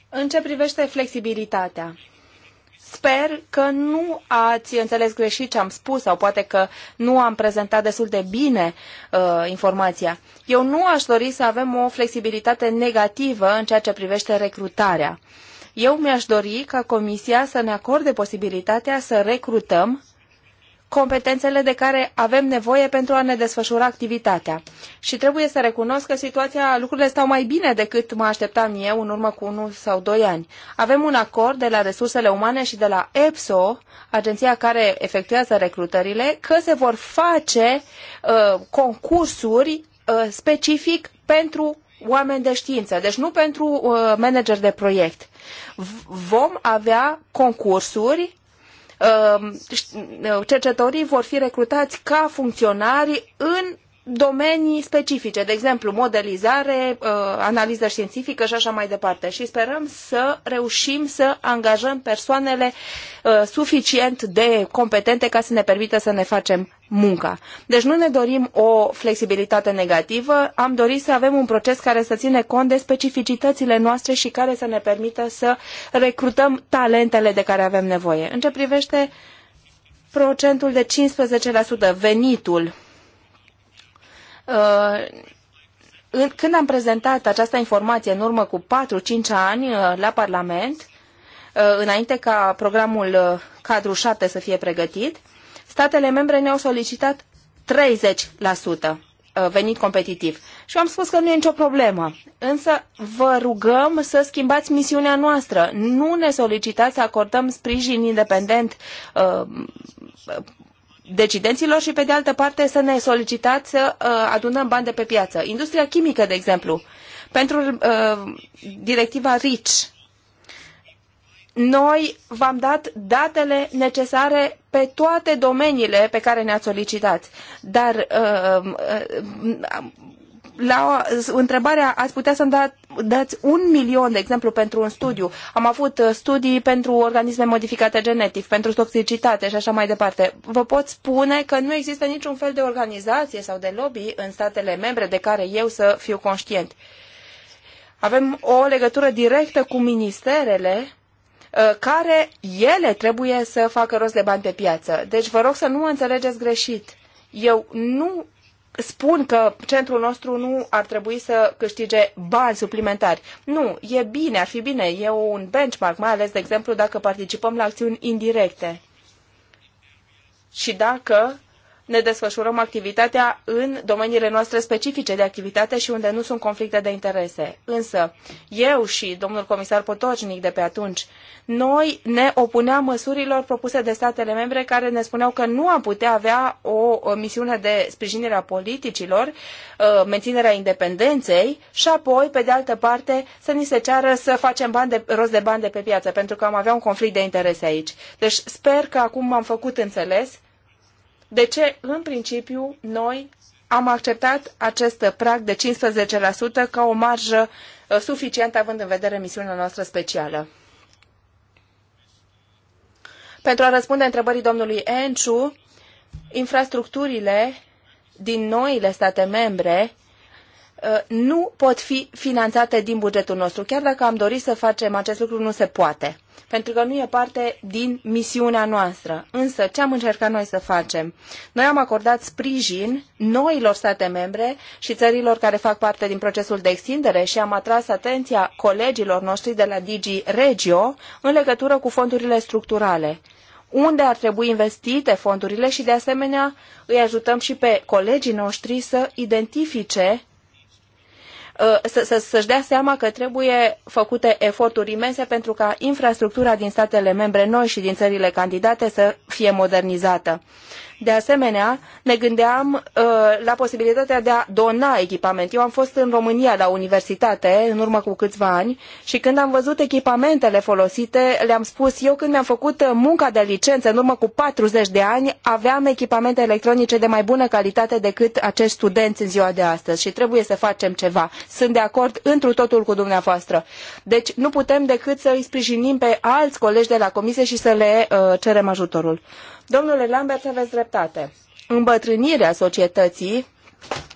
În ce privește flexibilitatea, Sper că nu ați înțeles greșit ce am spus sau poate că nu am prezentat destul de bine uh, informația. Eu nu aș dori să avem o flexibilitate negativă în ceea ce privește recrutarea. Eu mi-aș dori ca Comisia să ne acorde posibilitatea să recrutăm competențele de care avem nevoie pentru a ne desfășura activitatea. Și trebuie să recunosc că situația, lucrurile stau mai bine decât mă așteptam eu în urmă cu unul sau doi ani. Avem un acord de la Resursele Umane și de la EPSO, agenția care efectuează recrutările, că se vor face uh, concursuri uh, specific pentru oameni de știință, deci nu pentru uh, manageri de proiect. V vom avea concursuri Uh, uh, cercetătorii vor fi recrutați ca funcționari în domenii specifice, de exemplu modelizare, uh, analiză științifică și așa mai departe. Și sperăm să reușim să angajăm persoanele uh, suficient de competente ca să ne permită să ne facem munca. Deci nu ne dorim o flexibilitate negativă, am dorit să avem un proces care să ține cont de specificitățile noastre și care să ne permită să recrutăm talentele de care avem nevoie. În ce privește procentul de 15% venitul Uh, când am prezentat această informație în urmă cu 4-5 ani uh, la Parlament, uh, înainte ca programul cadru 7 să fie pregătit, statele membre ne-au solicitat 30% venit competitiv. Și am spus că nu e nicio problemă. Însă vă rugăm să schimbați misiunea noastră. Nu ne solicitați să acordăm sprijin independent decidenților și, pe de altă parte, să ne solicitați să uh, adunăm bani de pe piață. Industria chimică, de exemplu, pentru uh, directiva RICH, noi v-am dat datele necesare pe toate domeniile pe care ne-ați solicitat, dar uh, uh, la întrebarea, ați putea să-mi da, dați un milion, de exemplu, pentru un studiu. Am avut uh, studii pentru organisme modificate genetic, pentru toxicitate și așa mai departe. Vă pot spune că nu există niciun fel de organizație sau de lobby în statele membre de care eu să fiu conștient. Avem o legătură directă cu ministerele uh, care ele trebuie să facă rost de bani pe piață. Deci vă rog să nu mă înțelegeți greșit. Eu nu spun că centrul nostru nu ar trebui să câștige bani suplimentari. Nu, e bine, ar fi bine, e un benchmark, mai ales, de exemplu, dacă participăm la acțiuni indirecte. Și dacă ne desfășurăm activitatea în domeniile noastre specifice de activitate și unde nu sunt conflicte de interese. Însă, eu și domnul comisar Potocnic de pe atunci, noi ne opuneam măsurilor propuse de statele membre care ne spuneau că nu am putea avea o, misiune de sprijinire a politicilor, uh, menținerea independenței și apoi, pe de altă parte, să ni se ceară să facem bani de, rost de bani de pe piață, pentru că am avea un conflict de interese aici. Deci sper că acum am făcut înțeles de ce, în principiu, noi am acceptat acest prag de 15% ca o marjă uh, suficientă, având în vedere misiunea noastră specială. Pentru a răspunde întrebării domnului Enciu, infrastructurile din noile state membre Uh, nu pot fi finanțate din bugetul nostru. Chiar dacă am dorit să facem acest lucru, nu se poate, pentru că nu e parte din misiunea noastră. Însă, ce am încercat noi să facem? Noi am acordat sprijin noilor state membre și țărilor care fac parte din procesul de extindere și am atras atenția colegilor noștri de la Digi Regio în legătură cu fondurile structurale unde ar trebui investite fondurile și, de asemenea, îi ajutăm și pe colegii noștri să identifice Uh, să, și dea seama că trebuie făcute eforturi imense pentru ca infrastructura din statele membre noi și din țările candidate să fie modernizată. De asemenea, ne gândeam uh, la posibilitatea de a dona echipament. Eu am fost în România la universitate în urmă cu câțiva ani și când am văzut echipamentele folosite, le-am spus, eu când mi-am făcut uh, munca de licență în urmă cu 40 de ani, aveam echipamente electronice de mai bună calitate decât acești studenți în ziua de astăzi și trebuie să facem ceva. Sunt de acord întru totul cu dumneavoastră. Deci nu putem decât să îi sprijinim pe alți colegi de la comisie și să le uh, cerem ajutorul. Domnule Lambert, aveți dreptate. Îmbătrânirea societății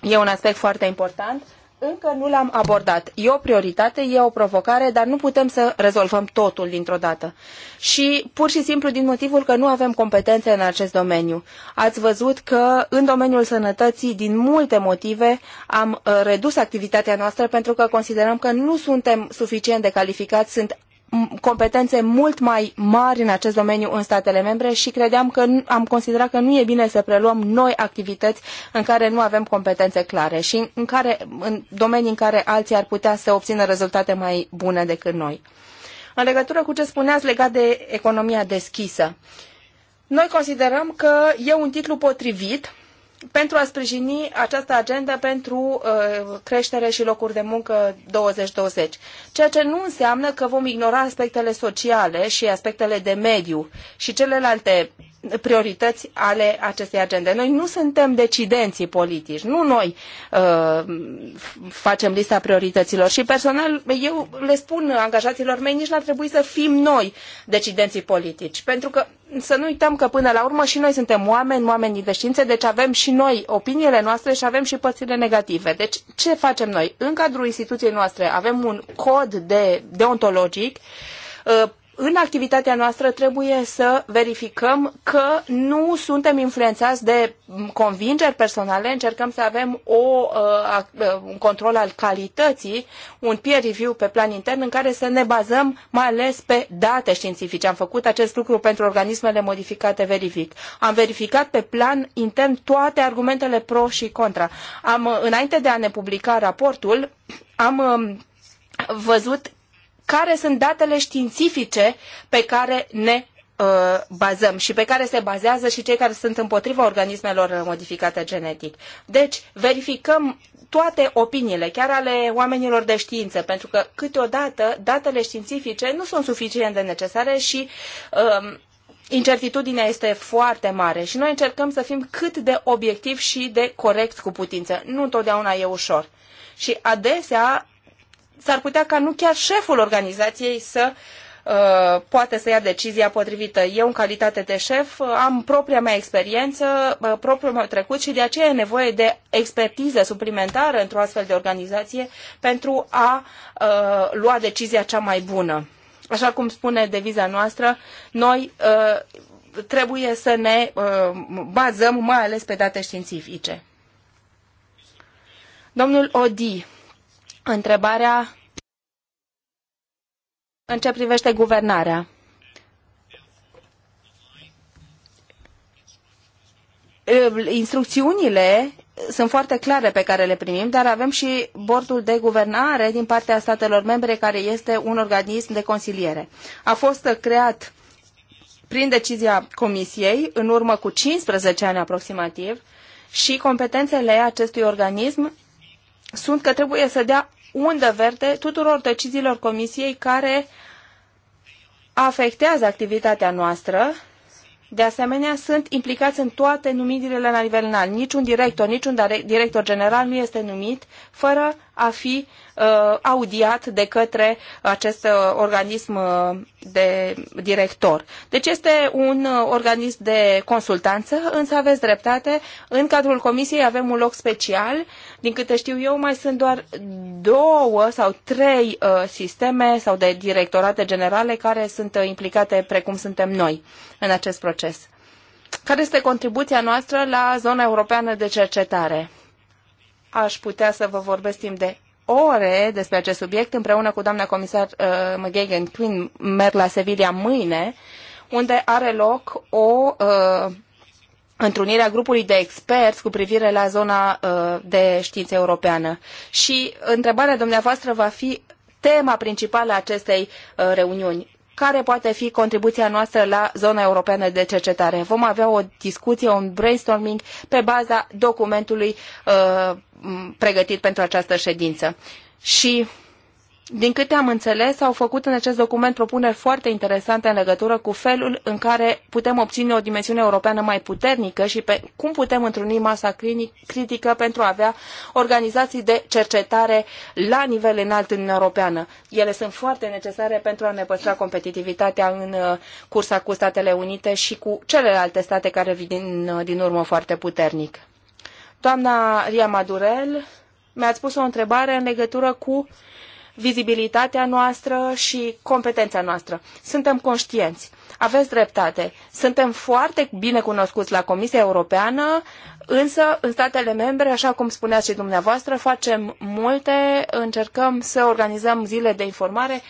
e un aspect foarte important. Încă nu l-am abordat. E o prioritate, e o provocare, dar nu putem să rezolvăm totul dintr-o dată. Și pur și simplu din motivul că nu avem competențe în acest domeniu. Ați văzut că în domeniul sănătății, din multe motive, am uh, redus activitatea noastră pentru că considerăm că nu suntem suficient de calificați, sunt competențe mult mai mari în acest domeniu în statele membre și credeam că am considerat că nu e bine să preluăm noi activități în care nu avem competențe clare și în, care, în domenii în care alții ar putea să obțină rezultate mai bune decât noi. În legătură cu ce spuneați legat de economia deschisă, noi considerăm că e un titlu potrivit pentru a sprijini această agendă pentru uh, creștere și locuri de muncă 2020, ceea ce nu înseamnă că vom ignora aspectele sociale și aspectele de mediu și celelalte priorități ale acestei agende. Noi nu suntem decidenții politici, nu noi uh, facem lista priorităților și personal eu le spun angajaților mei, nici n-ar trebui să fim noi decidenții politici, pentru că să nu uităm că până la urmă și noi suntem oameni, oamenii de știință, deci avem și noi opiniile noastre și avem și părțile negative. Deci ce facem noi? În cadrul instituției noastre avem un cod de deontologic uh, în activitatea noastră trebuie să verificăm că nu suntem influențați de convingeri personale, încercăm să avem o, uh, uh, un control al calității, un peer review pe plan intern în care să ne bazăm mai ales pe date științifice. Am făcut acest lucru pentru organismele modificate verific. Am verificat pe plan intern toate argumentele pro și contra. Am, înainte de a ne publica raportul, am um, văzut care sunt datele științifice pe care ne uh, bazăm și pe care se bazează și cei care sunt împotriva organismelor modificate genetic. Deci, verificăm toate opiniile, chiar ale oamenilor de știință, pentru că câteodată datele științifice nu sunt suficient de necesare și um, incertitudinea este foarte mare și noi încercăm să fim cât de obiectivi și de corecți cu putință. Nu întotdeauna e ușor. Și adesea s-ar putea ca nu chiar șeful organizației să uh, poate să ia decizia potrivită. Eu, în calitate de șef, uh, am propria mea experiență, uh, propriul meu trecut și de aceea e nevoie de expertiză suplimentară într-o astfel de organizație pentru a uh, lua decizia cea mai bună. Așa cum spune deviza noastră, noi trebuie să ne bazăm mai ales pe date științifice. Domnul Odi Întrebarea în ce privește guvernarea. Instrucțiunile sunt foarte clare pe care le primim, dar avem și bordul de guvernare din partea statelor membre, care este un organism de consiliere. A fost creat prin decizia Comisiei în urmă cu 15 ani aproximativ și competențele acestui organism sunt că trebuie să dea undă verde tuturor deciziilor Comisiei care afectează activitatea noastră. De asemenea, sunt implicați în toate numirile la nivel înalt. Niciun director, niciun director general nu este numit fără a fi uh, audiat de către acest uh, organism uh, de director. Deci este un uh, organism de consultanță, însă aveți dreptate. În cadrul comisiei avem un loc special uh, din câte știu eu, mai sunt doar două sau trei uh, sisteme sau de directorate generale care sunt uh, implicate precum suntem noi în acest proces. Care este contribuția noastră la zona europeană de cercetare? Aș putea să vă vorbesc timp de ore despre acest subiect împreună cu doamna comisar uh, McGagan Quinn merg la Sevilla mâine unde are loc o uh, întrunirea grupului de experți cu privire la zona uh, de știință europeană. Și întrebarea dumneavoastră va fi tema principală a acestei uh, reuniuni care poate fi contribuția noastră la zona europeană de cercetare. Vom avea o discuție, un brainstorming pe baza documentului uh, pregătit pentru această ședință. Și din câte am înțeles, au făcut în acest document propuneri foarte interesante în legătură cu felul în care putem obține o dimensiune europeană mai puternică și pe cum putem întruni masa critică pentru a avea organizații de cercetare la nivel înalt în Europeană. Ele sunt foarte necesare pentru a ne păstra competitivitatea în uh, cursa cu Statele Unite și cu celelalte state care vin din, uh, din urmă foarte puternic. Doamna Ria Madurel mi ați pus o întrebare în legătură cu vizibilitatea noastră și competența noastră. Suntem conștienți. Aveți dreptate. Suntem foarte bine cunoscuți la Comisia Europeană, însă în statele membre, așa cum spuneați și dumneavoastră, facem multe, încercăm să organizăm zile de informare.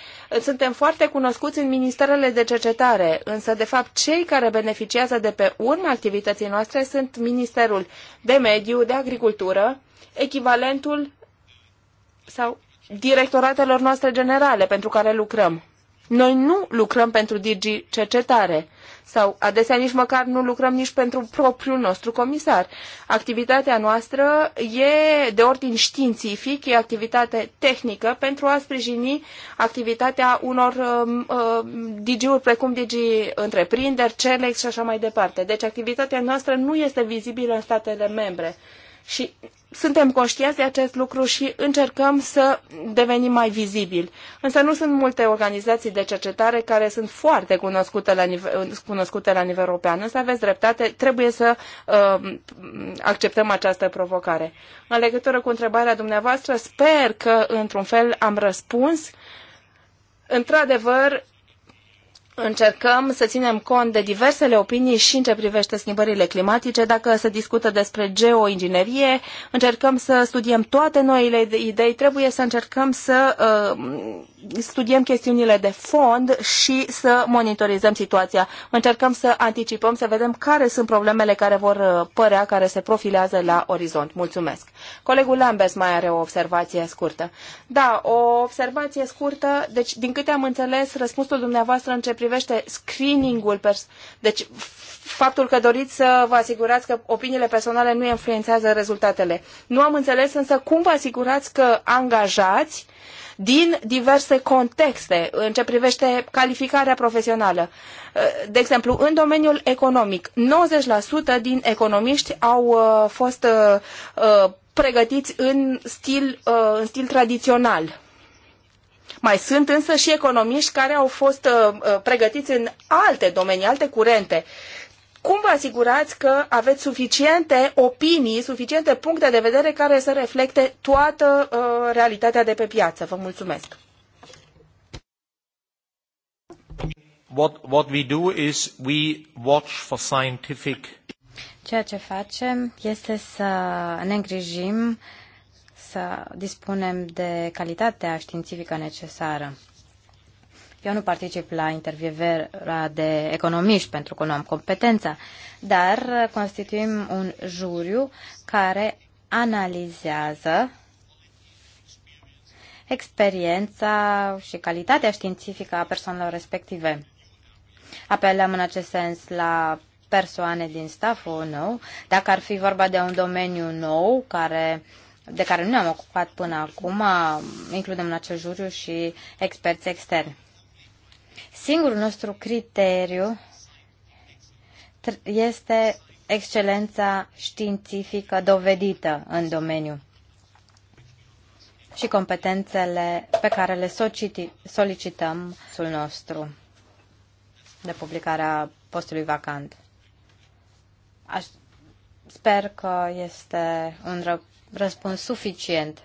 Suntem foarte cunoscuți în ministerele de cercetare, însă de fapt cei care beneficiază de pe urma activității noastre sunt Ministerul de Mediu, de Agricultură, echivalentul sau directoratelor noastre generale pentru care lucrăm. Noi nu lucrăm pentru Digi Cercetare sau adesea nici măcar nu lucrăm nici pentru propriul nostru comisar. Activitatea noastră e de ordin științific, e activitate tehnică pentru a sprijini activitatea unor uh, um, uh, um, DG-uri precum DG Întreprinderi, CELEX și așa mai departe. Deci activitatea noastră nu este vizibilă în statele membre. Și suntem conștienți de acest lucru și încercăm să devenim mai vizibili. Însă nu sunt multe organizații de cercetare care sunt foarte cunoscute la nivel, cunoscute la nivel european, însă aveți dreptate, trebuie să uh, acceptăm această provocare. În legătură cu întrebarea dumneavoastră, sper că într-un fel am răspuns. Într-adevăr, încercăm să ținem cont de diversele opinii și în ce privește schimbările climatice. Dacă se discută despre geoinginerie, încercăm să studiem toate noile idei, trebuie să încercăm să uh, studiem chestiunile de fond și să monitorizăm situația. Încercăm să anticipăm, să vedem care sunt problemele care vor uh, părea, care se profilează la orizont. Mulțumesc. Colegul Lambes mai are o observație scurtă. Da, o observație scurtă. Deci, din câte am înțeles, răspunsul dumneavoastră în ce privește privește screeningul, deci faptul că doriți să vă asigurați că opiniile personale nu influențează rezultatele. Nu am înțeles însă cum vă asigurați că angajați din diverse contexte în ce privește calificarea profesională. De exemplu, în domeniul economic, 90% din economiști au uh, fost uh, uh, pregătiți în stil, în stil tradițional mai sunt însă și economiști care au fost uh, uh, pregătiți în alte domenii, alte curente. Cum vă asigurați că aveți suficiente opinii, suficiente puncte de vedere care să reflecte toată uh, realitatea de pe piață? Vă mulțumesc. What, what we do is we watch for scientific Ceea ce facem este să ne îngrijim să dispunem de calitatea științifică necesară. Eu nu particip la intervievera de economiști pentru că nu am competența, dar constituim un juriu care analizează experiența și calitatea științifică a persoanelor respective. Apelăm în acest sens la persoane din staful nou, dacă ar fi vorba de un domeniu nou care uh, de care nu ne-am ocupat până acum, includem în acel juriu și experți externi. Singurul nostru criteriu este excelența științifică dovedită în domeniu și competențele pe care le solicităm sul nostru de publicarea postului vacant. Aș, sper că este un răspuns suficient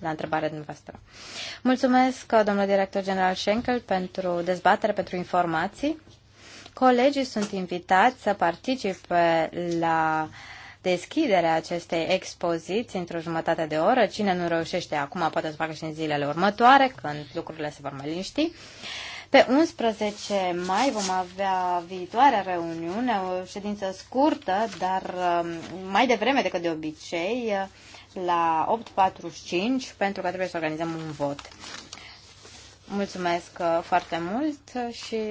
la întrebarea dumneavoastră. Mulțumesc, domnule director general Schenkel, pentru dezbatere, pentru informații. Colegii sunt invitați să participe la deschiderea acestei expoziții într-o jumătate de oră. Cine nu reușește acum poate să facă și în zilele următoare, când lucrurile se vor mai liniști. Pe 11 mai vom avea viitoarea reuniune, o ședință scurtă, dar um, mai devreme decât de obicei, la 8.45 pentru că trebuie să organizăm un vot. Mulțumesc uh, foarte mult și